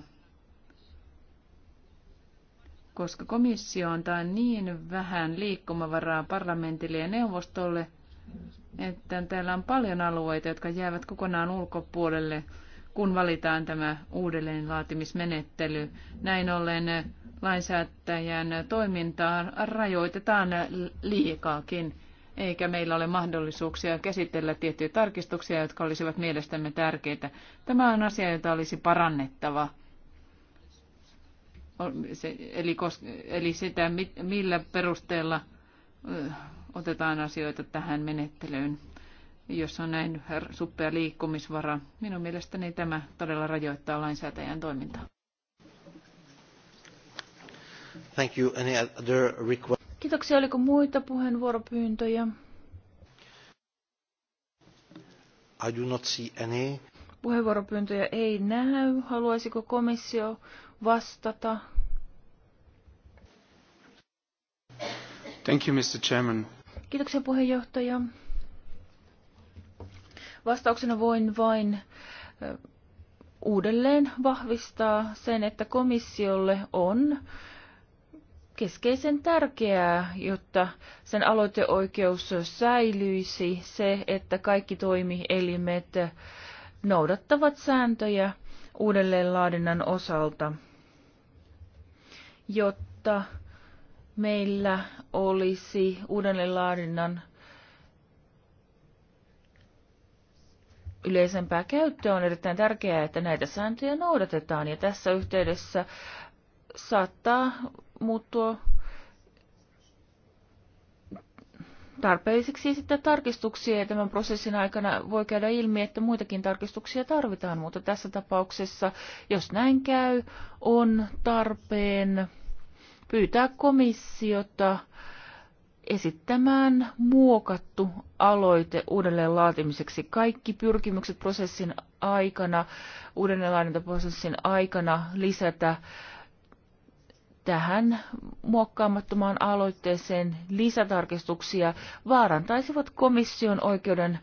koska komissio antaa niin vähän liikkumavaraa parlamentille ja neuvostolle, että täällä on paljon alueita, jotka jäävät kokonaan ulkopuolelle, kun valitaan tämä uudelleenlaatimismenettely. Näin ollen lainsäätäjän toimintaa rajoitetaan liikaakin, eikä meillä ole mahdollisuuksia käsitellä tiettyjä tarkistuksia, jotka olisivat mielestämme tärkeitä. Tämä on asia, jota olisi parannettava eli, kos eli sitä, millä perusteella otetaan asioita tähän menettelyyn, jos on näin suppea liikkumisvara. Minun mielestäni tämä todella rajoittaa lainsäätäjän toimintaa. Thank you. Any other request? Kiitoksia. Oliko muita puheenvuoropyyntöjä? I do not see any. Puheenvuoropyyntöjä ei näy. Haluaisiko komissio vastata? Thank you, Mr. Chairman. Kiitoksia puheenjohtaja. Vastauksena voin vain uudelleen vahvistaa sen, että komissiolle on keskeisen tärkeää, jotta sen aloiteoikeus säilyisi, se, että kaikki toimielimet noudattavat sääntöjä uudelleenlaadinnan osalta jotta meillä olisi uudelleenlaadinnan yleisempää käyttöä, on erittäin tärkeää, että näitä sääntöjä noudatetaan. Ja tässä yhteydessä saattaa muuttua tarpeelliseksi sitten tarkistuksia ja tämän prosessin aikana voi käydä ilmi, että muitakin tarkistuksia tarvitaan, mutta tässä tapauksessa, jos näin käy, on tarpeen pyytää komissiota esittämään muokattu aloite uudelleen laatimiseksi. Kaikki pyrkimykset prosessin aikana, uudelleenlaadintaprosessin aikana lisätä tähän muokkaamattomaan aloitteeseen lisätarkistuksia vaarantaisivat komission oikeuden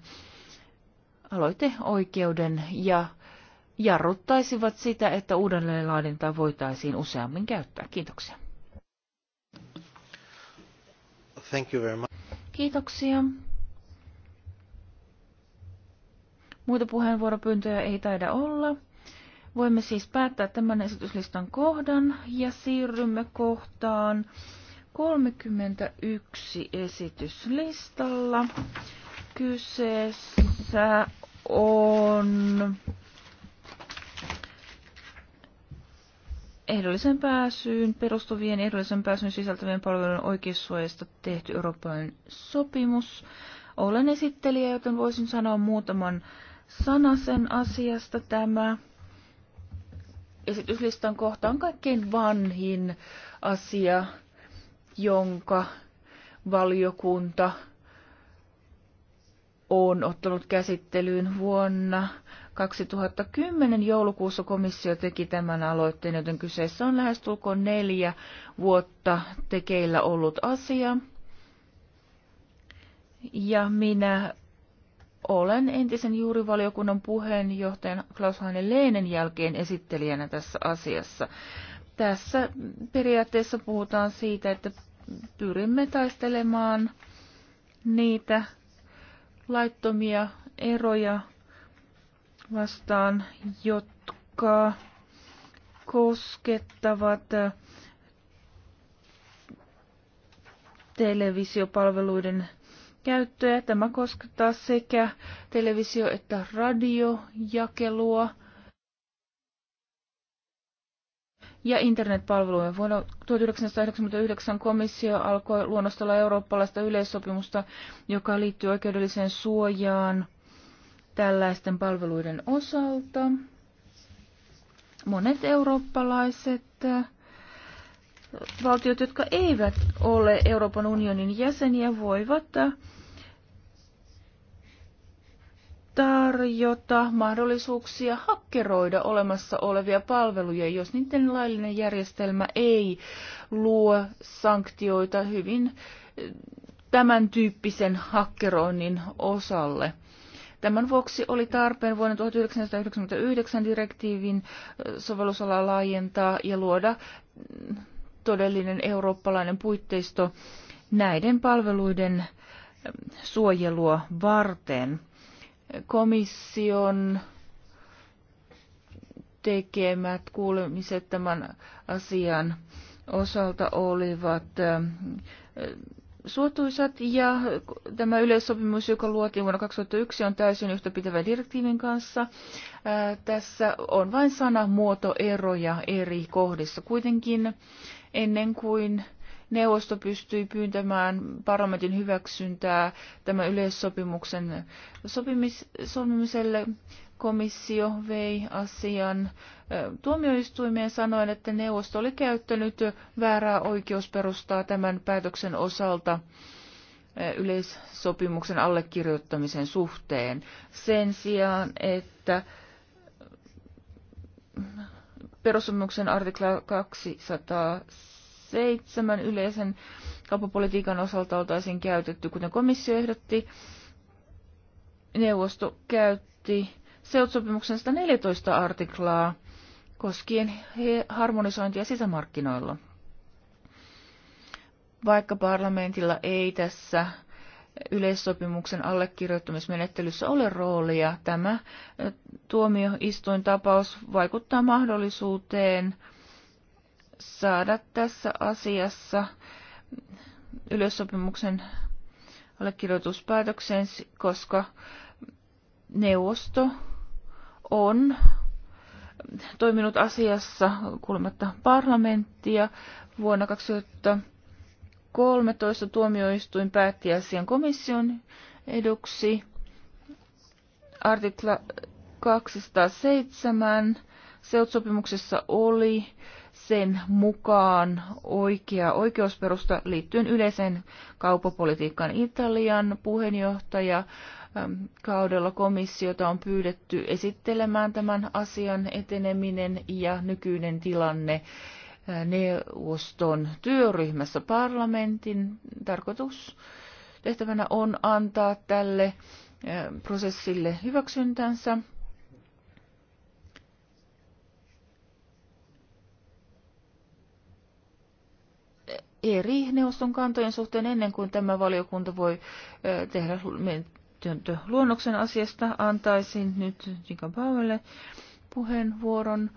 aloiteoikeuden ja jarruttaisivat sitä, että uudelleenlaadintaa voitaisiin useammin käyttää. Kiitoksia. Thank you very much. Kiitoksia. Muita puheenvuoropyyntöjä ei taida olla. Voimme siis päättää tämän esityslistan kohdan ja siirrymme kohtaan 31 esityslistalla. Kyseessä on ehdollisen pääsyyn perustuvien ehdollisen pääsyn sisältävien palvelujen oikeussuojasta tehty eurooppalainen sopimus. Olen esittelijä, joten voisin sanoa muutaman sanasen asiasta tämä esityslistan kohta on kaikkein vanhin asia, jonka valiokunta on ottanut käsittelyyn vuonna 2010 joulukuussa komissio teki tämän aloitteen, joten kyseessä on lähestulkoon neljä vuotta tekeillä ollut asia. Ja minä olen entisen juurivaliokunnan puheenjohtajan Klaus-Heine Leinen jälkeen esittelijänä tässä asiassa. Tässä periaatteessa puhutaan siitä, että pyrimme taistelemaan niitä laittomia eroja vastaan, jotka koskettavat televisiopalveluiden käyttöä. Tämä koskettaa sekä televisio- että radiojakelua ja internetpalveluja. Vuonna 1999 komissio alkoi luonnostella eurooppalaista yleissopimusta, joka liittyy oikeudelliseen suojaan tällaisten palveluiden osalta. Monet eurooppalaiset äh, valtiot, jotka eivät ole Euroopan unionin jäseniä, voivat äh, tarjota mahdollisuuksia hakkeroida olemassa olevia palveluja, jos niiden laillinen järjestelmä ei luo sanktioita hyvin eh, tämän tyyppisen hakkeroinnin osalle. Tämän vuoksi oli tarpeen vuoden 1999 direktiivin eh, sovellusalaa laajentaa ja luoda mm, todellinen eurooppalainen puitteisto näiden palveluiden mm, suojelua varten komission tekemät kuulemiset tämän asian osalta olivat suotuisat ja tämä yleissopimus, joka luotiin vuonna 2001, on täysin yhtäpitävä direktiivin kanssa. Tässä on vain sanamuotoeroja eri kohdissa. Kuitenkin ennen kuin neuvosto pystyi pyyntämään parlamentin hyväksyntää tämän yleissopimuksen sopimis, solmimiselle. Komissio vei asian tuomioistuimeen sanoen, että neuvosto oli käyttänyt väärää oikeusperustaa tämän päätöksen osalta yleissopimuksen allekirjoittamisen suhteen. Sen sijaan, että perussopimuksen artikla 200 seitsemän yleisen kauppapolitiikan osalta oltaisiin käytetty, kuten komissio ehdotti. Neuvosto käytti seutsopimuksen 114 artiklaa koskien harmonisointia sisämarkkinoilla. Vaikka parlamentilla ei tässä yleissopimuksen allekirjoittamismenettelyssä ole roolia, tämä tuomioistuin tapaus vaikuttaa mahdollisuuteen saada tässä asiassa yleissopimuksen allekirjoituspäätökseen, koska neuvosto on toiminut asiassa kuulematta parlamenttia. Vuonna 2013 tuomioistuin päätti asian komission eduksi. Artikla 207 seutsopimuksessa oli sen mukaan oikea oikeusperusta liittyen yleiseen kaupapolitiikan Italian puheenjohtaja kaudella komissiota on pyydetty esittelemään tämän asian eteneminen ja nykyinen tilanne neuvoston työryhmässä parlamentin tarkoitus tehtävänä on antaa tälle prosessille hyväksyntänsä eri neuvoston kantojen suhteen ennen kuin tämä valiokunta voi tehdä luonnoksen asiasta. Antaisin nyt Jika Bauelle puheenvuoron.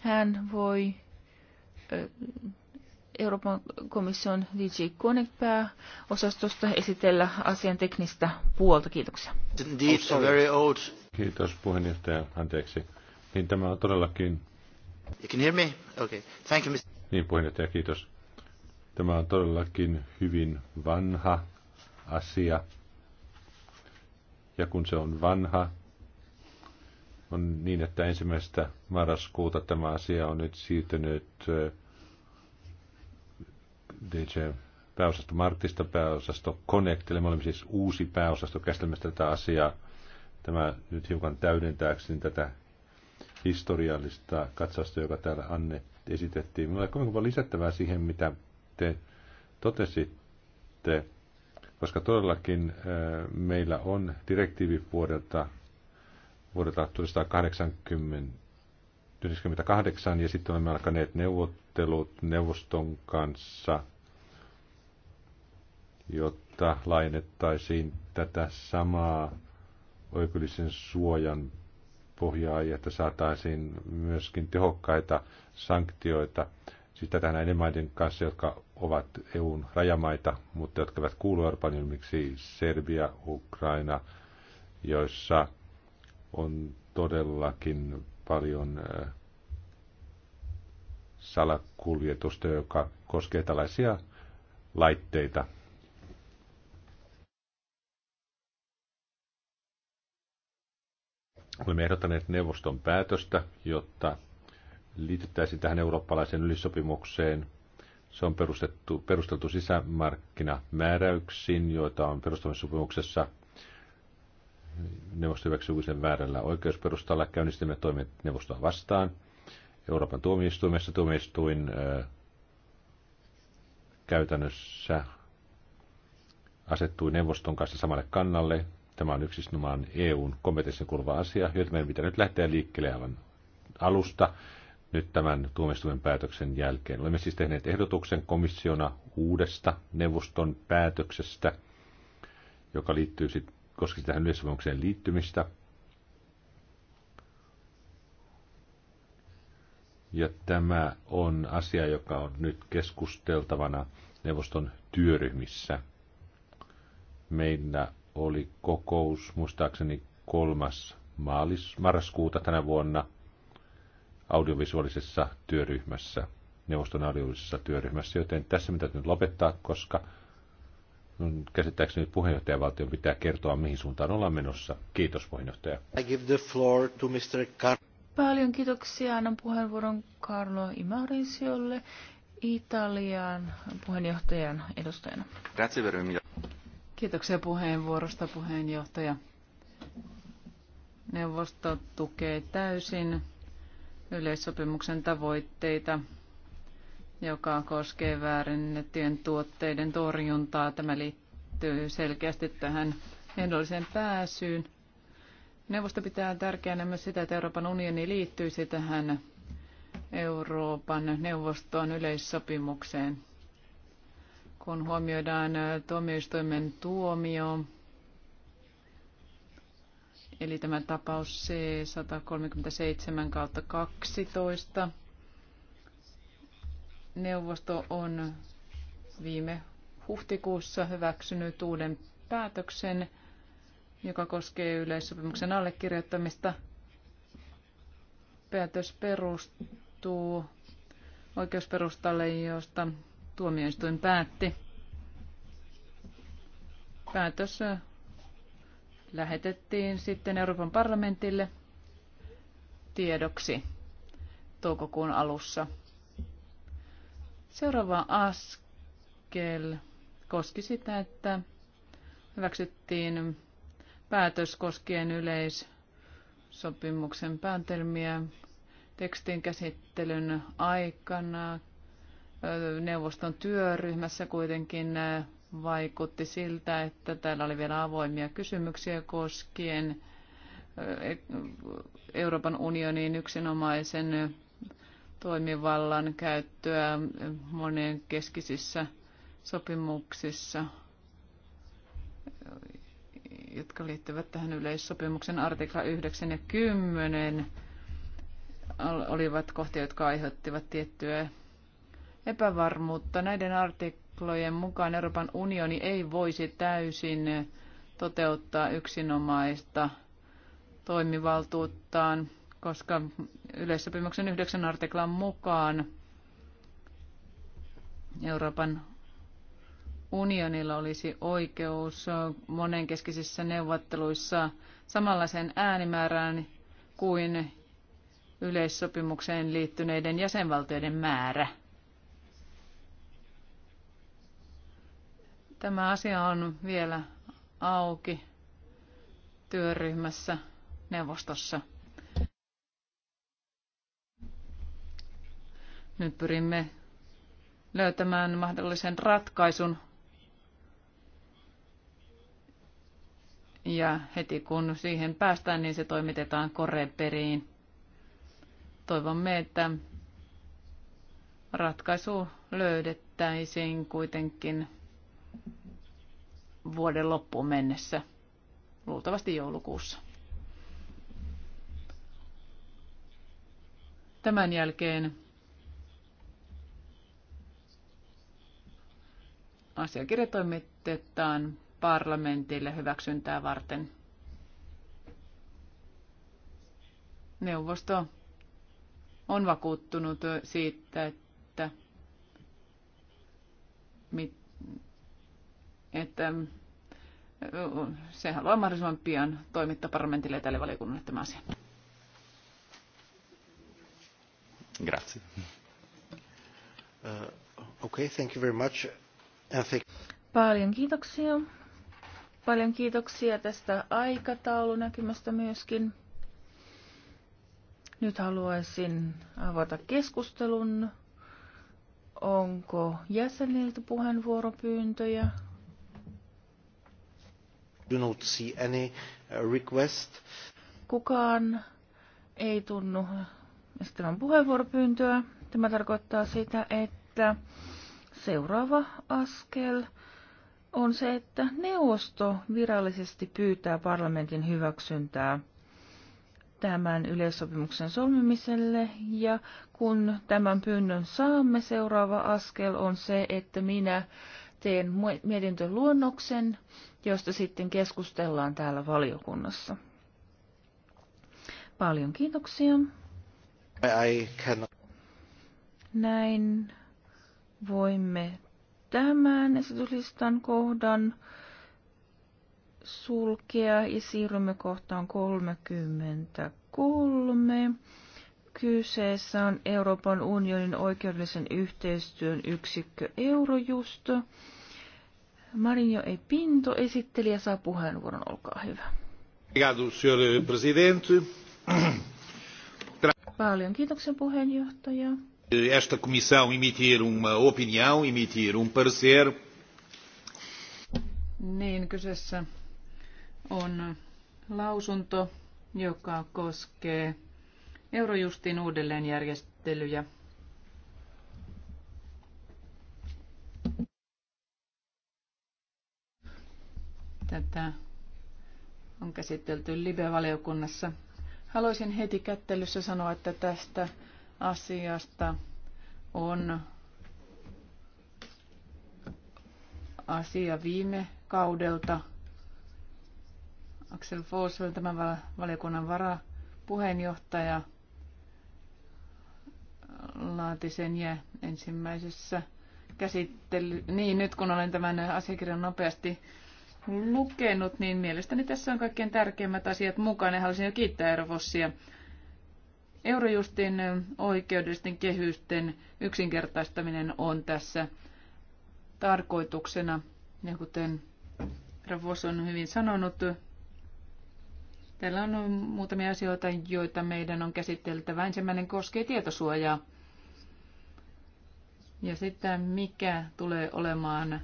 Hän voi Euroopan komission DG Connect osastosta esitellä asian teknistä puolta. Kiitoksia. Kiitos puheenjohtaja. Anteeksi. Niin tämä on todellakin... You can hear me? Okay. Thank you, Mr. Niin puheenjohtaja, kiitos. Tämä on todellakin hyvin vanha asia. Ja kun se on vanha, on niin, että ensimmäistä marraskuuta tämä asia on nyt siirtynyt eh, DJ pääosasto Martista pääosasto Connectille. Me olemme siis uusi pääosasto käsittelemässä tätä asiaa. Tämä nyt hiukan täydentääkseni tätä historiallista katsausta, joka täällä Anne esitettiin. Minulla ei kovin lisättävää siihen, mitä te totesitte, koska todellakin meillä on direktiivi vuodelta, vuodelta 1998 ja sitten olemme alkaneet neuvottelut neuvoston kanssa, jotta lainettaisiin tätä samaa oikeudellisen suojan pohjaa ja että saataisiin myöskin tehokkaita sanktioita. Siis tätä näiden maiden kanssa, jotka ovat EUn rajamaita, mutta jotka eivät kuulu Euroopan ilmiksi Serbia, Ukraina, joissa on todellakin paljon salakuljetusta, joka koskee tällaisia laitteita. Olemme ehdottaneet neuvoston päätöstä, jotta liityttäisiin tähän eurooppalaiseen ylisopimukseen – se on perustettu, perusteltu sisämarkkinamääräyksiin, joita on perustamissopimuksessa neuvosto väärällä oikeusperustalla. Käynnistimme toimet neuvostoa vastaan. Euroopan tuomioistuimessa tuomioistuin käytännössä asettui neuvoston kanssa samalle kannalle. Tämä on yksisnomaan EUn kompetenssin kuuluva asia, joten meidän pitää nyt lähteä liikkeelle aivan alusta nyt tämän tuomistuimen päätöksen jälkeen. Olemme siis tehneet ehdotuksen komissiona uudesta neuvoston päätöksestä, joka liittyy sit, koskisi tähän yleissopimukseen liittymistä. Ja tämä on asia, joka on nyt keskusteltavana neuvoston työryhmissä. Meillä oli kokous muistaakseni kolmas maalis, marraskuuta tänä vuonna – audiovisuaalisessa työryhmässä, neuvoston audiovisuaalisessa työryhmässä, joten tässä mitä nyt lopettaa, koska käsittääkseni puheenjohtajavaltion pitää kertoa, mihin suuntaan ollaan menossa. Kiitos puheenjohtaja. I give the floor to Mr. Car- Paljon kiitoksia. Annan puheenvuoron Carlo Imarinsiolle, Italian puheenjohtajan edustajana. Kiitoksia puheenvuorosta puheenjohtaja. Neuvosto tukee täysin yleissopimuksen tavoitteita, joka koskee väärennettyjen tuotteiden torjuntaa. Tämä liittyy selkeästi tähän ehdolliseen pääsyyn. Neuvosto pitää tärkeänä myös sitä, että Euroopan unioni liittyisi tähän Euroopan neuvoston yleissopimukseen. Kun huomioidaan tuomioistuimen tuomio, Eli tämä tapaus C137 kautta 12. Neuvosto on viime huhtikuussa hyväksynyt uuden päätöksen, joka koskee yleissopimuksen allekirjoittamista. Päätös perustuu oikeusperustalle, josta tuomioistuin päätti. Päätös lähetettiin sitten Euroopan parlamentille tiedoksi toukokuun alussa. Seuraava askel koski sitä, että hyväksyttiin päätös koskien yleissopimuksen päätelmiä tekstin käsittelyn aikana. Neuvoston työryhmässä kuitenkin vaikutti siltä, että täällä oli vielä avoimia kysymyksiä koskien Euroopan unionin yksinomaisen toimivallan käyttöä monen keskisissä sopimuksissa, jotka liittyvät tähän yleissopimuksen artikla 9 ja 10, olivat kohtia, jotka aiheuttivat tiettyä epävarmuutta. Näiden artik- artiklojen mukaan Euroopan unioni ei voisi täysin toteuttaa yksinomaista toimivaltuuttaan, koska yleissopimuksen yhdeksän artiklan mukaan Euroopan unionilla olisi oikeus monenkeskisissä neuvotteluissa samanlaiseen äänimäärään kuin yleissopimukseen liittyneiden jäsenvaltioiden määrä. Tämä asia on vielä auki työryhmässä neuvostossa. Nyt pyrimme löytämään mahdollisen ratkaisun. Ja heti kun siihen päästään, niin se toimitetaan koreperiin. Toivomme, että ratkaisu löydettäisiin kuitenkin vuoden loppuun mennessä, luultavasti joulukuussa. Tämän jälkeen asiakirja toimitetaan parlamentille hyväksyntää varten. Neuvosto on vakuuttunut siitä, että mit, että se haluaa mahdollisimman pian toimittaa parlamentille ja tälle valiokunnalle tämä asia. Grazie. Uh, okay, thank you very much. Thank... Paljon kiitoksia. Paljon kiitoksia tästä aikataulunäkymästä myöskin. Nyt haluaisin avata keskustelun. Onko jäseniltä puheenvuoropyyntöjä? Do not see any uh, request. Kukaan ei tunnu esittämään puheenvuoropyyntöä. Tämä tarkoittaa sitä, että seuraava askel on se, että neuvosto virallisesti pyytää parlamentin hyväksyntää tämän yleissopimuksen solmimiselle ja kun tämän pyynnön saamme, seuraava askel on se, että minä teen mietintöluonnoksen, josta sitten keskustellaan täällä valiokunnassa. Paljon kiitoksia. I cannot. Näin voimme tämän esityslistan kohdan sulkea ja siirrymme kohtaan 33. Kyseessä on Euroopan unionin oikeudellisen yhteistyön yksikkö Eurojust. Marinho E. Pinto, esittelijä, saa puheenvuoron. Olkaa hyvä. Paljon kiitoksen puheenjohtaja. Esta komissio emitir uma opinião, emitir un um parecer. Niin, kyseessä on lausunto, joka koskee Eurojustin uudelleenjärjestelyjä. Tätä on käsitelty Libe-valiokunnassa. Haluaisin heti kättelyssä sanoa, että tästä asiasta on asia viime kaudelta. Axel Foswell, tämän valiokunnan varapuheenjohtaja, laatisen sen ja ensimmäisessä käsittely... Niin, nyt kun olen tämän asiakirjan nopeasti lukenut, niin mielestäni tässä on kaikkein tärkeimmät asiat mukana. Ja haluaisin jo kiittää eurovossia Eurojustin oikeudellisten kehysten yksinkertaistaminen on tässä tarkoituksena. Ja kuten Ravos on hyvin sanonut, täällä on muutamia asioita, joita meidän on käsiteltävä. Ensimmäinen koskee tietosuojaa ja sitä, mikä tulee olemaan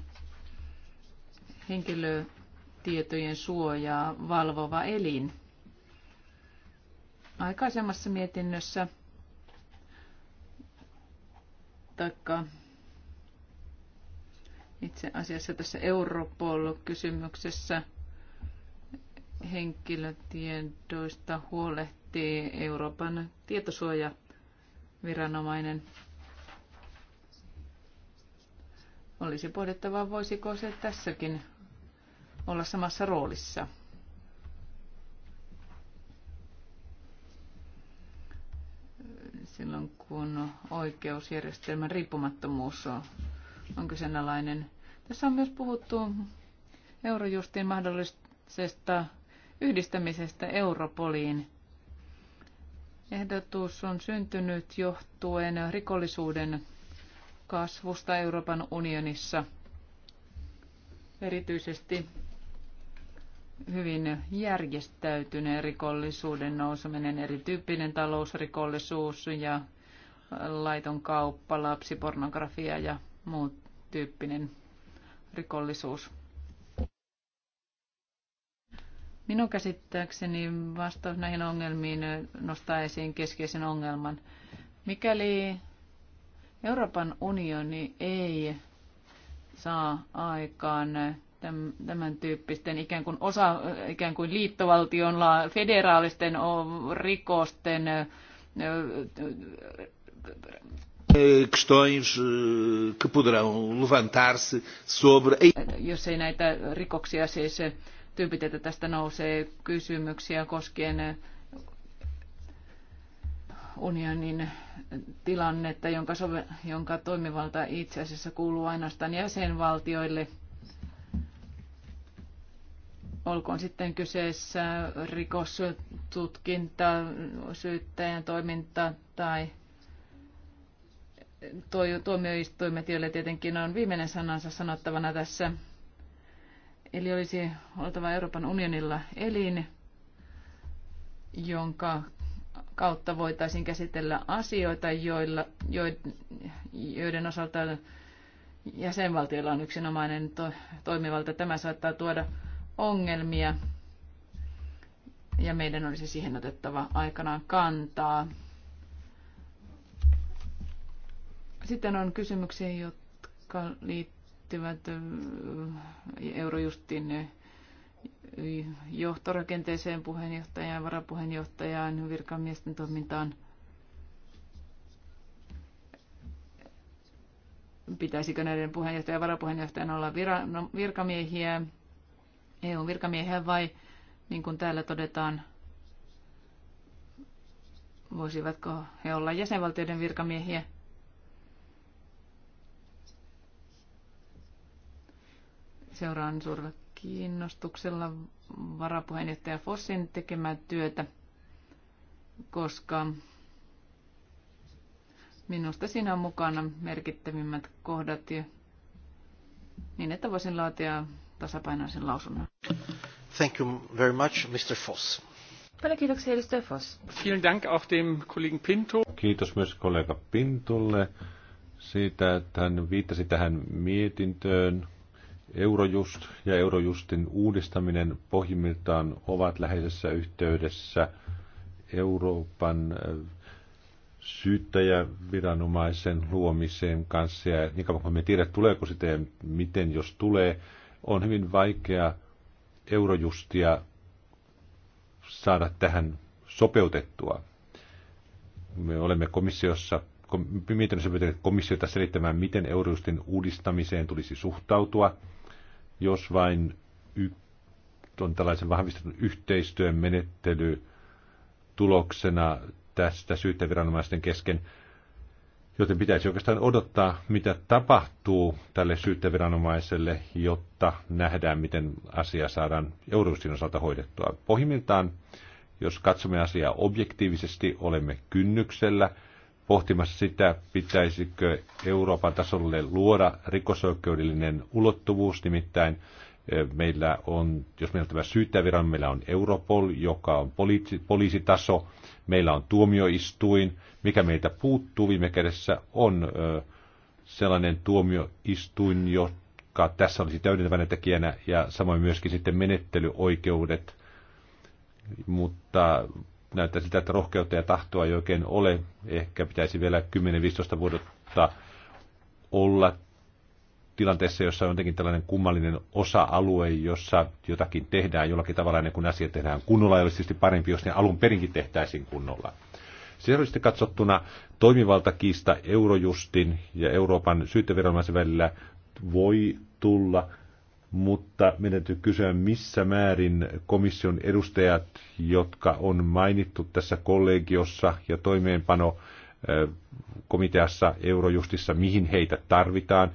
henkilötietojen suojaa valvova elin. Aikaisemmassa mietinnössä taikka itse asiassa tässä Europol-kysymyksessä henkilötiedoista huolehtii Euroopan tietosuojaviranomainen. viranomainen Olisi pohdittava, voisiko se tässäkin olla samassa roolissa. Silloin kun oikeusjärjestelmän riippumattomuus on, on kyseenalainen. Tässä on myös puhuttu Eurojustin mahdollisesta yhdistämisestä Europoliin. Ehdotus on syntynyt johtuen rikollisuuden kasvusta Euroopan unionissa. Erityisesti hyvin järjestäytyneen rikollisuuden nouseminen, erityyppinen talousrikollisuus ja laiton kauppa, lapsipornografia ja muut tyyppinen rikollisuus. Minun käsittääkseni vastaus näihin ongelmiin nostaa esiin keskeisen ongelman. Mikäli Euroopan unioni ei saa aikaan tämän tyyppisten ikään kuin, osa, ikään kuin liittovaltion federaalisten rikosten eh, questões eh, que poderão levantar-se sobre... Jos ei näitä rikoksia siis tyypitetä tästä nousee kysymyksiä koskien unionin tilannetta, jonka, sove- jonka toimivalta itse asiassa kuuluu ainoastaan jäsenvaltioille. Olkoon sitten kyseessä rikostutkinta, syyttäjän toiminta tai tuomioistuimet, joille tietenkin on viimeinen sanansa sanottavana tässä. Eli olisi oltava Euroopan unionilla elin, jonka kautta voitaisiin käsitellä asioita, joilla, joiden osalta jäsenvaltioilla on yksinomainen to, toimivalta. Tämä saattaa tuoda ongelmia ja meidän olisi siihen otettava aikanaan kantaa. Sitten on kysymyksiä, jotka liittyvät Eurojustin johtorakenteeseen, puheenjohtajaan, varapuheenjohtajaan, virkamiesten toimintaan. Pitäisikö näiden puheenjohtajan ja varapuheenjohtajan olla vira, no, virkamiehiä, EU-virkamiehiä vai niin kuin täällä todetaan, voisivatko he olla jäsenvaltioiden virkamiehiä? Seuraan suurvat, kiinnostuksella varapuheenjohtaja Fossin tekemää työtä, koska minusta siinä on mukana merkittävimmät kohdat ja niin, että voisin laatia tasapainoisen lausunnon. Thank you very much, Mr. Foss. Paljon kiitoksia, edustaja Foss. Vielen Dank auch dem Kollegen Pinto. Kiitos myös kollega Pintolle siitä, että hän viittasi tähän mietintöön, Eurojust ja Eurojustin uudistaminen pohjimmiltaan ovat läheisessä yhteydessä Euroopan äh, syyttäjäviranomaisen luomiseen kanssa. Ja niin kauan kuin me tiedä, tuleeko sitä ja miten, jos tulee, on hyvin vaikea Eurojustia saada tähän sopeutettua. Me olemme komissiossa mietinnössä pyytäneet komissiota selittämään, miten Eurojustin uudistamiseen tulisi suhtautua – jos vain y- on tällaisen vahvistetun yhteistyön menettely tuloksena tästä syyttäviranomaisten kesken, joten pitäisi oikeastaan odottaa, mitä tapahtuu tälle syyttäviranomaiselle, jotta nähdään, miten asia saadaan Eurostin osalta hoidettua. Pohjimmiltaan, jos katsomme asiaa objektiivisesti, olemme kynnyksellä – pohtimassa sitä, pitäisikö Euroopan tasolle luoda rikosoikeudellinen ulottuvuus, nimittäin eh, meillä on, jos meillä on tämä syyttäjäviran, meillä on Europol, joka on poliisi, poliisitaso, meillä on tuomioistuin, mikä meiltä puuttuu viime kädessä on ö, eh, sellainen tuomioistuin, joka tässä olisi täydentävänä tekijänä ja samoin myöskin sitten menettelyoikeudet, mutta näyttää siltä, että rohkeutta ja tahtoa ei oikein ole. Ehkä pitäisi vielä 10-15 vuotta olla tilanteessa, jossa on jotenkin tällainen kummallinen osa-alue, jossa jotakin tehdään jollakin tavalla ennen kuin asiat tehdään kunnolla, ja olisi tietysti parempi, jos ne alun perinkin tehtäisiin kunnolla. Sisällöllisesti katsottuna toimivaltakiista Eurojustin ja Euroopan syyttäviranomaisen välillä voi tulla mutta meidän täytyy kysyä, missä määrin komission edustajat, jotka on mainittu tässä kollegiossa ja toimeenpano komiteassa Eurojustissa, mihin heitä tarvitaan.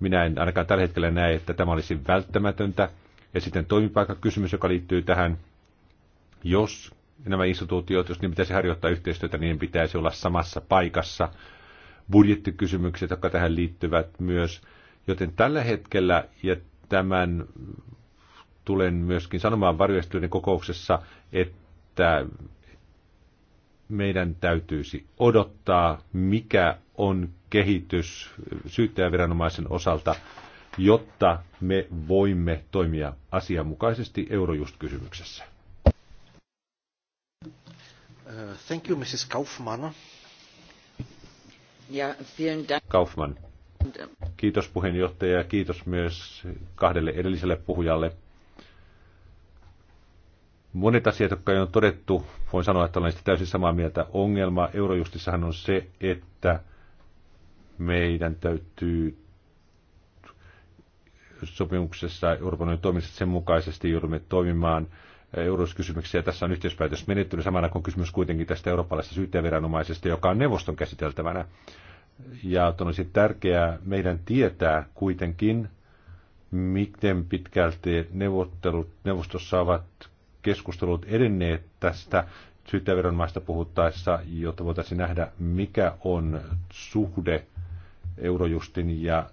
Minä en ainakaan tällä hetkellä näe, että tämä olisi välttämätöntä. Ja sitten toimipaikkakysymys, joka liittyy tähän, jos nämä instituutiot, jos niin pitäisi harjoittaa yhteistyötä, niin pitäisi olla samassa paikassa. Budjettikysymykset, jotka tähän liittyvät myös. Joten tällä hetkellä, ja tämän tulen myöskin sanomaan varjoistuneiden kokouksessa, että meidän täytyisi odottaa, mikä on kehitys syyttäjäviranomaisen osalta, jotta me voimme toimia asianmukaisesti Eurojust-kysymyksessä. Uh, thank you, Mrs. Kaufmann. Ja, vielen Dank. Kaufmann. Kiitos puheenjohtaja ja kiitos myös kahdelle edelliselle puhujalle. Monet asiat, jotka on todettu, voin sanoa, että olen täysin samaa mieltä. Ongelma Eurojustissahan on se, että meidän täytyy sopimuksessa Euroopan unionin toimisesta sen mukaisesti joudumme toimimaan euroskysymyksiä. Tässä on menettely samana kuin kysymys kuitenkin tästä eurooppalaisesta syyttäjäviranomaisesta, joka on neuvoston käsiteltävänä ja että olisi tärkeää meidän tietää kuitenkin, miten pitkälti neuvottelut neuvostossa ovat keskustelut edenneet tästä syyttäjäviranomaista puhuttaessa, jotta voitaisiin nähdä, mikä on suhde Eurojustin ja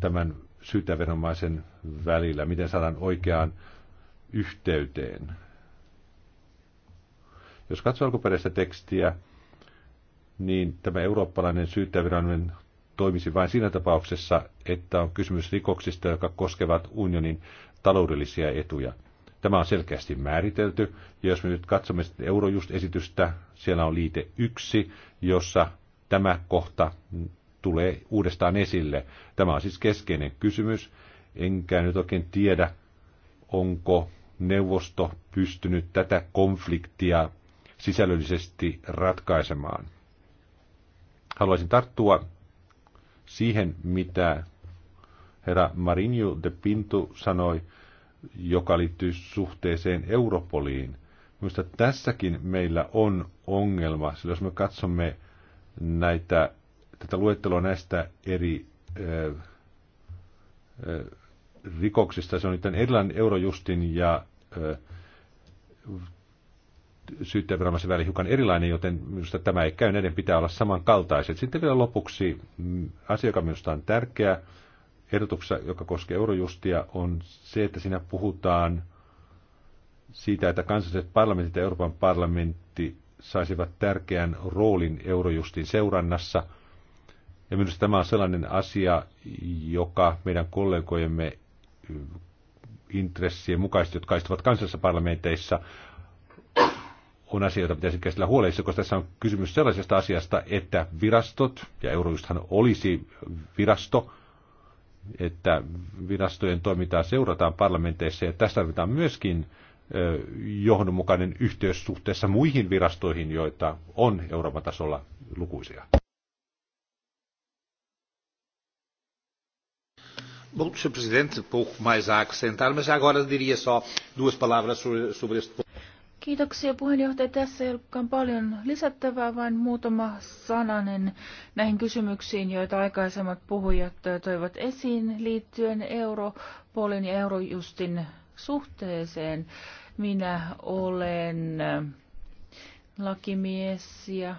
tämän syytäviranomaisen välillä, miten saadaan oikeaan yhteyteen. Jos katsoo alkuperäistä tekstiä, niin tämä eurooppalainen syyttäjäviranomainen toimisi vain siinä tapauksessa, että on kysymys rikoksista, jotka koskevat unionin taloudellisia etuja. Tämä on selkeästi määritelty, ja jos me nyt katsomme sitten Eurojust-esitystä, siellä on liite 1, jossa tämä kohta tulee uudestaan esille. Tämä on siis keskeinen kysymys, enkä nyt oikein tiedä, onko neuvosto pystynyt tätä konfliktia sisällöllisesti ratkaisemaan. Haluaisin tarttua siihen, mitä herra Marinho de Pinto sanoi, joka liittyy suhteeseen Europoliin. Minusta tässäkin meillä on ongelma, sillä jos me katsomme näitä, tätä luetteloa näistä eri ö, ö, rikoksista, se on nyt tämän Eurojustin ja ö, syyttäjäviranomaisen välillä hiukan erilainen, joten minusta tämä ei käy, näiden pitää olla samankaltaiset. Sitten vielä lopuksi mm, asia, joka minusta on tärkeä ehdotuksessa, joka koskee eurojustia, on se, että siinä puhutaan siitä, että kansalliset parlamentit ja Euroopan parlamentti saisivat tärkeän roolin eurojustin seurannassa. Ja minusta tämä on sellainen asia, joka meidän kollegojemme mm, intressien mukaisesti, jotka istuvat kansallisissa parlamenteissa, on asia, jota pitäisi käsitellä huolellisesti, koska tässä on kysymys sellaisesta asiasta, että virastot, ja Eurojusthan olisi virasto, että virastojen toimintaa seurataan parlamenteissa, ja tässä tarvitaan myöskin johdonmukainen yhteys suhteessa muihin virastoihin, joita on Euroopan tasolla lukuisia. Bom, Sr. Presidente, pouco mais a acrescentar, mas já agora diria só duas palavras sobre, sobre este ponto. Kiitoksia puheenjohtaja. Tässä ei ollutkaan paljon lisättävää, vain muutama sananen näihin kysymyksiin, joita aikaisemmat puhujat toivat esiin liittyen Europolin ja Eurojustin suhteeseen. Minä olen lakimies ja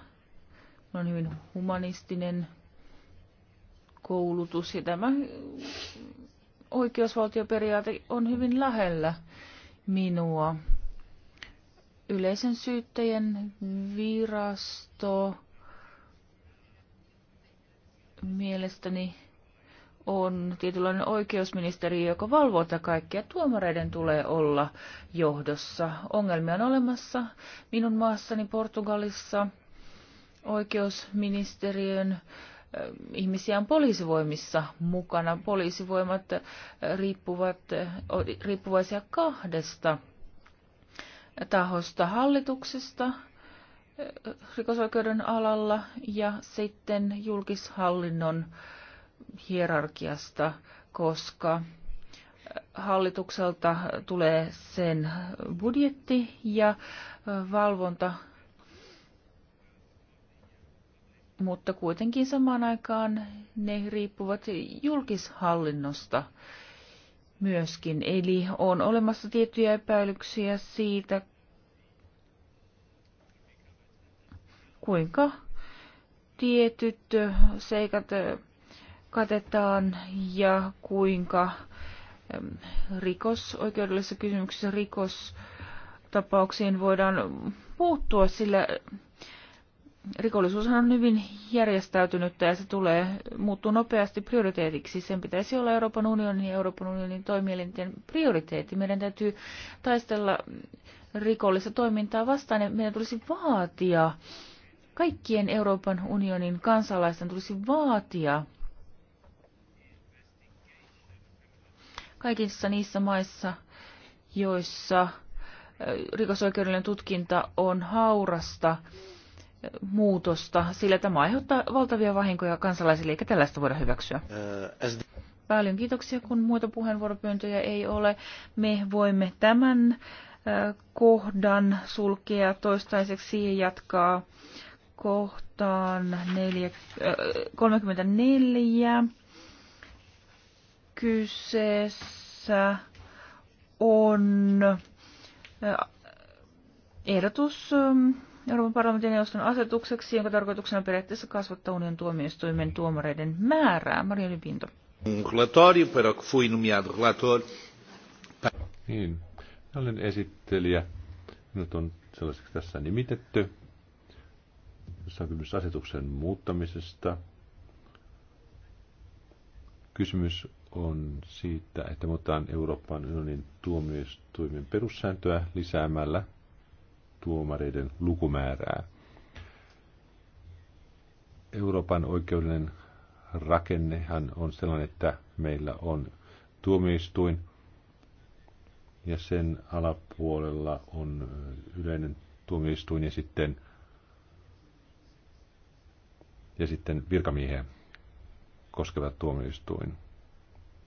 on hyvin humanistinen koulutus ja tämä oikeusvaltioperiaate on hyvin lähellä minua yleisen syyttäjän virasto mielestäni on tietynlainen oikeusministeriö, joka valvoo tätä kaikkea. Tuomareiden tulee olla johdossa. Ongelmia on olemassa minun maassani Portugalissa. Oikeusministeriön ihmisiä on poliisivoimissa mukana. Poliisivoimat riippuvat, riippuvaisia kahdesta tahosta hallituksesta rikosoikeuden alalla ja sitten julkishallinnon hierarkiasta, koska hallitukselta tulee sen budjetti ja valvonta, mutta kuitenkin samaan aikaan ne riippuvat julkishallinnosta myöskin. Eli on olemassa tiettyjä epäilyksiä siitä, kuinka tietyt seikat katetaan ja kuinka rikos, oikeudellisissa kysymyksissä rikostapauksiin voidaan puuttua, sillä rikollisuushan on hyvin järjestäytynyttä ja se tulee muuttuu nopeasti prioriteetiksi. Sen pitäisi olla Euroopan unionin ja Euroopan unionin toimielinten prioriteetti. Meidän täytyy taistella rikollista toimintaa vastaan ja meidän tulisi vaatia, kaikkien Euroopan unionin kansalaisten tulisi vaatia kaikissa niissä maissa, joissa rikosoikeudellinen tutkinta on haurasta, muutosta, sillä tämä aiheuttaa valtavia vahinkoja kansalaisille, eikä tällaista voida hyväksyä. Äh, Paljon kiitoksia, kun muita puheenvuoropyyntöjä ei ole. Me voimme tämän äh, kohdan sulkea toistaiseksi ja jatkaa kohtaan 4, 34. Äh, Kyseessä on ehdotus ähm, Euroopan parlamentin neuvoston asetukseksi, jonka tarkoituksena on periaatteessa kasvattaa union tuomioistuimen tuomareiden määrää. Maria Pinto. Niin, olen esittelijä. Minut on sellaiseksi tässä nimitetty. Tässä on kysymys asetuksen muuttamisesta. Kysymys on siitä, että muutetaan Euroopan unionin tuomioistuimen perussääntöä lisäämällä tuomareiden lukumäärää. Euroopan oikeudellinen rakennehan on sellainen, että meillä on tuomioistuin ja sen alapuolella on yleinen tuomioistuin ja sitten, ja sitten virkamiehen koskevat tuomioistuin.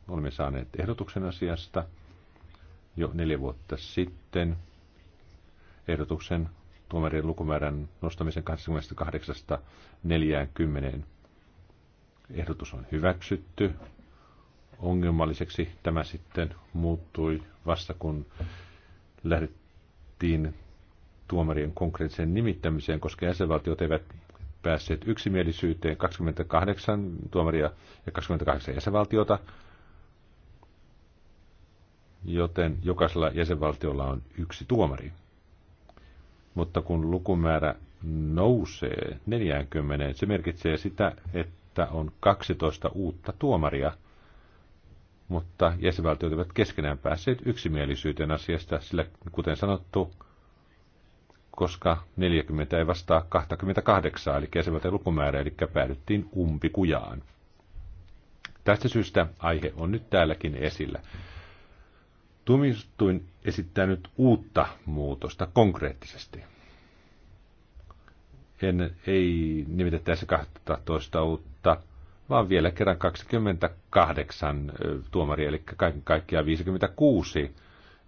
Olemme saaneet ehdotuksen asiasta jo neljä vuotta sitten – ehdotuksen tuomarien lukumäärän nostamisen 28-40. Ehdotus on hyväksytty. Ongelmalliseksi tämä sitten muuttui vasta kun lähdettiin tuomarien konkreettiseen nimittämiseen, koska jäsenvaltiot eivät päässeet yksimielisyyteen 28 tuomaria ja 28 jäsenvaltiota, joten jokaisella jäsenvaltiolla on yksi tuomari mutta kun lukumäärä nousee 40, se merkitsee sitä, että on 12 uutta tuomaria, mutta jäsenvaltiot ovat keskenään päässeet yksimielisyyteen asiasta, sillä kuten sanottu, koska 40 ei vastaa 28, eli jäsenvaltion lukumäärä, eli päädyttiin umpikujaan. Tästä syystä aihe on nyt täälläkin esillä. Tuomioistuin esittää nyt uutta muutosta konkreettisesti. En, ei nimitettäisi 12 uutta, vaan vielä kerran 28 tuomaria, eli kaiken kaikkiaan 56.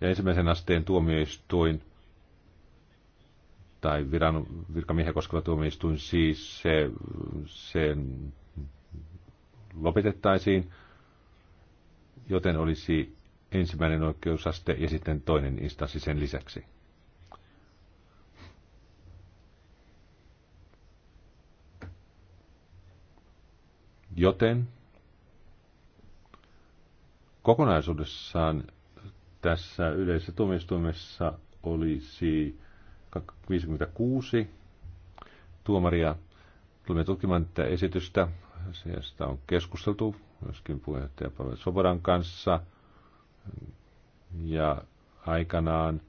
Ja ensimmäisen asteen tuomioistuin tai viran, virkamiehen koskeva tuomioistuin siis se, se lopetettaisiin, joten olisi ensimmäinen oikeusaste ja sitten toinen instanssi sen lisäksi. Joten kokonaisuudessaan tässä yleisessä tuomioistuimessa olisi 56 tuomaria. Tulemme tutkimaan tätä esitystä. sieltä on keskusteltu myöskin puheenjohtaja Pavel Sobodan kanssa – ja aikanaan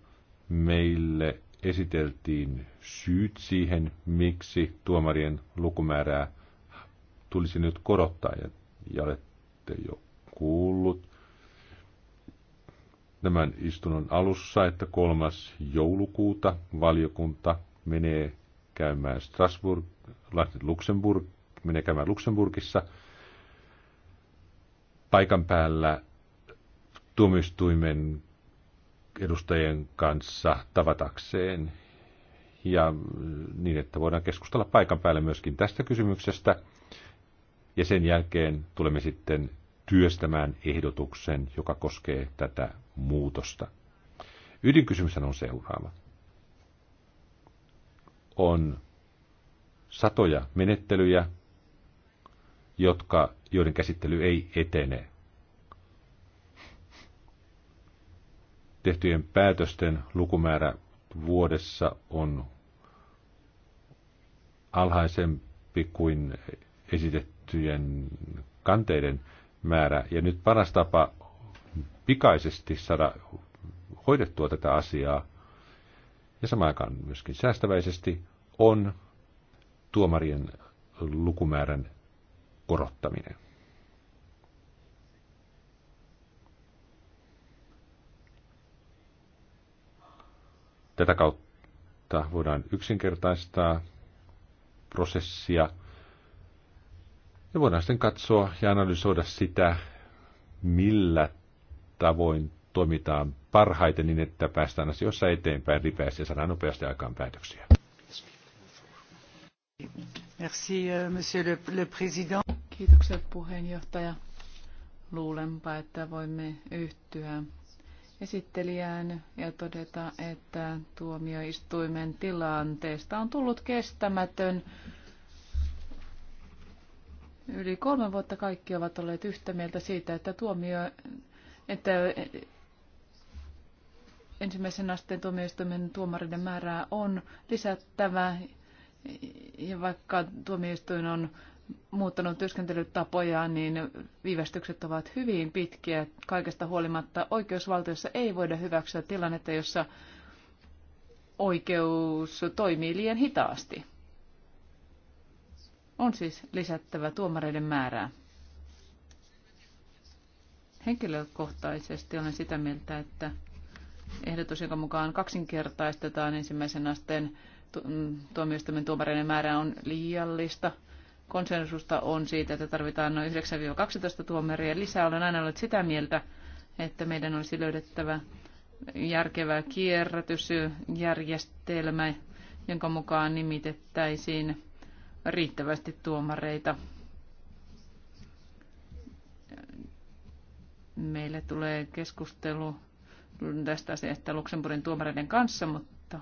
meille esiteltiin syyt siihen, miksi tuomarien lukumäärää tulisi nyt korottaa. Ja, ja olette jo kuullut tämän istunnon alussa, että kolmas joulukuuta valiokunta menee käymään Strasbourg, Luxemburg, menee käymään Luxemburgissa paikan päällä tuomioistuimen edustajien kanssa tavatakseen ja niin, että voidaan keskustella paikan päällä myöskin tästä kysymyksestä. Ja sen jälkeen tulemme sitten työstämään ehdotuksen, joka koskee tätä muutosta. Ydinkysymys on seuraava. On satoja menettelyjä, jotka, joiden käsittely ei etene tehtyjen päätösten lukumäärä vuodessa on alhaisempi kuin esitettyjen kanteiden määrä. Ja nyt paras tapa pikaisesti saada hoidettua tätä asiaa ja samaan aikaan myöskin säästäväisesti on tuomarien lukumäärän korottaminen. Tätä kautta voidaan yksinkertaistaa prosessia ja voidaan sitten katsoa ja analysoida sitä, millä tavoin toimitaan parhaiten niin, että päästään asioissa eteenpäin ripeästi ja saadaan nopeasti aikaan päätöksiä. Merci, euh, monsieur le, le président. Kiitokset puheenjohtaja. Luulenpa, että voimme yhtyä esittelijään ja todeta, että tuomioistuimen tilanteesta on tullut kestämätön. Yli kolme vuotta kaikki ovat olleet yhtä mieltä siitä, että, tuomio, että ensimmäisen asteen tuomioistuimen tuomariden määrää on lisättävä. Ja vaikka tuomioistuin on muuttanut työskentelytapoja, niin viivästykset ovat hyvin pitkiä. Kaikesta huolimatta oikeusvaltiossa ei voida hyväksyä tilannetta, jossa oikeus toimii liian hitaasti. On siis lisättävä tuomareiden määrää. Henkilökohtaisesti olen sitä mieltä, että ehdotus, jonka mukaan kaksinkertaistetaan ensimmäisen asteen mm, tuomioistuimen tuomareiden määrä on liiallista – konsensusta on siitä, että tarvitaan noin 9-12 tuomaria lisää. Olen aina ollut sitä mieltä, että meidän olisi löydettävä järkevä kierrätysjärjestelmä, jonka mukaan nimitettäisiin riittävästi tuomareita. Meille tulee keskustelu tästä asiasta Luxemburgin tuomareiden kanssa, mutta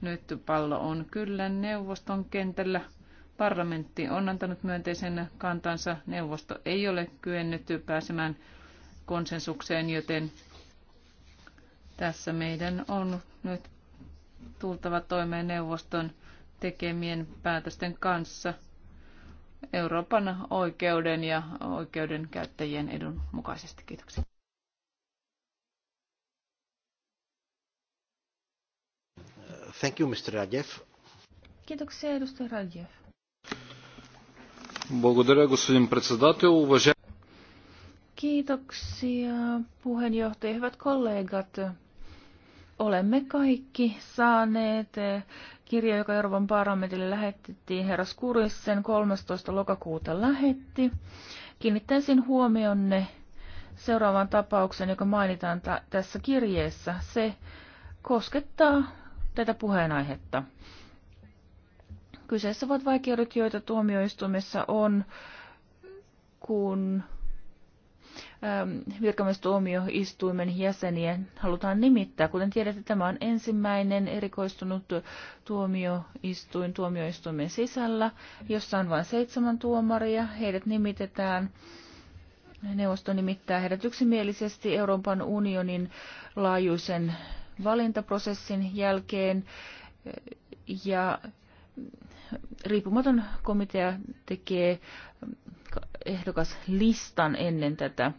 nyt pallo on kyllä neuvoston kentällä. Parlamentti on antanut myönteisen kantansa, neuvosto ei ole kyennyt pääsemään konsensukseen, joten tässä meidän on nyt tultava toimeen neuvoston tekemien päätösten kanssa Euroopan oikeuden ja oikeudenkäyttäjien edun mukaisesti. Kiitoksia. Thank you, Mr. Rajev. Kiitoksia, edustaja Rajev. Kiitoksia puheenjohtaja. Hyvät kollegat, olemme kaikki saaneet kirja, joka Euroopan parlamentille lähetettiin. Herra Skuris sen 13. lokakuuta lähetti. Kiinnittäisin huomionne seuraavaan tapaukseen, joka mainitaan tässä kirjeessä. Se koskettaa tätä puheenaihetta. Kyseessä ovat vaikeudet, joita tuomioistuimessa on, kun virkamiestuomioistuimen jäseniä halutaan nimittää. Kuten tiedätte, tämä on ensimmäinen erikoistunut tuomioistuin tuomioistuimen sisällä, jossa on vain seitsemän tuomaria. Heidät nimitetään. Neuvosto nimittää heidät yksimielisesti Euroopan unionin laajuisen valintaprosessin jälkeen ja riippumaton komitea tekee ehdokaslistan ennen tätä.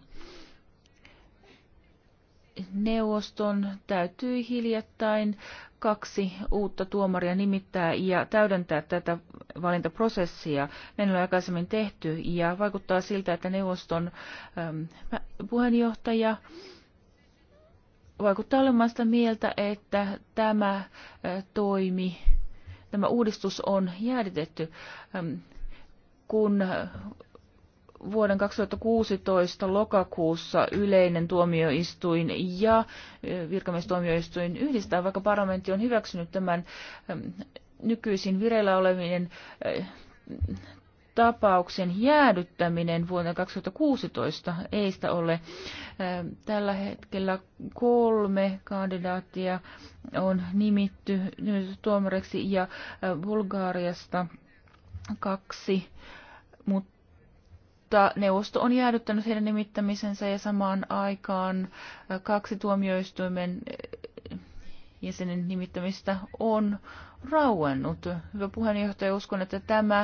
Neuvoston täytyy hiljattain kaksi uutta tuomaria nimittää ja täydentää tätä valintaprosessia. Näin on aikaisemmin tehty ja vaikuttaa siltä, että neuvoston ähm, puheenjohtaja vaikuttaa olemaan sitä mieltä, että tämä äh, toimi tämä uudistus on jäädytetty. Ähm, kun vuoden 2016 lokakuussa yleinen tuomioistuin ja äh, virkamiestuomioistuin yhdistää, vaikka parlamentti on hyväksynyt tämän ähm, nykyisin vireillä olevien äh, tapauksen jäädyttäminen vuonna 2016 ei sitä ole. Ähm, tällä hetkellä kolme kandidaattia on nimitty, tuomareksi ja äh, Bulgaariasta kaksi, mutta neuvosto on jäädyttänyt heidän nimittämisensä ja samaan aikaan äh, kaksi tuomioistuimen äh, jäsenen nimittämistä on rauennut. Hyvä puheenjohtaja, uskon, että tämä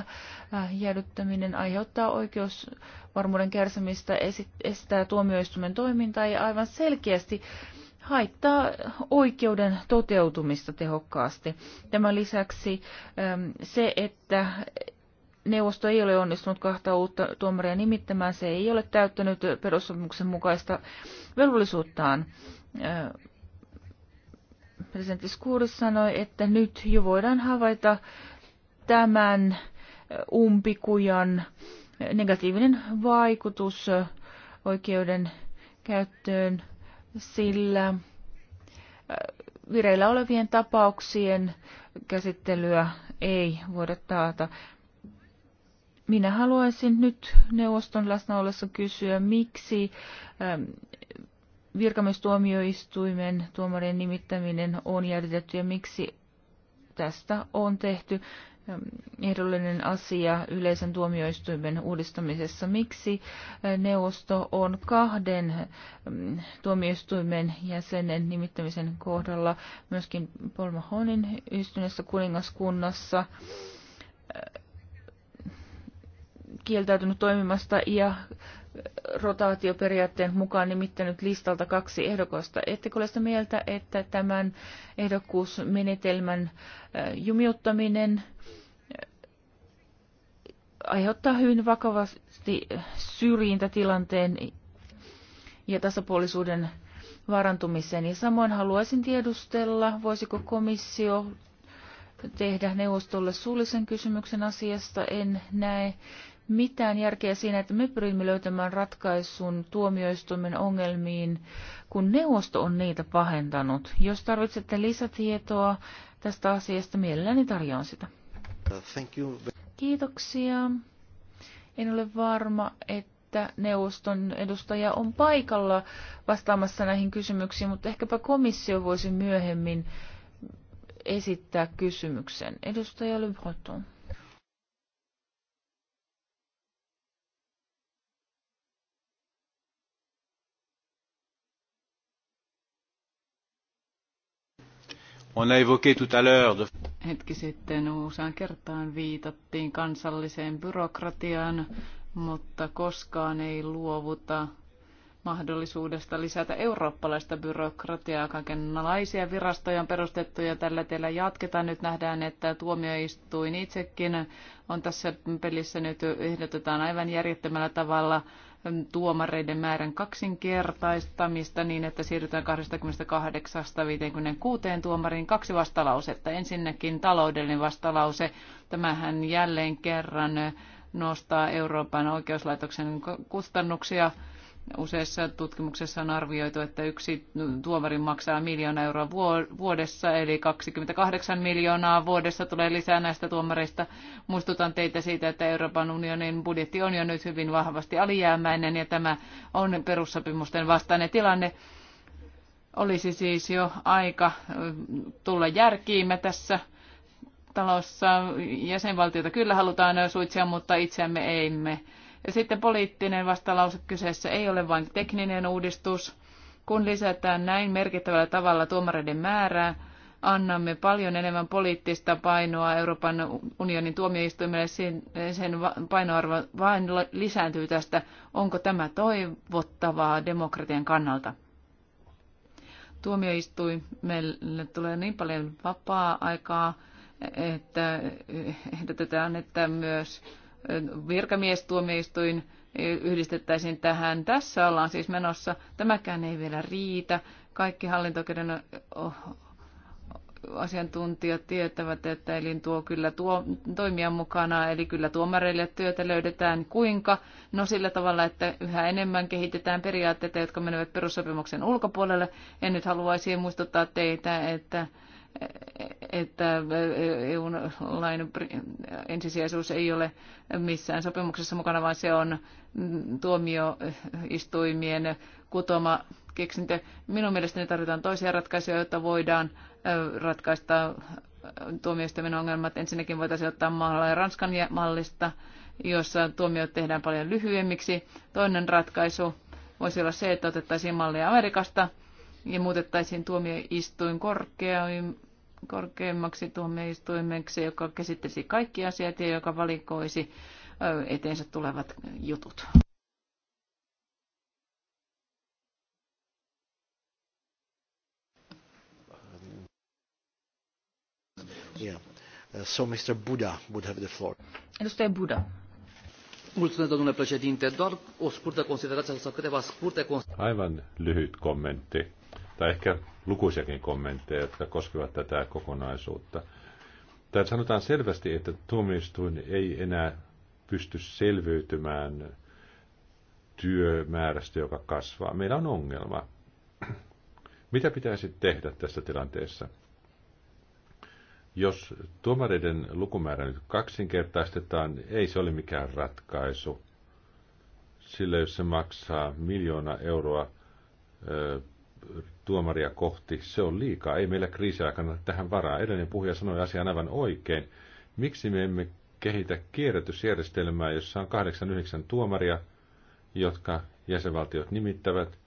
äh, jäädyttäminen aiheuttaa oikeusvarmuuden kärsimistä, estää tuomioistuimen toimintaa ja aivan selkeästi haittaa oikeuden toteutumista tehokkaasti. Tämän lisäksi ähm, se, että neuvosto ei ole onnistunut kahta uutta tuomaria nimittämään, se ei ole täyttänyt perussopimuksen mukaista velvollisuuttaan äh, presidentti Skurs sanoi, että nyt jo voidaan havaita tämän umpikujan negatiivinen vaikutus oikeuden käyttöön, sillä äh, vireillä olevien tapauksien käsittelyä ei voida taata. Minä haluaisin nyt neuvoston läsnä ollessa kysyä, miksi ähm, virkamiestuomioistuimen tuomarien nimittäminen on jäädytetty ja miksi tästä on tehty ähm, ehdollinen asia yleisen tuomioistuimen uudistamisessa. Miksi äh, neuvosto on kahden ähm, tuomioistuimen jäsenen nimittämisen kohdalla myöskin Paul Mahonin yhdistyneessä kuningaskunnassa äh, kieltäytynyt toimimasta ja rotaatioperiaatteen mukaan nimittänyt listalta kaksi ehdokasta. Ettekö ole sitä mieltä, että tämän ehdokkuusmenetelmän jumiuttaminen aiheuttaa hyvin vakavasti syrjintätilanteen ja tasapuolisuuden vaarantumiseen. Ja samoin haluaisin tiedustella, voisiko komissio tehdä neuvostolle suullisen kysymyksen asiasta. En näe mitään järkeä siinä, että me pyrimme löytämään ratkaisun tuomioistuimen ongelmiin, kun neuvosto on niitä pahentanut. Jos tarvitsette lisätietoa tästä asiasta, mielelläni tarjoan sitä. Kiitoksia. En ole varma, että neuvoston edustaja on paikalla vastaamassa näihin kysymyksiin, mutta ehkäpä komissio voisi myöhemmin esittää kysymyksen. Edustaja Le Breton. On a évoqué tout à l'heure. De... Hetki sitten useaan kertaan viitattiin kansalliseen byrokratiaan, mutta koskaan ei luovuta mahdollisuudesta lisätä eurooppalaista byrokratiaa. Kaikenlaisia virastoja on perustettu ja tällä teillä jatketaan. Nyt nähdään, että tuomioistuin itsekin on tässä pelissä nyt ehdotetaan aivan järjettömällä tavalla tuomareiden määrän kaksinkertaistamista niin, että siirrytään 28-56 tuomariin. Kaksi vastalausetta. Ensinnäkin taloudellinen vastalause. Tämähän jälleen kerran nostaa Euroopan oikeuslaitoksen kustannuksia Useissa tutkimuksissa on arvioitu, että yksi tuomari maksaa miljoona euroa vuodessa, eli 28 miljoonaa vuodessa tulee lisää näistä tuomareista. Muistutan teitä siitä, että Euroopan unionin budjetti on jo nyt hyvin vahvasti alijäämäinen, ja tämä on perussopimusten vastainen tilanne. Olisi siis jo aika tulla järkiimme tässä talossa. Jäsenvaltiota kyllä halutaan suitsia, mutta itseämme emme. Ja sitten poliittinen vastalause kyseessä ei ole vain tekninen uudistus. Kun lisätään näin merkittävällä tavalla tuomareiden määrää, annamme paljon enemmän poliittista painoa Euroopan unionin tuomioistuimelle, sen, painoarvo vain lisääntyy tästä. Onko tämä toivottavaa demokratian kannalta? Tuomioistuimelle tulee niin paljon vapaa-aikaa, että ehdotetaan, että myös virkamiestuomioistuin yhdistettäisiin tähän. Tässä ollaan siis menossa. Tämäkään ei vielä riitä. Kaikki hallintokeiden oh, asiantuntijat tietävät, että elin tuo kyllä tuo toimia mukana, eli kyllä tuomareille työtä löydetään. Kuinka? No sillä tavalla, että yhä enemmän kehitetään periaatteita, jotka menevät perussopimuksen ulkopuolelle. En nyt haluaisi muistuttaa teitä, että että EUn lain ensisijaisuus ei ole missään sopimuksessa mukana, vaan se on tuomioistuimien kutoma keksintö. Minun mielestäni tarvitaan toisia ratkaisuja, joita voidaan ratkaista tuomioistuimen ongelmat. Ensinnäkin voitaisiin ottaa maalla Ranskan mallista, jossa tuomiot tehdään paljon lyhyemmiksi. Toinen ratkaisu voisi olla se, että otettaisiin mallia Amerikasta ja muutettaisiin tuomioistuin korkeammin korkeimmaksi tuomioistuimeksi, joka käsittelisi kaikki asiat ja joka valikoisi eteensä tulevat jutut. Yeah. Uh, so Mr. Buddha would have the floor. Edustaja Buddha. Mulțumesc, domnule președinte. Doar o scurtă considerație sau câteva scurte Aivan lyhyt kommentti, tai ehkä lukuisiakin kommentteja, jotka koskevat tätä kokonaisuutta. Täällä sanotaan selvästi, että tuomioistuin ei enää pysty selviytymään työmäärästä, joka kasvaa. Meillä on ongelma. Mitä pitäisi tehdä tässä tilanteessa? Jos tuomareiden lukumäärä nyt kaksinkertaistetaan, ei se ole mikään ratkaisu. Sillä jos se maksaa miljoona euroa tuomaria kohti, se on liikaa. Ei meillä kannata tähän varaa. Edellinen puhuja sanoi asian aivan oikein. Miksi me emme kehitä kierrätysjärjestelmää, jossa on 8-9 tuomaria, jotka jäsenvaltiot nimittävät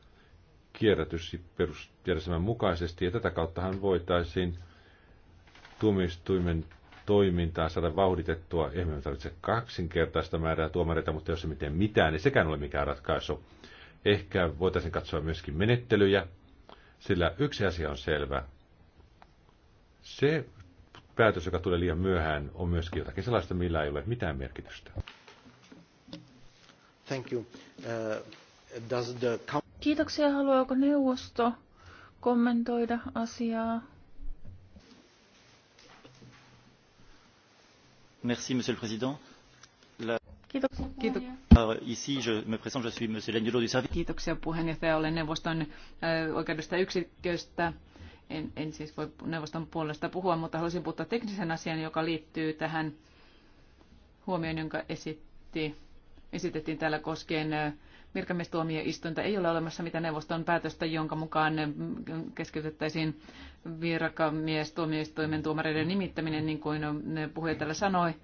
kierrätysjärjestelmän mukaisesti, ja tätä kauttahan voitaisiin tuomioistuimen toimintaa saada vauhditettua. Emme tarvitse kaksinkertaista määrää tuomareita, mutta jos ei miten mitään, niin sekään ole mikään ratkaisu. Ehkä voitaisiin katsoa myöskin menettelyjä, sillä yksi asia on selvä. Se päätös, joka tulee liian myöhään, on myöskin jotakin sellaista, millä ei ole mitään merkitystä. Thank you. Uh, does the... Kiitoksia. Haluaako neuvosto kommentoida asiaa? Merci, Monsieur le Président. Kiitoksia. Kiitoksia. Äh, ici, je me présente, je suis monsieur Lagnolo du service. Kiitoksia puheenjohtaja. Olen neuvoston äh, oikeudesta yksiköstä. En, en siis voi neuvoston puolesta puhua, mutta haluaisin puhua teknisen asian, joka liittyy tähän huomioon, jonka esitti, esitettiin täällä koskien äh, virkamiestuomioistuinta ei ole olemassa mitään neuvoston päätöstä, jonka mukaan keskeytettäisiin virkamiestuomioistuimen tuomareiden nimittäminen, niin kuin puhuja täällä sanoi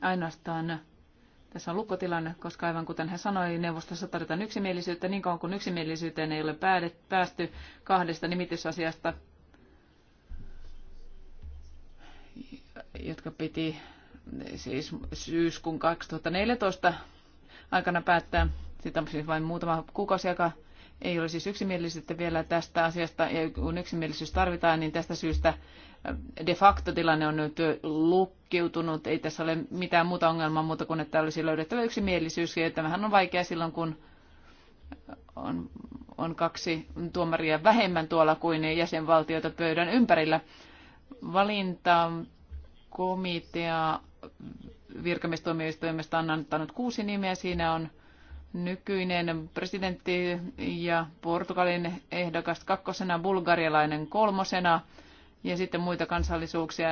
ainoastaan tässä on lukkotilanne, koska aivan kuten hän sanoi, neuvostossa tarvitaan yksimielisyyttä. Niin kauan kuin yksimielisyyteen ei ole päästy kahdesta nimitysasiasta, jotka piti siis syyskuun 2014 aikana päättää. sitä on siis vain muutama kuukausi aikaa ei ole siis yksimielisyyttä vielä tästä asiasta, ja kun yksimielisyys tarvitaan, niin tästä syystä äh, de facto tilanne on nyt lukkiutunut. Ei tässä ole mitään muuta ongelmaa muuta kuin, että olisi löydettävä yksimielisyys, ja tämähän on vaikea silloin, kun on, on kaksi tuomaria vähemmän tuolla kuin jäsenvaltioita pöydän ympärillä. valinta komitea virkamiestuomioistuimesta on antanut kuusi nimeä. Siinä on nykyinen presidentti ja Portugalin ehdokas kakkosena, bulgarialainen kolmosena ja sitten muita kansallisuuksia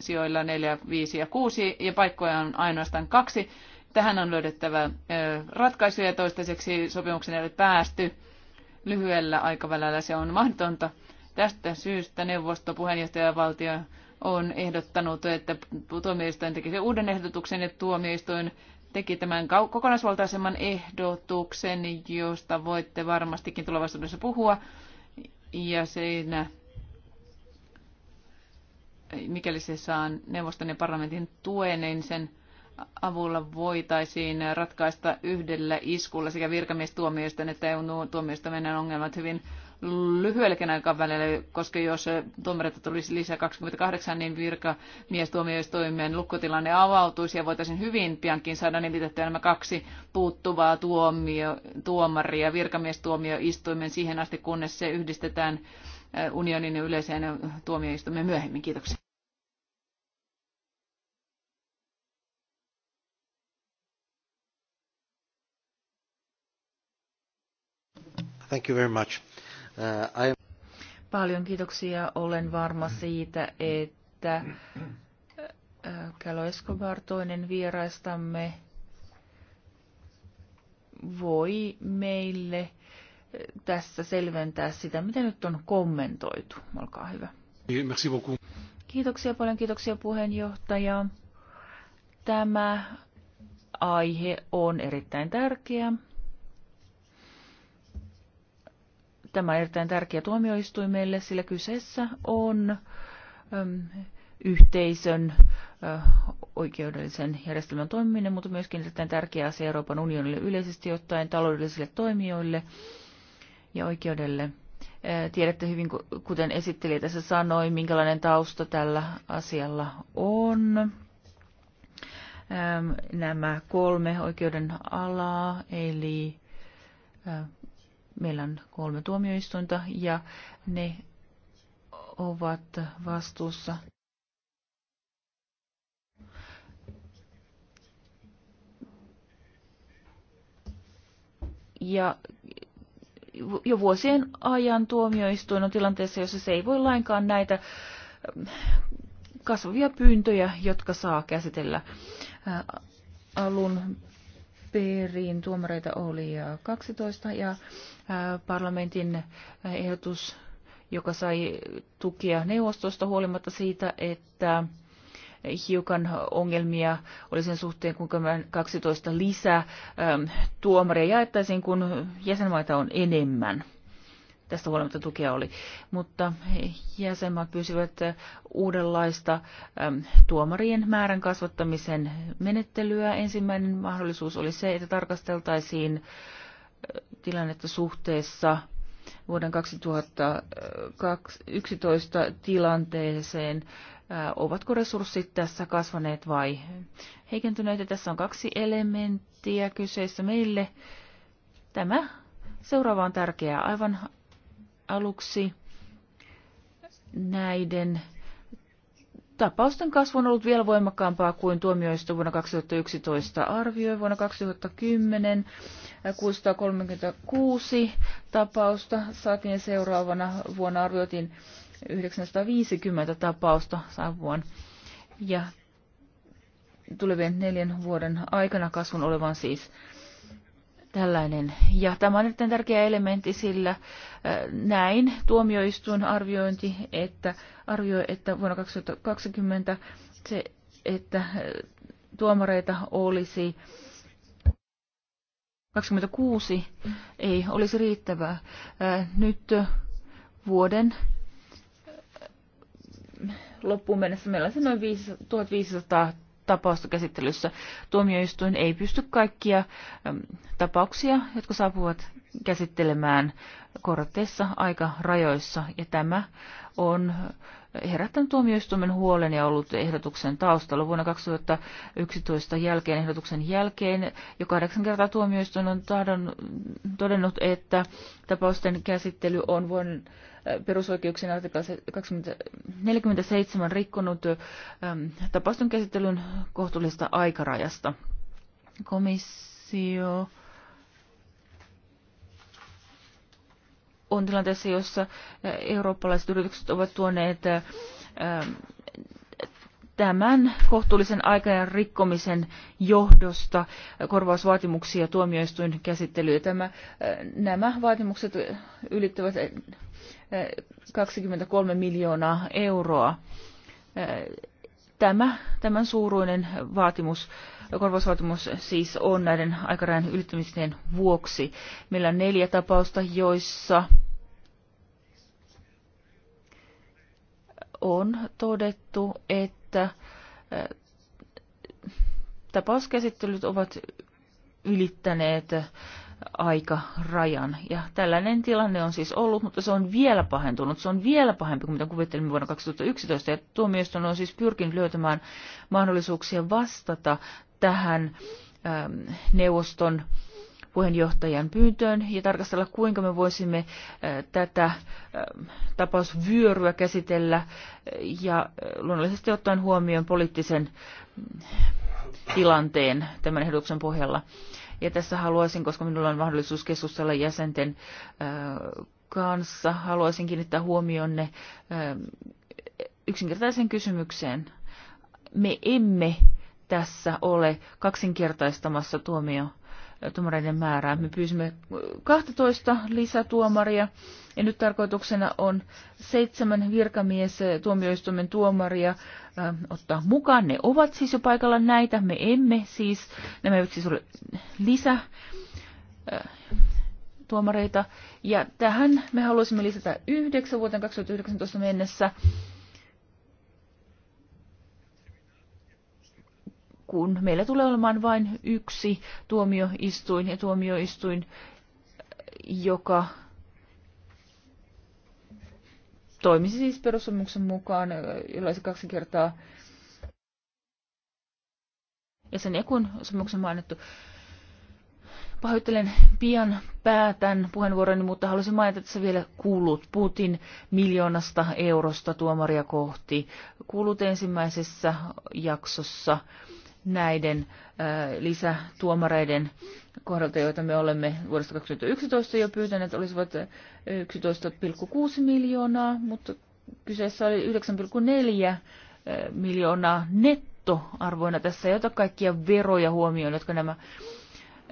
sijoilla 4, 5 ja 6 ja paikkoja on ainoastaan kaksi. Tähän on löydettävä ratkaisuja ja toistaiseksi sopimuksen ei ole päästy. Lyhyellä aikavälillä se on mahdotonta. Tästä syystä neuvosto puheenjohtajavaltio on ehdottanut, että tuomioistuin tekisi uuden ehdotuksen, että tuomioistuin teki tämän kokonaisvaltaisemman ehdotuksen, josta voitte varmastikin tulevaisuudessa puhua. Ja siinä, mikäli se saa neuvoston ja parlamentin tuen, niin sen avulla voitaisiin ratkaista yhdellä iskulla sekä virkamiestuomioisten että EU-tuomioistuimen ongelmat hyvin lyhyelläkin aikavälillä, koska jos tuomareita tulisi lisää 28, niin virkamiestuomioistuimen lukkotilanne avautuisi ja voitaisiin hyvin piankin saada nimitettyä nämä kaksi puuttuvaa tuomio, tuomaria virkamiestuomioistuimen siihen asti, kunnes se yhdistetään unionin ja yleiseen tuomioistuimeen myöhemmin. Kiitoksia. Thank you very much. Paljon kiitoksia. Olen varma siitä, että Kalo Escobar, toinen vieraistamme, voi meille tässä selventää sitä, mitä nyt on kommentoitu. Olkaa hyvä. Niin, kiitoksia paljon, kiitoksia puheenjohtaja. Tämä aihe on erittäin tärkeä. Tämä on erittäin tärkeä tuomioistuimelle, sillä kyseessä on äm, yhteisön äh, oikeudellisen järjestelmän toimiminen, mutta myöskin erittäin tärkeä asia Euroopan unionille yleisesti ottaen taloudellisille toimijoille ja oikeudelle. Tiedätte hyvin, kuten esitteli tässä sanoi, minkälainen tausta tällä asialla on. Nämä kolme oikeuden alaa, eli Meillä on kolme tuomioistuinta ja ne ovat vastuussa ja jo vuosien ajan tuomioistuin on tilanteessa, jossa se ei voi lainkaan näitä ähm, kasvavia pyyntöjä, jotka saa käsitellä äh, alun perin tuomareita oli 12 äh, ja äh, parlamentin äh, ehdotus, joka sai tukea neuvostosta huolimatta siitä, että hiukan ongelmia oli sen suhteen, kuinka 12 lisää ähm, tuomaria jaettaisiin, kun jäsenmaita on enemmän tästä huolimatta tukea oli. Mutta jäsenmaat pyysivät uudenlaista tuomarien määrän kasvattamisen menettelyä. Ensimmäinen mahdollisuus oli se, että tarkasteltaisiin tilannetta suhteessa vuoden 2011 tilanteeseen. Ovatko resurssit tässä kasvaneet vai heikentyneet? Tässä on kaksi elementtiä kyseessä meille. Tämä seuraava on tärkeää. Aivan Aluksi näiden tapausten kasvu on ollut vielä voimakkaampaa kuin tuomioistuin vuonna 2011 arvioi. Vuonna 2010 636 tapausta saatiin seuraavana vuonna arvioitiin 950 tapausta saavuun Ja tulevien neljän vuoden aikana kasvun olevan siis tällainen. Ja tämä on erittäin tärkeä elementti, sillä äh, näin tuomioistuin arviointi, että arvioi, että vuonna 2020 se, että äh, tuomareita olisi 26 ei olisi riittävää. Äh, nyt vuoden loppuun mennessä meillä on se noin 1500 tapausta käsittelyssä. Tuomioistuin ei pysty kaikkia tapauksia, jotka saapuvat käsittelemään korteissa rajoissa ja tämä on herättänyt tuomioistuimen huolen ja ollut ehdotuksen taustalla. Vuonna 2011 jälkeen, ehdotuksen jälkeen, jo kahdeksan kertaa tuomioistuin on tahdon, todennut, että tapausten käsittely on vuoden äh, perusoikeuksien artikla 47 rikkonut äm, tapausten käsittelyn kohtuullista aikarajasta. Komissio on tilanteessa, jossa eh, eurooppalaiset yritykset ovat tuoneet eh, tämän kohtuullisen aikajan rikkomisen johdosta korvausvaatimuksia tuomioistuin käsittelyyn. Tämä, eh, nämä vaatimukset ylittävät 23 miljoonaa euroa. Tämä, tämän suuruinen vaatimus korvausvaatimus siis on näiden aikarajan ylittämisten vuoksi. Meillä on neljä tapausta, joissa on todettu, että äh, tapauskäsittelyt ovat ylittäneet äh, aikarajan. Ja tällainen tilanne on siis ollut, mutta se on vielä pahentunut. Se on vielä pahempi kuin mitä kuvittelimme vuonna 2011. Ja tuomioistuin on siis pyrkinyt löytämään mahdollisuuksia vastata tähän ähm, neuvoston puheenjohtajan pyyntöön ja tarkastella, kuinka me voisimme äh, tätä ähm, tapausvyöryä käsitellä äh, ja äh, luonnollisesti ottaen huomioon poliittisen mm, tilanteen tämän ehdotuksen pohjalla. Ja tässä haluaisin, koska minulla on mahdollisuus keskustella jäsenten kanssa, haluaisin kiinnittää huomionne ähm, yksinkertaiseen kysymykseen. Me emme tässä ole kaksinkertaistamassa tuomio tuomareiden määrää. Me pyysimme 12 lisätuomaria ja nyt tarkoituksena on seitsemän virkamies tuomioistuimen tuomaria ä, äh, ottaa mukaan. Ne ovat siis jo paikalla näitä, me emme siis, nämä eivät siis ole lisä äh, tuomareita. Ja tähän me haluaisimme lisätä yhdeksän vuoteen 2019 mennessä kun meillä tulee olemaan vain yksi tuomioistuin ja tuomioistuin, joka toimisi siis perussopimuksen mukaan, jolla kaksi kertaa ja sen ekun sopimuksen mainittu. Pahoittelen pian päätän puheenvuoroni, mutta haluaisin mainita tässä vielä kulut. Putin miljoonasta eurosta tuomaria kohti. Kulut ensimmäisessä jaksossa näiden lisätuomareiden kohdalta, joita me olemme vuodesta 2011 jo pyytäneet, olisivat 11,6 miljoonaa, mutta kyseessä oli 9,4 miljoonaa nettoarvoina tässä, jota kaikkia veroja huomioon, jotka nämä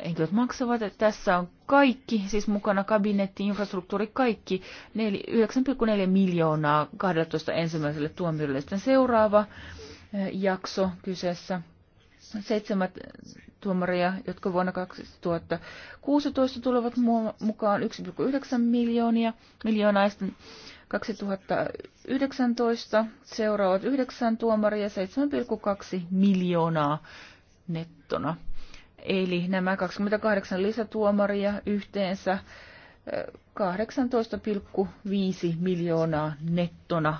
henkilöt maksavat. Tässä on kaikki, siis mukana kabinetti, infrastruktuuri, kaikki 9,4 miljoonaa 12 ensimmäiselle tuomiolle. Sitten seuraava jakso kyseessä seitsemät tuomaria, jotka vuonna 2016 tulevat mukaan 1,9 miljoonia, miljoonaa, 2019 seuraavat 9 tuomaria 7,2 miljoonaa nettona. Eli nämä 28 lisätuomaria yhteensä 18,5 eh, miljoonaa nettona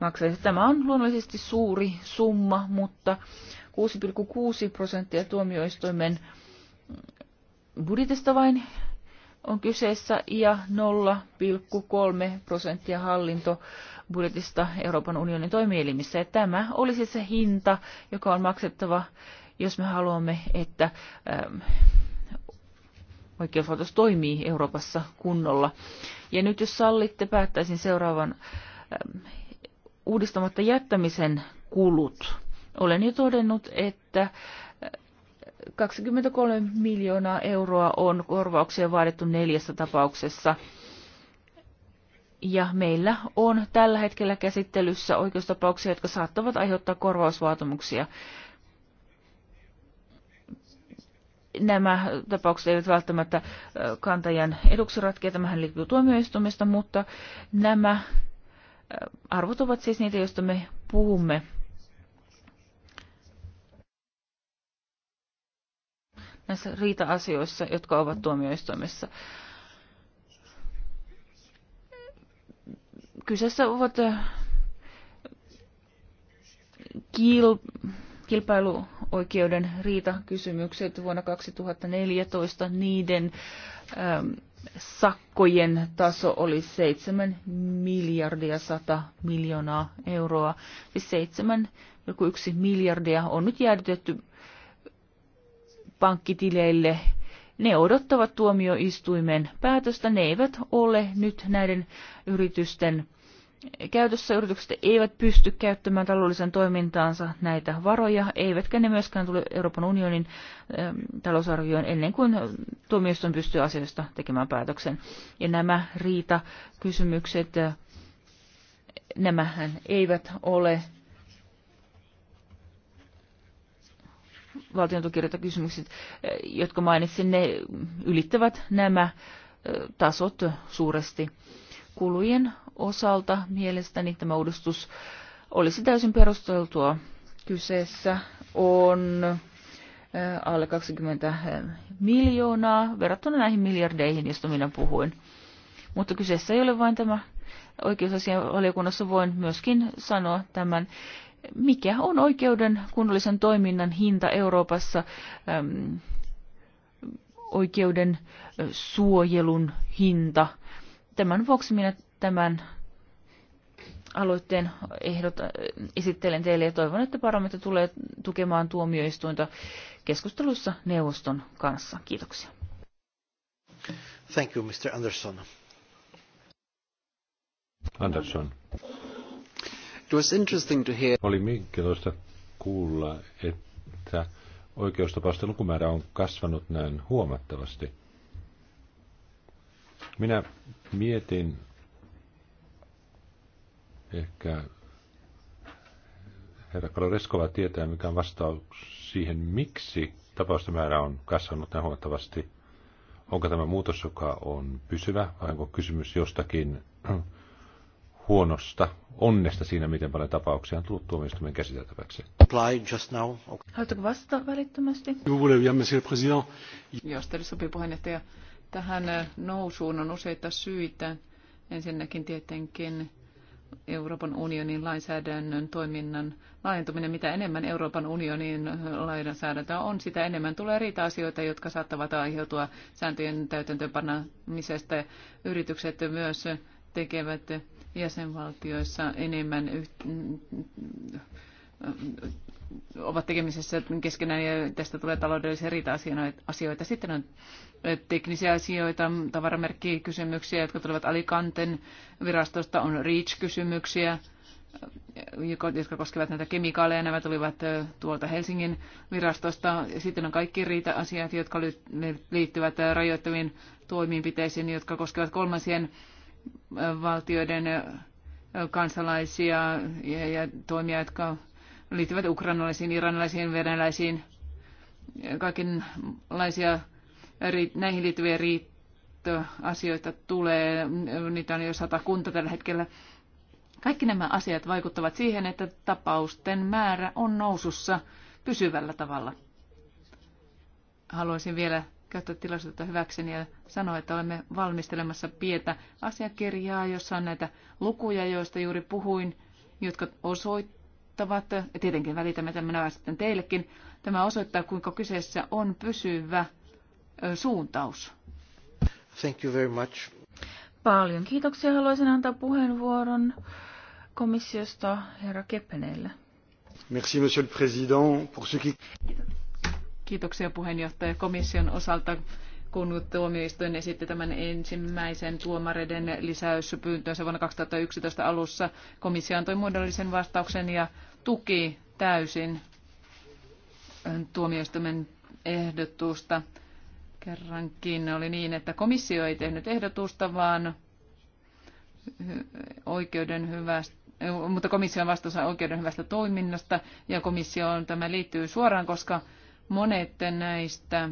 maksaisi. Tämä on luonnollisesti suuri summa, mutta 6,6 prosenttia tuomioistuimen budjetista vain on kyseessä ja 0,3 prosenttia hallintobudjetista Euroopan unionin toimielimissä. Ja tämä olisi se hinta, joka on maksettava, jos me haluamme, että ähm, oikeusvaltuus toimii Euroopassa kunnolla. Ja nyt jos sallitte, päättäisin seuraavan ähm, uudistamatta jättämisen kulut. Olen jo todennut, että 23 miljoonaa euroa on korvauksia vaadittu neljässä tapauksessa. Ja meillä on tällä hetkellä käsittelyssä oikeustapauksia, jotka saattavat aiheuttaa korvausvaatimuksia. Nämä tapaukset eivät välttämättä kantajan eduksi ratkea, tämähän liittyy tuomioistumista, mutta nämä arvot ovat siis niitä, joista me puhumme näissä riita-asioissa, jotka ovat tuomioistuimessa. Kyseessä ovat äh, kil- kilpailuoikeuden riitakysymykset vuonna 2014. Niiden äm, sakkojen taso oli 7 miljardia 100 miljoonaa euroa. 7,1 siis miljardia on nyt jäädytetty pankkitileille. Ne odottavat tuomioistuimen päätöstä. Ne eivät ole nyt näiden yritysten käytössä. Yritykset eivät pysty käyttämään taloudellisen toimintaansa näitä varoja, eivätkä ne myöskään tule Euroopan unionin ähm, talousarvioon ennen kuin tuomioistuin pystyy asioista tekemään päätöksen. Ja nämä riita-kysymykset, äh, nämähän eivät ole valtiontukirjoitakysymykset, eh, jotka mainitsin, ne ylittävät nämä eh, tasot suuresti. Kulujen osalta mielestäni tämä uudistus olisi täysin perusteltua. Kyseessä on eh, alle 20 miljoonaa verrattuna näihin miljardeihin, joista minä puhuin. Mutta kyseessä ei ole vain tämä oikeusasian valiokunnassa voin myöskin sanoa tämän mikä on oikeuden kunnollisen toiminnan hinta Euroopassa, äm, oikeuden suojelun hinta. Tämän vuoksi minä tämän aloitteen ehdot esittelen teille ja toivon, että parlamentti tulee tukemaan tuomioistuinta keskustelussa neuvoston kanssa. Kiitoksia. Thank you, Mr. Anderson. Anderson. It was interesting to hear. Oli mielenkiintoista kuulla, että oikeustapausten lukumäärä on kasvanut näin huomattavasti. Minä mietin ehkä herra Kaloreskova tietää, mikä on vastaus siihen, miksi tapausten määrä on kasvanut näin huomattavasti. Onko tämä muutos, joka on pysyvä, vai onko kysymys jostakin huonosta onnesta siinä, miten paljon tapauksia on tullut tuomioistuimen käsiteltäväksi. Haluatko vastata välittömästi? Jos teille sopii puheenjohtaja, tähän äh, nousuun on useita syitä. Ensinnäkin tietenkin Euroopan unionin lainsäädännön toiminnan laajentuminen. Mitä enemmän Euroopan unionin äh, lainsäädäntöä on, sitä enemmän tulee riita-asioita, jotka saattavat aiheutua sääntöjen täytäntöönpanamisesta. Yritykset myös tekevät jäsenvaltioissa enemmän ovat tekemisessä keskenään ja tästä tulee taloudellisia riita-asioita. Sitten on teknisiä asioita, tavaramerkkikysymyksiä, jotka tulevat Alicanten virastosta, on REACH-kysymyksiä, jotka koskevat näitä kemikaaleja. Nämä tulivat tuolta Helsingin virastosta. Sitten on kaikki riita-asiat, jotka liittyvät rajoittaviin toimenpiteisiin, jotka koskevat kolmansien valtioiden kansalaisia ja, ja toimia, jotka liittyvät ukrainalaisiin, iranilaisiin, venäläisiin, kaikenlaisia näihin liittyviä riittoasioita tulee. Niitä on jo sata kunta tällä hetkellä. Kaikki nämä asiat vaikuttavat siihen, että tapausten määrä on nousussa pysyvällä tavalla. Haluaisin vielä käyttää tilaisuutta hyväkseni ja sanoa, että olemme valmistelemassa pientä asiakirjaa, jossa on näitä lukuja, joista juuri puhuin, jotka osoittavat, ja tietenkin välitämme tämän sitten teillekin, tämä osoittaa, kuinka kyseessä on pysyvä suuntaus. Thank you very much. Paljon kiitoksia. Haluaisin antaa puheenvuoron komissiosta herra Keppeneelle. Merci, monsieur le président. Pour ceux qui... Kiitos. Kiitoksia puheenjohtaja komission osalta kun tuomioistuin esitti tämän ensimmäisen tuomareiden lisäyspyyntönsä vuonna 2011 alussa. Komissio antoi muodollisen vastauksen ja tuki täysin tuomioistuimen ehdotusta. Kerrankin oli niin, että komissio ei tehnyt ehdotusta, vaan oikeuden hyvästä mutta komission vastaus on oikeuden hyvästä toiminnasta ja komissioon tämä liittyy suoraan, koska Monet näistä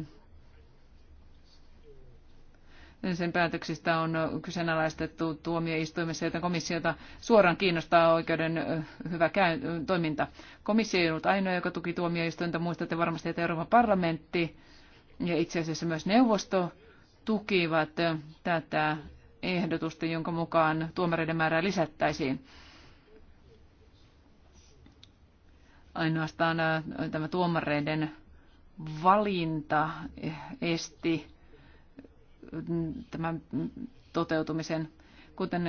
sen päätöksistä on kyseenalaistettu tuomioistuimessa, jota komissiota suoraan kiinnostaa oikeuden hyvä käy, toiminta. Komissio ei ollut ainoa, joka tuki tuomioistuinta. Muistatte varmasti, että Euroopan parlamentti ja itse asiassa myös neuvosto tukivat tätä ehdotusta, jonka mukaan tuomareiden määrää lisättäisiin. Ainoastaan tämä tuomareiden valinta esti tämän toteutumisen. Kuten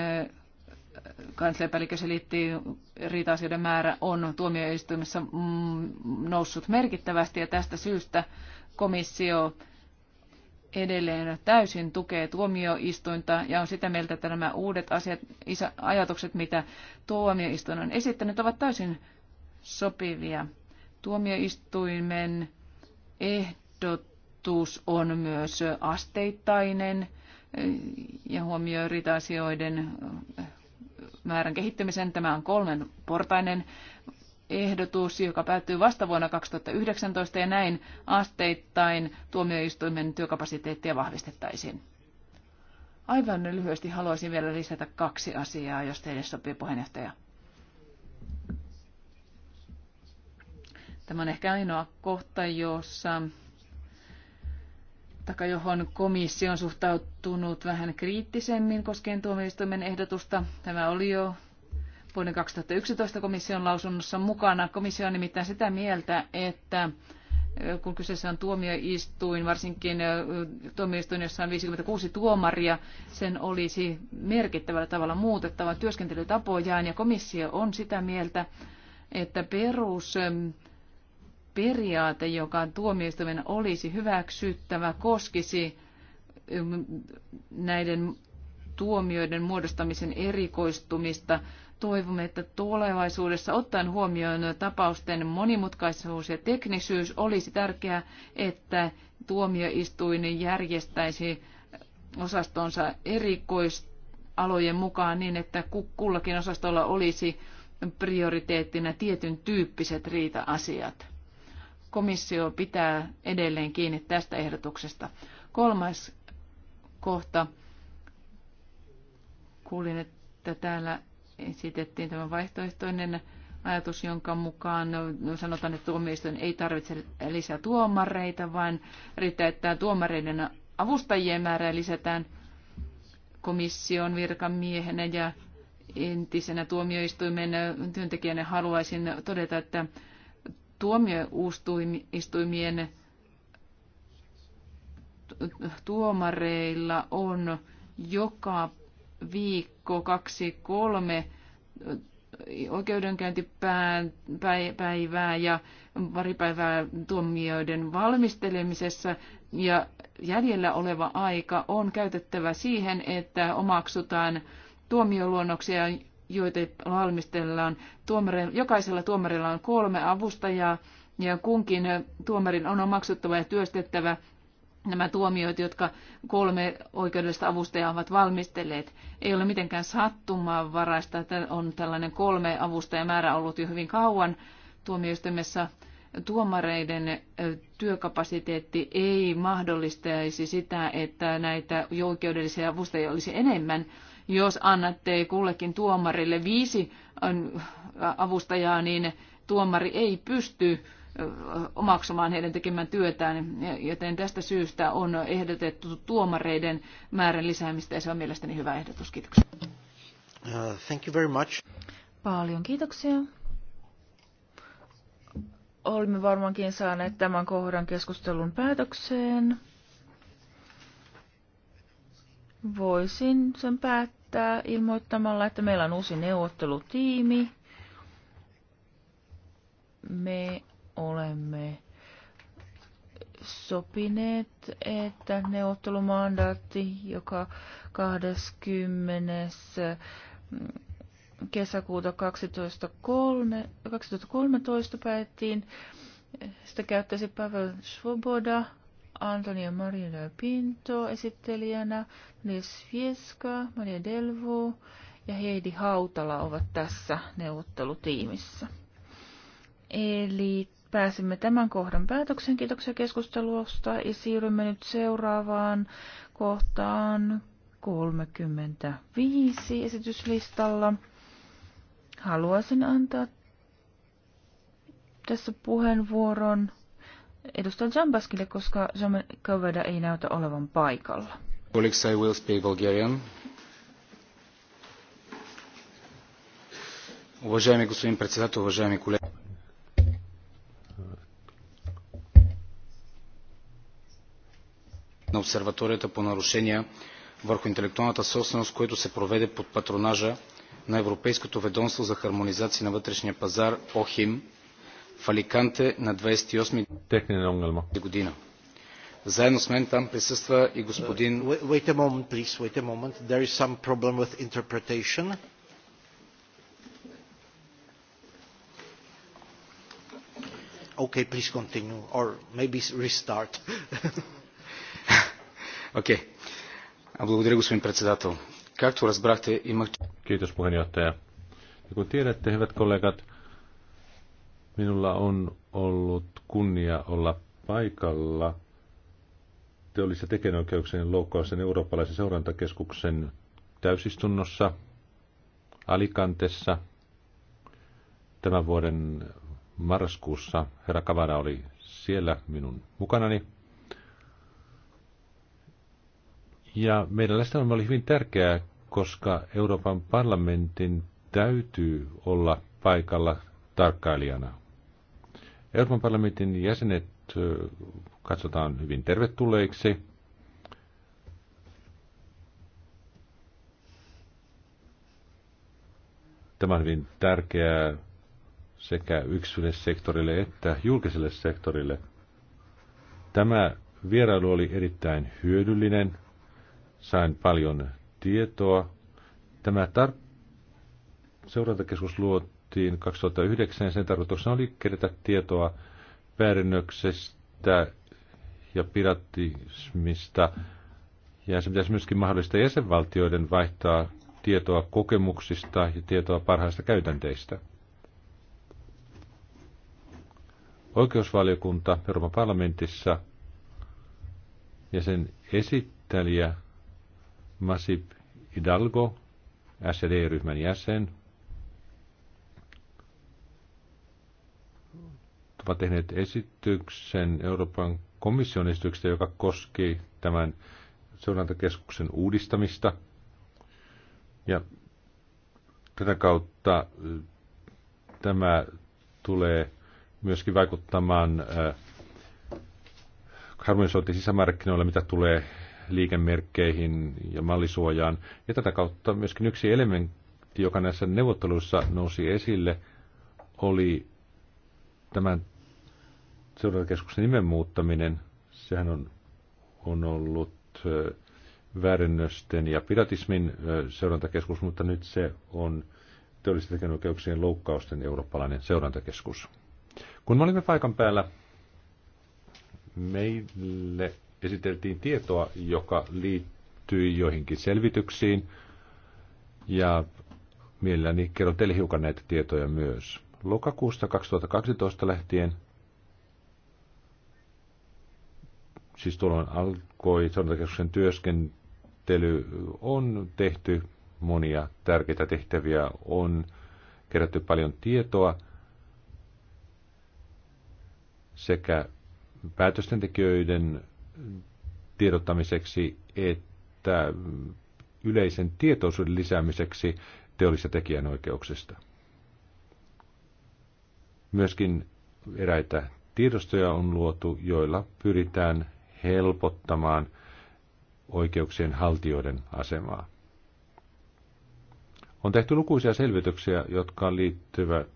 kansliapäällikkö selitti, riita-asioiden määrä on tuomioistuimessa mm, noussut merkittävästi ja tästä syystä komissio edelleen täysin tukee tuomioistuinta ja on sitä mieltä, että nämä uudet asiat, ajatukset, mitä tuomioistuin on esittänyt, ovat täysin sopivia. Tuomioistuimen ehdotus on myös asteittainen eh, ja huomioi riita-asioiden eh, määrän kehittämisen. Tämä on kolmen portainen ehdotus, joka päättyy vasta vuonna 2019 ja näin asteittain tuomioistuimen työkapasiteettia vahvistettaisiin. Aivan lyhyesti haluaisin vielä lisätä kaksi asiaa, jos teille sopii puheenjohtaja. Tämä on ehkä ainoa kohta, jossa taka johon komissio on suhtautunut vähän kriittisemmin koskien tuomioistuimen ehdotusta. Tämä oli jo vuoden 2011 komission lausunnossa mukana. Komissio on nimittäin sitä mieltä, että kun kyseessä on tuomioistuin, varsinkin tuomioistuin, jossa on 56 tuomaria, sen olisi merkittävällä tavalla muutettava työskentelytapojaan. Ja komissio on sitä mieltä, että perus periaate, joka tuomioistuimen olisi hyväksyttävä, koskisi mm, näiden tuomioiden muodostamisen erikoistumista. Toivomme, että tulevaisuudessa ottaen huomioon tapausten monimutkaisuus ja teknisyys olisi tärkeää, että tuomioistuin järjestäisi osastonsa erikoisalojen mukaan niin, että kullakin osastolla olisi prioriteettina tietyn tyyppiset riita-asiat komissio pitää edelleen kiinni tästä ehdotuksesta. Kolmas kohta. Kuulin, että täällä esitettiin tämä vaihtoehtoinen ajatus, jonka mukaan no, sanotaan, että tuomioistuin ei tarvitse lisää tuomareita, vaan riittää, että tuomareiden avustajien määrää lisätään komission virkamiehenä ja entisenä tuomioistuimen työntekijänä haluaisin todeta, että tuomioistuimien tuomareilla on joka viikko kaksi kolme oikeudenkäyntipäivää ja pari päivää tuomioiden valmistelemisessa ja jäljellä oleva aika on käytettävä siihen, että omaksutaan tuomioluonnoksia, joita valmistellaan. Tuomare, jokaisella tuomarilla on kolme avustajaa ja kunkin tuomarin on omaksuttava ja työstettävä nämä tuomiot, jotka kolme oikeudellista avustajaa ovat valmistelleet. Ei ole mitenkään sattumaa varaista, että on tällainen kolme avustajamäärä ollut jo hyvin kauan tuomioistuimessa. Tuomareiden työkapasiteetti ei mahdollistaisi sitä, että näitä oikeudellisia avustajia olisi enemmän jos annatte kullekin tuomarille viisi äh, avustajaa, niin tuomari ei pysty äh, omaksumaan heidän tekemään työtään, joten tästä syystä on ehdotettu tuomareiden määrän lisäämistä ja se on mielestäni hyvä ehdotus. Kiitoksia. Uh, thank you very much. Paljon kiitoksia. varmaankin saaneet tämän kohdan keskustelun päätökseen. Voisin sen päättää päättää ilmoittamalla, että meillä on uusi neuvottelutiimi. Me olemme sopineet, että neuvottelumandaatti, joka 20. Mm, kesäkuuta 2013 päättiin, sitä käyttäisi Pavel Svoboda – Antonia Maria Pinto esittelijänä, Nils Fieska, Maria Delvo ja Heidi Hautala ovat tässä neuvottelutiimissä. Eli pääsimme tämän kohdan päätöksen. Kiitoksia keskustelusta ja siirrymme nyt seuraavaan kohtaan 35 esityslistalla. Haluaisin antaa tässä puheenvuoron edustaja Jambaskille, koska Jamen Kavada ei näytä olevan paikalla. Colleagues, I will speak Bulgarian. Уважаеми господин председател, уважаеми колеги. на обсерваторията по нарушения върху интелектуалната собственост, което се проведе под патронажа на Европейското ведомство за хармонизация на вътрешния пазар ОХИМ в Аликанте на 28 година. Заедно с мен там присъства и господин... Uh, wait a moment, please. Wait a moment. There is some problem with interpretation. Okay, please continue, or maybe restart. okay. А Благодаря, господин председател. Както разбрахте, имах... Kiitos puheenjohtaja. Ja kun tiedätte, hyvät kollegat, Minulla on ollut kunnia olla paikalla teollis- ja tekijänoikeuksien loukkausten eurooppalaisen seurantakeskuksen täysistunnossa Alicantessa tämän vuoden marraskuussa. Herra Kavara oli siellä minun mukanani. Ja meidän läsnäolo oli hyvin tärkeää, koska Euroopan parlamentin täytyy olla paikalla tarkkailijana. Euroopan parlamentin jäsenet katsotaan hyvin tervetulleiksi. Tämä on hyvin tärkeää sekä yksityiselle sektorille että julkiselle sektorille. Tämä vierailu oli erittäin hyödyllinen. Sain paljon tietoa. Tämä tar- seurantakeskus luo luotiin 2009. Sen tarkoituksena oli kerätä tietoa väärinnöksestä ja piratismista. Ja se pitäisi myöskin mahdollista jäsenvaltioiden vaihtaa tietoa kokemuksista ja tietoa parhaista käytänteistä. Oikeusvaliokunta Euroopan parlamentissa ja sen esittelijä Masip Hidalgo, SD-ryhmän jäsen, jopa tehneet esityksen Euroopan komission esityksestä, joka koski tämän seurantakeskuksen uudistamista. Ja tätä kautta äh, tämä tulee myöskin vaikuttamaan äh, harmonisointi sisämarkkinoille, mitä tulee liikemerkkeihin ja mallisuojaan. Ja tätä kautta myöskin yksi elementti, joka näissä neuvotteluissa nousi esille, oli tämän seurantakeskuksen nimen muuttaminen, sehän on, on ollut väärennösten ja piratismin seurantakeskus, mutta nyt se on teollisten oikeuksien loukkausten eurooppalainen seurantakeskus. Kun me olimme paikan päällä, meille esiteltiin tietoa, joka liittyi joihinkin selvityksiin, ja mielelläni kerron teille hiukan näitä tietoja myös. Lokakuusta 2012 lähtien siis tuolloin alkoi sodantakeskuksen työskentely, on tehty monia tärkeitä tehtäviä, on kerätty paljon tietoa sekä päätöstentekijöiden tiedottamiseksi että yleisen tietoisuuden lisäämiseksi teollisista tekijänoikeuksista. Myöskin eräitä tiedostoja on luotu, joilla pyritään helpottamaan oikeuksien haltijoiden asemaa. On tehty lukuisia selvityksiä, jotka liittyvät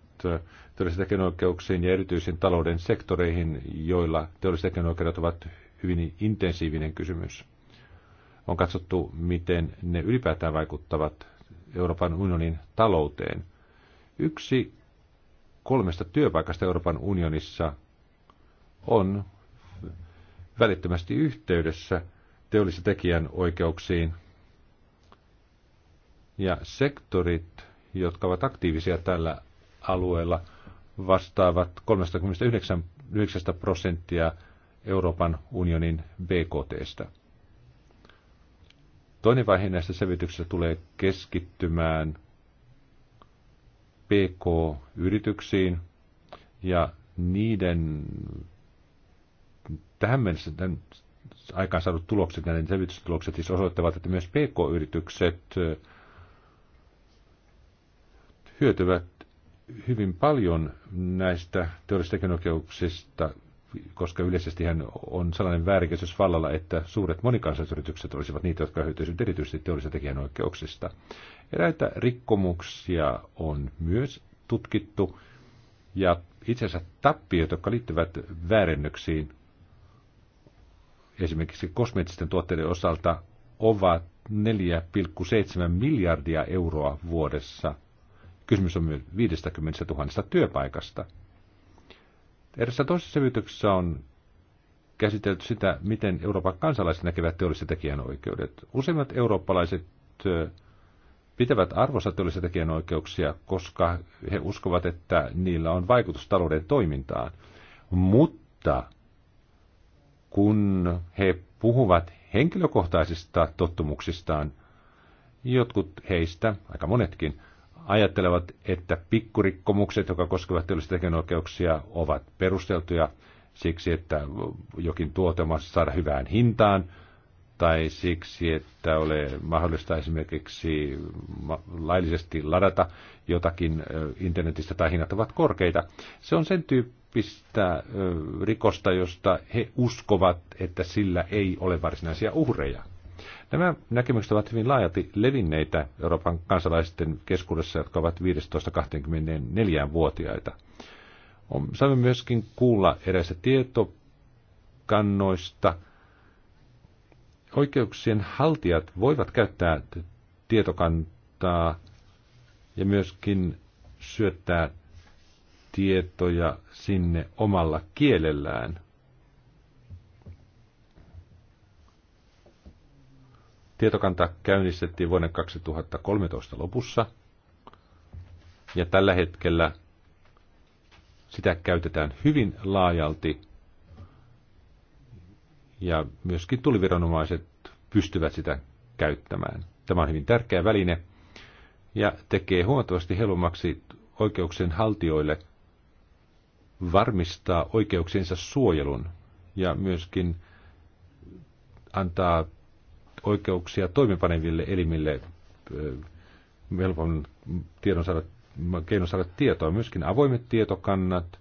teollisten oikeuksiin ja erityisiin talouden sektoreihin, joilla teollisten oikeudet ovat hyvin intensiivinen kysymys. On katsottu, miten ne ylipäätään vaikuttavat Euroopan unionin talouteen. Yksi kolmesta työpaikasta Euroopan unionissa on välittömästi yhteydessä teollisen tekijän oikeuksiin. Ja sektorit, jotka ovat aktiivisia tällä alueella, vastaavat 39 prosenttia Euroopan unionin BKTstä. Toinen vaihe näistä selvityksistä tulee keskittymään PK-yrityksiin ja niiden tähän mennessä tämän aikaan saadut tulokset, näiden selvitystulokset siis osoittavat, että myös PK-yritykset hyötyvät hyvin paljon näistä teollisista koska yleisesti on sellainen väärinkäsitys vallalla, että suuret monikansalliset yritykset olisivat niitä, jotka hyötyisivät erityisesti teollisista tekijänoikeuksista. Eräitä rikkomuksia on myös tutkittu, ja itse asiassa tappiot, jotka liittyvät väärennöksiin, esimerkiksi kosmeettisten tuotteiden osalta ovat 4,7 miljardia euroa vuodessa. Kysymys on myös 50 000 työpaikasta. Erässä toisessa selvityksessä on käsitelty sitä, miten Euroopan kansalaiset näkevät teolliset tekijänoikeudet. Useimmat eurooppalaiset pitävät arvossa teollisia tekijänoikeuksia, koska he uskovat, että niillä on vaikutus talouden toimintaan. Mutta kun he puhuvat henkilökohtaisista tottumuksistaan, jotkut heistä, aika monetkin, ajattelevat, että pikkurikkomukset, jotka koskevat teollisia tekijänoikeuksia, ovat perusteltuja siksi, että jokin tuote saada hyvään hintaan, tai siksi, että ole mahdollista esimerkiksi laillisesti ladata jotakin internetistä tai hinnat ovat korkeita. Se on sen tyyppistä rikosta, josta he uskovat, että sillä ei ole varsinaisia uhreja. Nämä näkemykset ovat hyvin laajalti levinneitä Euroopan kansalaisten keskuudessa, jotka ovat 15-24-vuotiaita. Saimme myöskin kuulla eräistä tietokannoista – Oikeuksien haltijat voivat käyttää tietokantaa ja myöskin syöttää tietoja sinne omalla kielellään. Tietokanta käynnistettiin vuoden 2013 lopussa ja tällä hetkellä sitä käytetään hyvin laajalti ja myöskin tuliviranomaiset pystyvät sitä käyttämään. Tämä on hyvin tärkeä väline ja tekee huomattavasti helpommaksi oikeuksien haltijoille varmistaa oikeuksiensa suojelun ja myöskin antaa oikeuksia toimipaneville elimille helpon tiedon saada, keino saada tietoa. Myöskin avoimet tietokannat,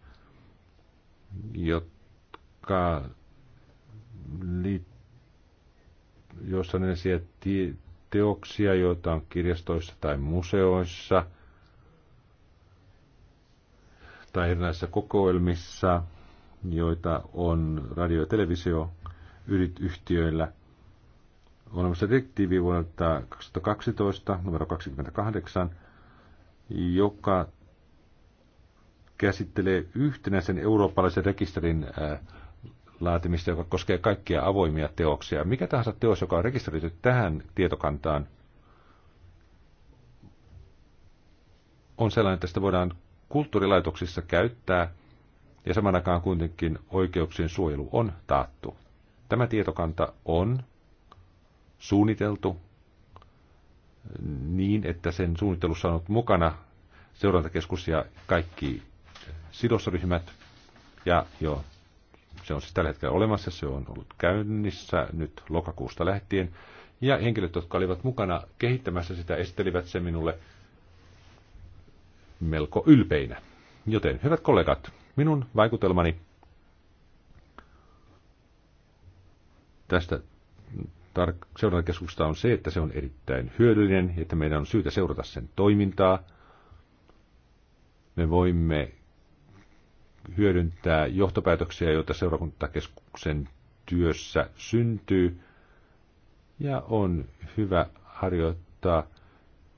jotka jossa on ensiä teoksia, joita on kirjastoissa tai museoissa tai erilaisissa kokoelmissa, joita on radio- ja televisioyhtiöillä. On olemassa direktiivi vuodelta 2012, numero 28, joka käsittelee yhtenäisen eurooppalaisen rekisterin äh, laatimista, joka koskee kaikkia avoimia teoksia. Mikä tahansa teos, joka on rekisteröity tähän tietokantaan, on sellainen, että sitä voidaan kulttuurilaitoksissa käyttää, ja saman aikaan kuitenkin oikeuksien suojelu on taattu. Tämä tietokanta on suunniteltu niin, että sen suunnittelussa on ollut mukana seurantakeskus ja kaikki sidosryhmät, ja jo se on siis tällä hetkellä olemassa, se on ollut käynnissä nyt lokakuusta lähtien. Ja henkilöt, jotka olivat mukana kehittämässä sitä, estelivät se minulle melko ylpeinä. Joten, hyvät kollegat, minun vaikutelmani tästä seurantakeskuksesta on se, että se on erittäin hyödyllinen, että meidän on syytä seurata sen toimintaa. Me voimme hyödyntää johtopäätöksiä, joita seurakuntakeskuksen työssä syntyy, ja on hyvä harjoittaa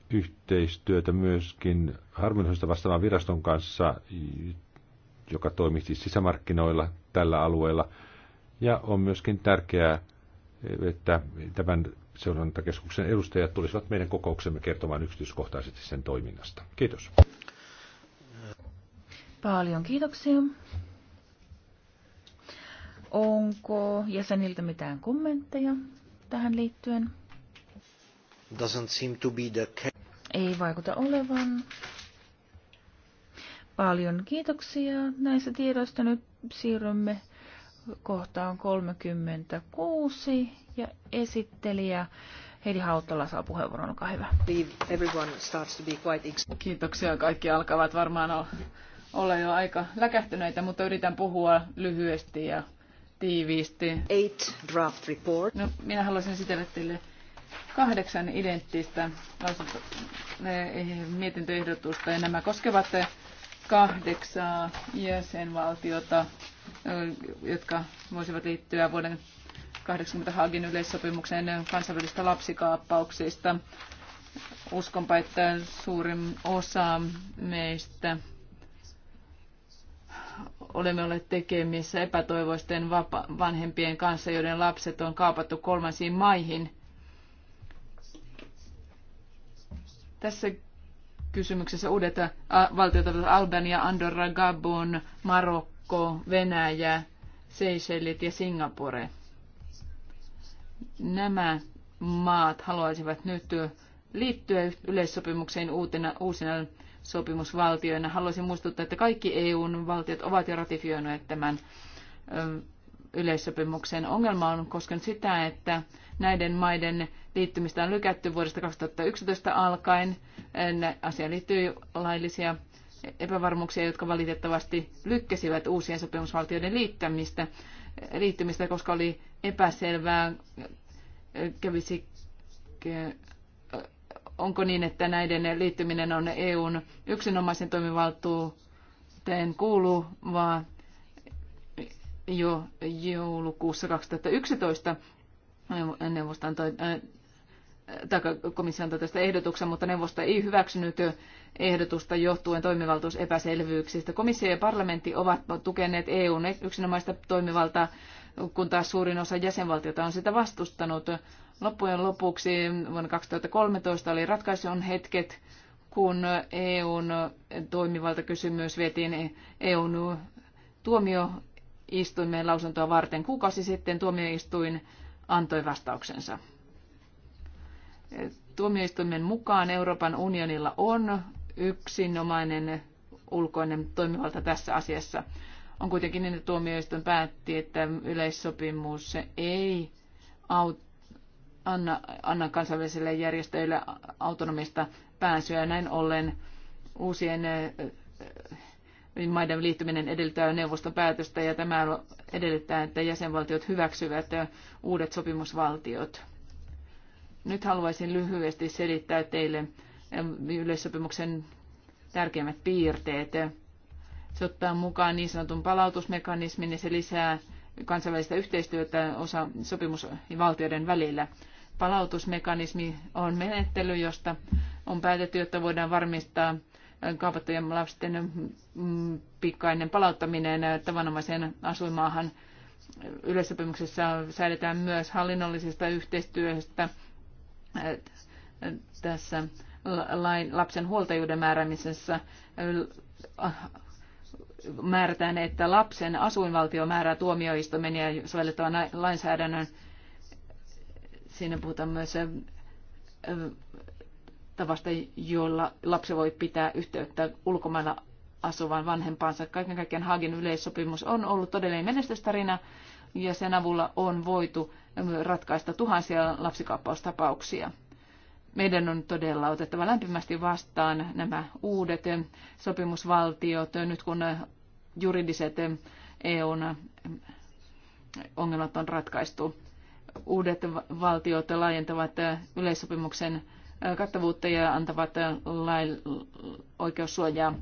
yhteistyötä myöskin harmonisoista vastaavan viraston kanssa, joka toimii siis sisämarkkinoilla tällä alueella. Ja on myöskin tärkeää, että tämän seurantakeskuksen edustajat tulisivat meidän kokouksemme kertomaan yksityiskohtaisesti sen toiminnasta. Kiitos. Paljon kiitoksia. Onko jäseniltä mitään kommentteja tähän liittyen? Doesn't seem to be the case. Ei vaikuta olevan. Paljon kiitoksia näistä tiedoista. Nyt siirrymme kohtaan 36 ja esittelijä Heidi Hautala saa puheenvuoron, olkaa hyvä. Kiitoksia. Kaikki alkavat varmaan olla olla jo aika läkähtyneitä, mutta yritän puhua lyhyesti ja tiiviisti. Eight draft report. No, minä haluaisin esitellä teille kahdeksan identtistä lausunto- eh, mietintöehdotusta ja nämä koskevat kahdeksaa jäsenvaltiota, eh, jotka voisivat liittyä vuoden 80 Hagin yleissopimuksen kansainvälistä lapsikaappauksista. Uskonpa, että suurin osa meistä olemme olleet tekemissä epätoivoisten vanhempien kanssa, joiden lapset on kaapattu kolmansiin maihin. Tässä kysymyksessä uudet äh, valtiot ovat Albania, Andorra, Gabon, Marokko, Venäjä, Seychellit ja Singapore. Nämä maat haluaisivat nyt liittyä yleissopimukseen uutena, uusina sopimusvaltioina. Haluaisin muistuttaa, että kaikki EUn valtiot ovat jo ratifioineet tämän yleissopimuksen. Ongelma on koskenut sitä, että näiden maiden liittymistä on lykätty vuodesta 2011 alkaen. Asia liittyy laillisia epävarmuuksia, jotka valitettavasti lykkäsivät uusien sopimusvaltioiden liittämistä, liittymistä, koska oli epäselvää, kävisikö onko niin, että näiden liittyminen on EUn yksinomaisen toimivaltuuteen kuuluu, vaan jo joulukuussa 2011 neuvosto antoi, äh, tai komissio antoi tästä ehdotuksen, mutta neuvosto ei hyväksynyt ehdotusta johtuen toimivaltuusepäselvyyksistä. Komissio ja parlamentti ovat tukeneet EUn yksinomaista toimivaltaa kun taas suurin osa jäsenvaltiota on sitä vastustanut. Loppujen lopuksi vuonna 2013 oli ratkaisun hetket, kun EUn toimivaltakysymys vietiin EUn tuomioistuimen lausuntoa varten. Kuukausi sitten tuomioistuin antoi vastauksensa. Tuomioistuimen mukaan Euroopan unionilla on yksinomainen ulkoinen toimivalta tässä asiassa. On kuitenkin niin, että tuomioistuin päätti, että yleissopimus ei aut, anna, anna kansainvälisille järjestöille autonomista pääsyä. Näin ollen uusien eh, eh, maiden liittyminen edellyttää neuvoston päätöstä ja tämä edellyttää, että jäsenvaltiot hyväksyvät uudet sopimusvaltiot. Nyt haluaisin lyhyesti selittää teille eh, yleissopimuksen tärkeimmät piirteet. Se ottaa mukaan niin sanotun palautusmekanismin ja se lisää kansainvälistä yhteistyötä osa sopimusvaltioiden välillä. Palautusmekanismi on menettely, josta on päätetty, jotta voidaan varmistaa kaupattujen lasten mm, pikainen palauttaminen tavanomaiseen asuinmaahan. Yleissopimuksessa säädetään myös hallinnollisesta yhteistyöstä äh, tässä lain, lapsen huoltajuuden määräämisessä äh, määrätään, että lapsen asuinvaltio määrää tuomioistuimen ja sovellettavan lainsäädännön. Siinä puhutaan myös tavasta, jolla lapsi voi pitää yhteyttä ulkomailla asuvaan vanhempaansa. Kaiken kaikkiaan Haagin yleissopimus on ollut todellinen menestystarina ja sen avulla on voitu ratkaista tuhansia lapsikaappaustapauksia meidän on todella otettava lämpimästi vastaan nämä uudet sopimusvaltiot, nyt kun juridiset EUn ongelmat on ratkaistu. Uudet valtiot laajentavat yleissopimuksen kattavuutta ja antavat lain oikeussuojaa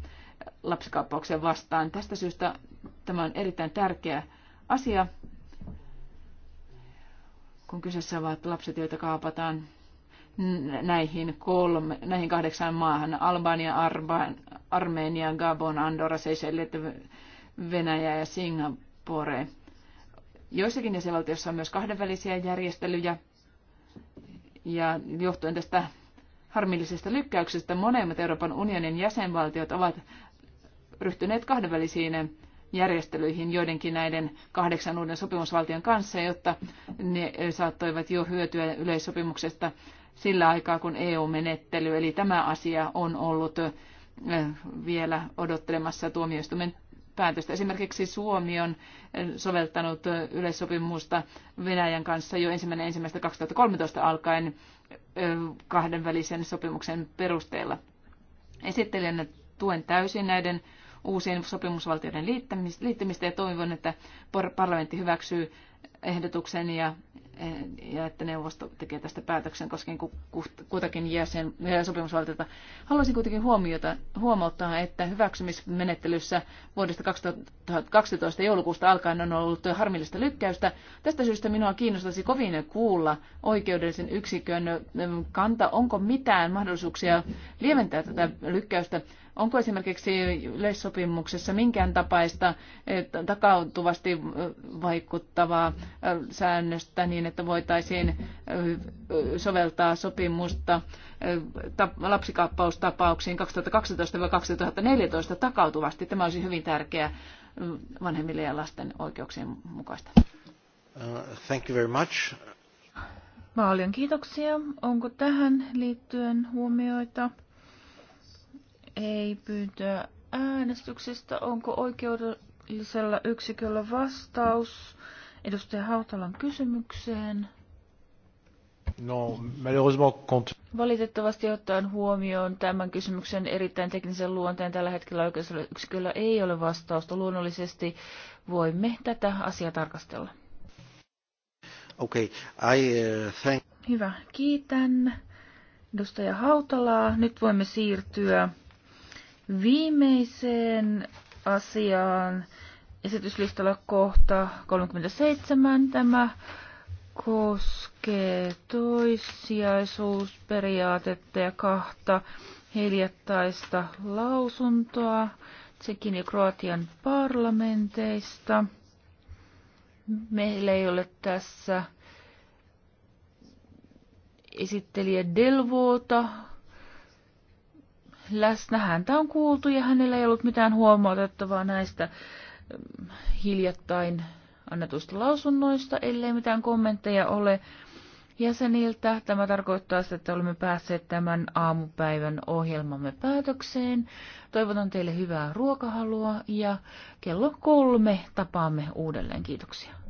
lapsikaappauksen vastaan. Tästä syystä tämä on erittäin tärkeä asia, kun kyseessä ovat lapset, joita kaapataan näihin, kolme, näihin kahdeksaan maahan, Albania, Arba, Armenia, Gabon, Andorra, Seychellet, Venäjä ja Singapore. Joissakin jäsenvaltioissa on myös kahdenvälisiä järjestelyjä, ja johtuen tästä harmillisesta lykkäyksestä monemmat Euroopan unionin jäsenvaltiot ovat ryhtyneet kahdenvälisiin järjestelyihin joidenkin näiden kahdeksan uuden sopimusvaltion kanssa, jotta ne saattoivat jo hyötyä yleissopimuksesta sillä aikaa, kun EU-menettely, eli tämä asia on ollut eh, vielä odottelemassa tuomioistuimen päätöstä. Esimerkiksi Suomi on eh, soveltanut eh, yleissopimusta Venäjän kanssa jo ensimmäinen ensimmäistä 2013 alkaen kahdenvälisen sopimuksen perusteella. Esittelijänä tuen täysin näiden uusien sopimusvaltioiden liittämistä ja toivon, että parlamentti hyväksyy ehdotuksen ja Eh, ja että neuvosto tekee tästä päätöksen koskien kutakin jäsen, eh, sopimusvaltiota. Haluaisin kuitenkin huomiota, huomauttaa, että hyväksymismenettelyssä vuodesta 2012 joulukuusta alkaen on ollut harmillista lykkäystä. Tästä syystä minua kiinnostaisi kovin kuulla oikeudellisen yksikön eh, kanta, onko mitään mahdollisuuksia lieventää tätä lykkäystä. Onko esimerkiksi yleissopimuksessa minkään tapaista takautuvasti vaikuttavaa säännöstä niin, että voitaisiin soveltaa sopimusta lapsikaappaustapauksiin 2012-2014 takautuvasti? Tämä olisi hyvin tärkeää vanhemmille ja lasten oikeuksien mukaista. Uh, thank you very much. Paljon kiitoksia. Onko tähän liittyen huomioita? ei pyyntöä äänestyksestä. Onko oikeudellisella yksiköllä vastaus edustaja Hautalan kysymykseen? No, malheureusement, Valitettavasti ottaen huomioon tämän kysymyksen erittäin teknisen luonteen tällä hetkellä oikeudellisella yksiköllä ei ole vastausta. Luonnollisesti voimme tätä asiaa tarkastella. Okay, I, uh, thank... Hyvä, kiitän edustaja Hautalaa. Nyt voimme siirtyä viimeiseen asiaan. Esityslistalla kohta 37 tämä koskee toissijaisuusperiaatetta ja kahta hiljattaista lausuntoa Tsekin ja Kroatian parlamenteista. Meillä ei ole tässä esittelijä Delvoota läsnä. Häntä on kuultu ja hänellä ei ollut mitään huomautettavaa näistä ähm, hiljattain annetuista lausunnoista, ellei mitään kommentteja ole jäseniltä. Tämä tarkoittaa sitä, että olemme päässeet tämän aamupäivän ohjelmamme päätökseen. Toivotan teille hyvää ruokahalua ja kello kolme tapaamme uudelleen. Kiitoksia.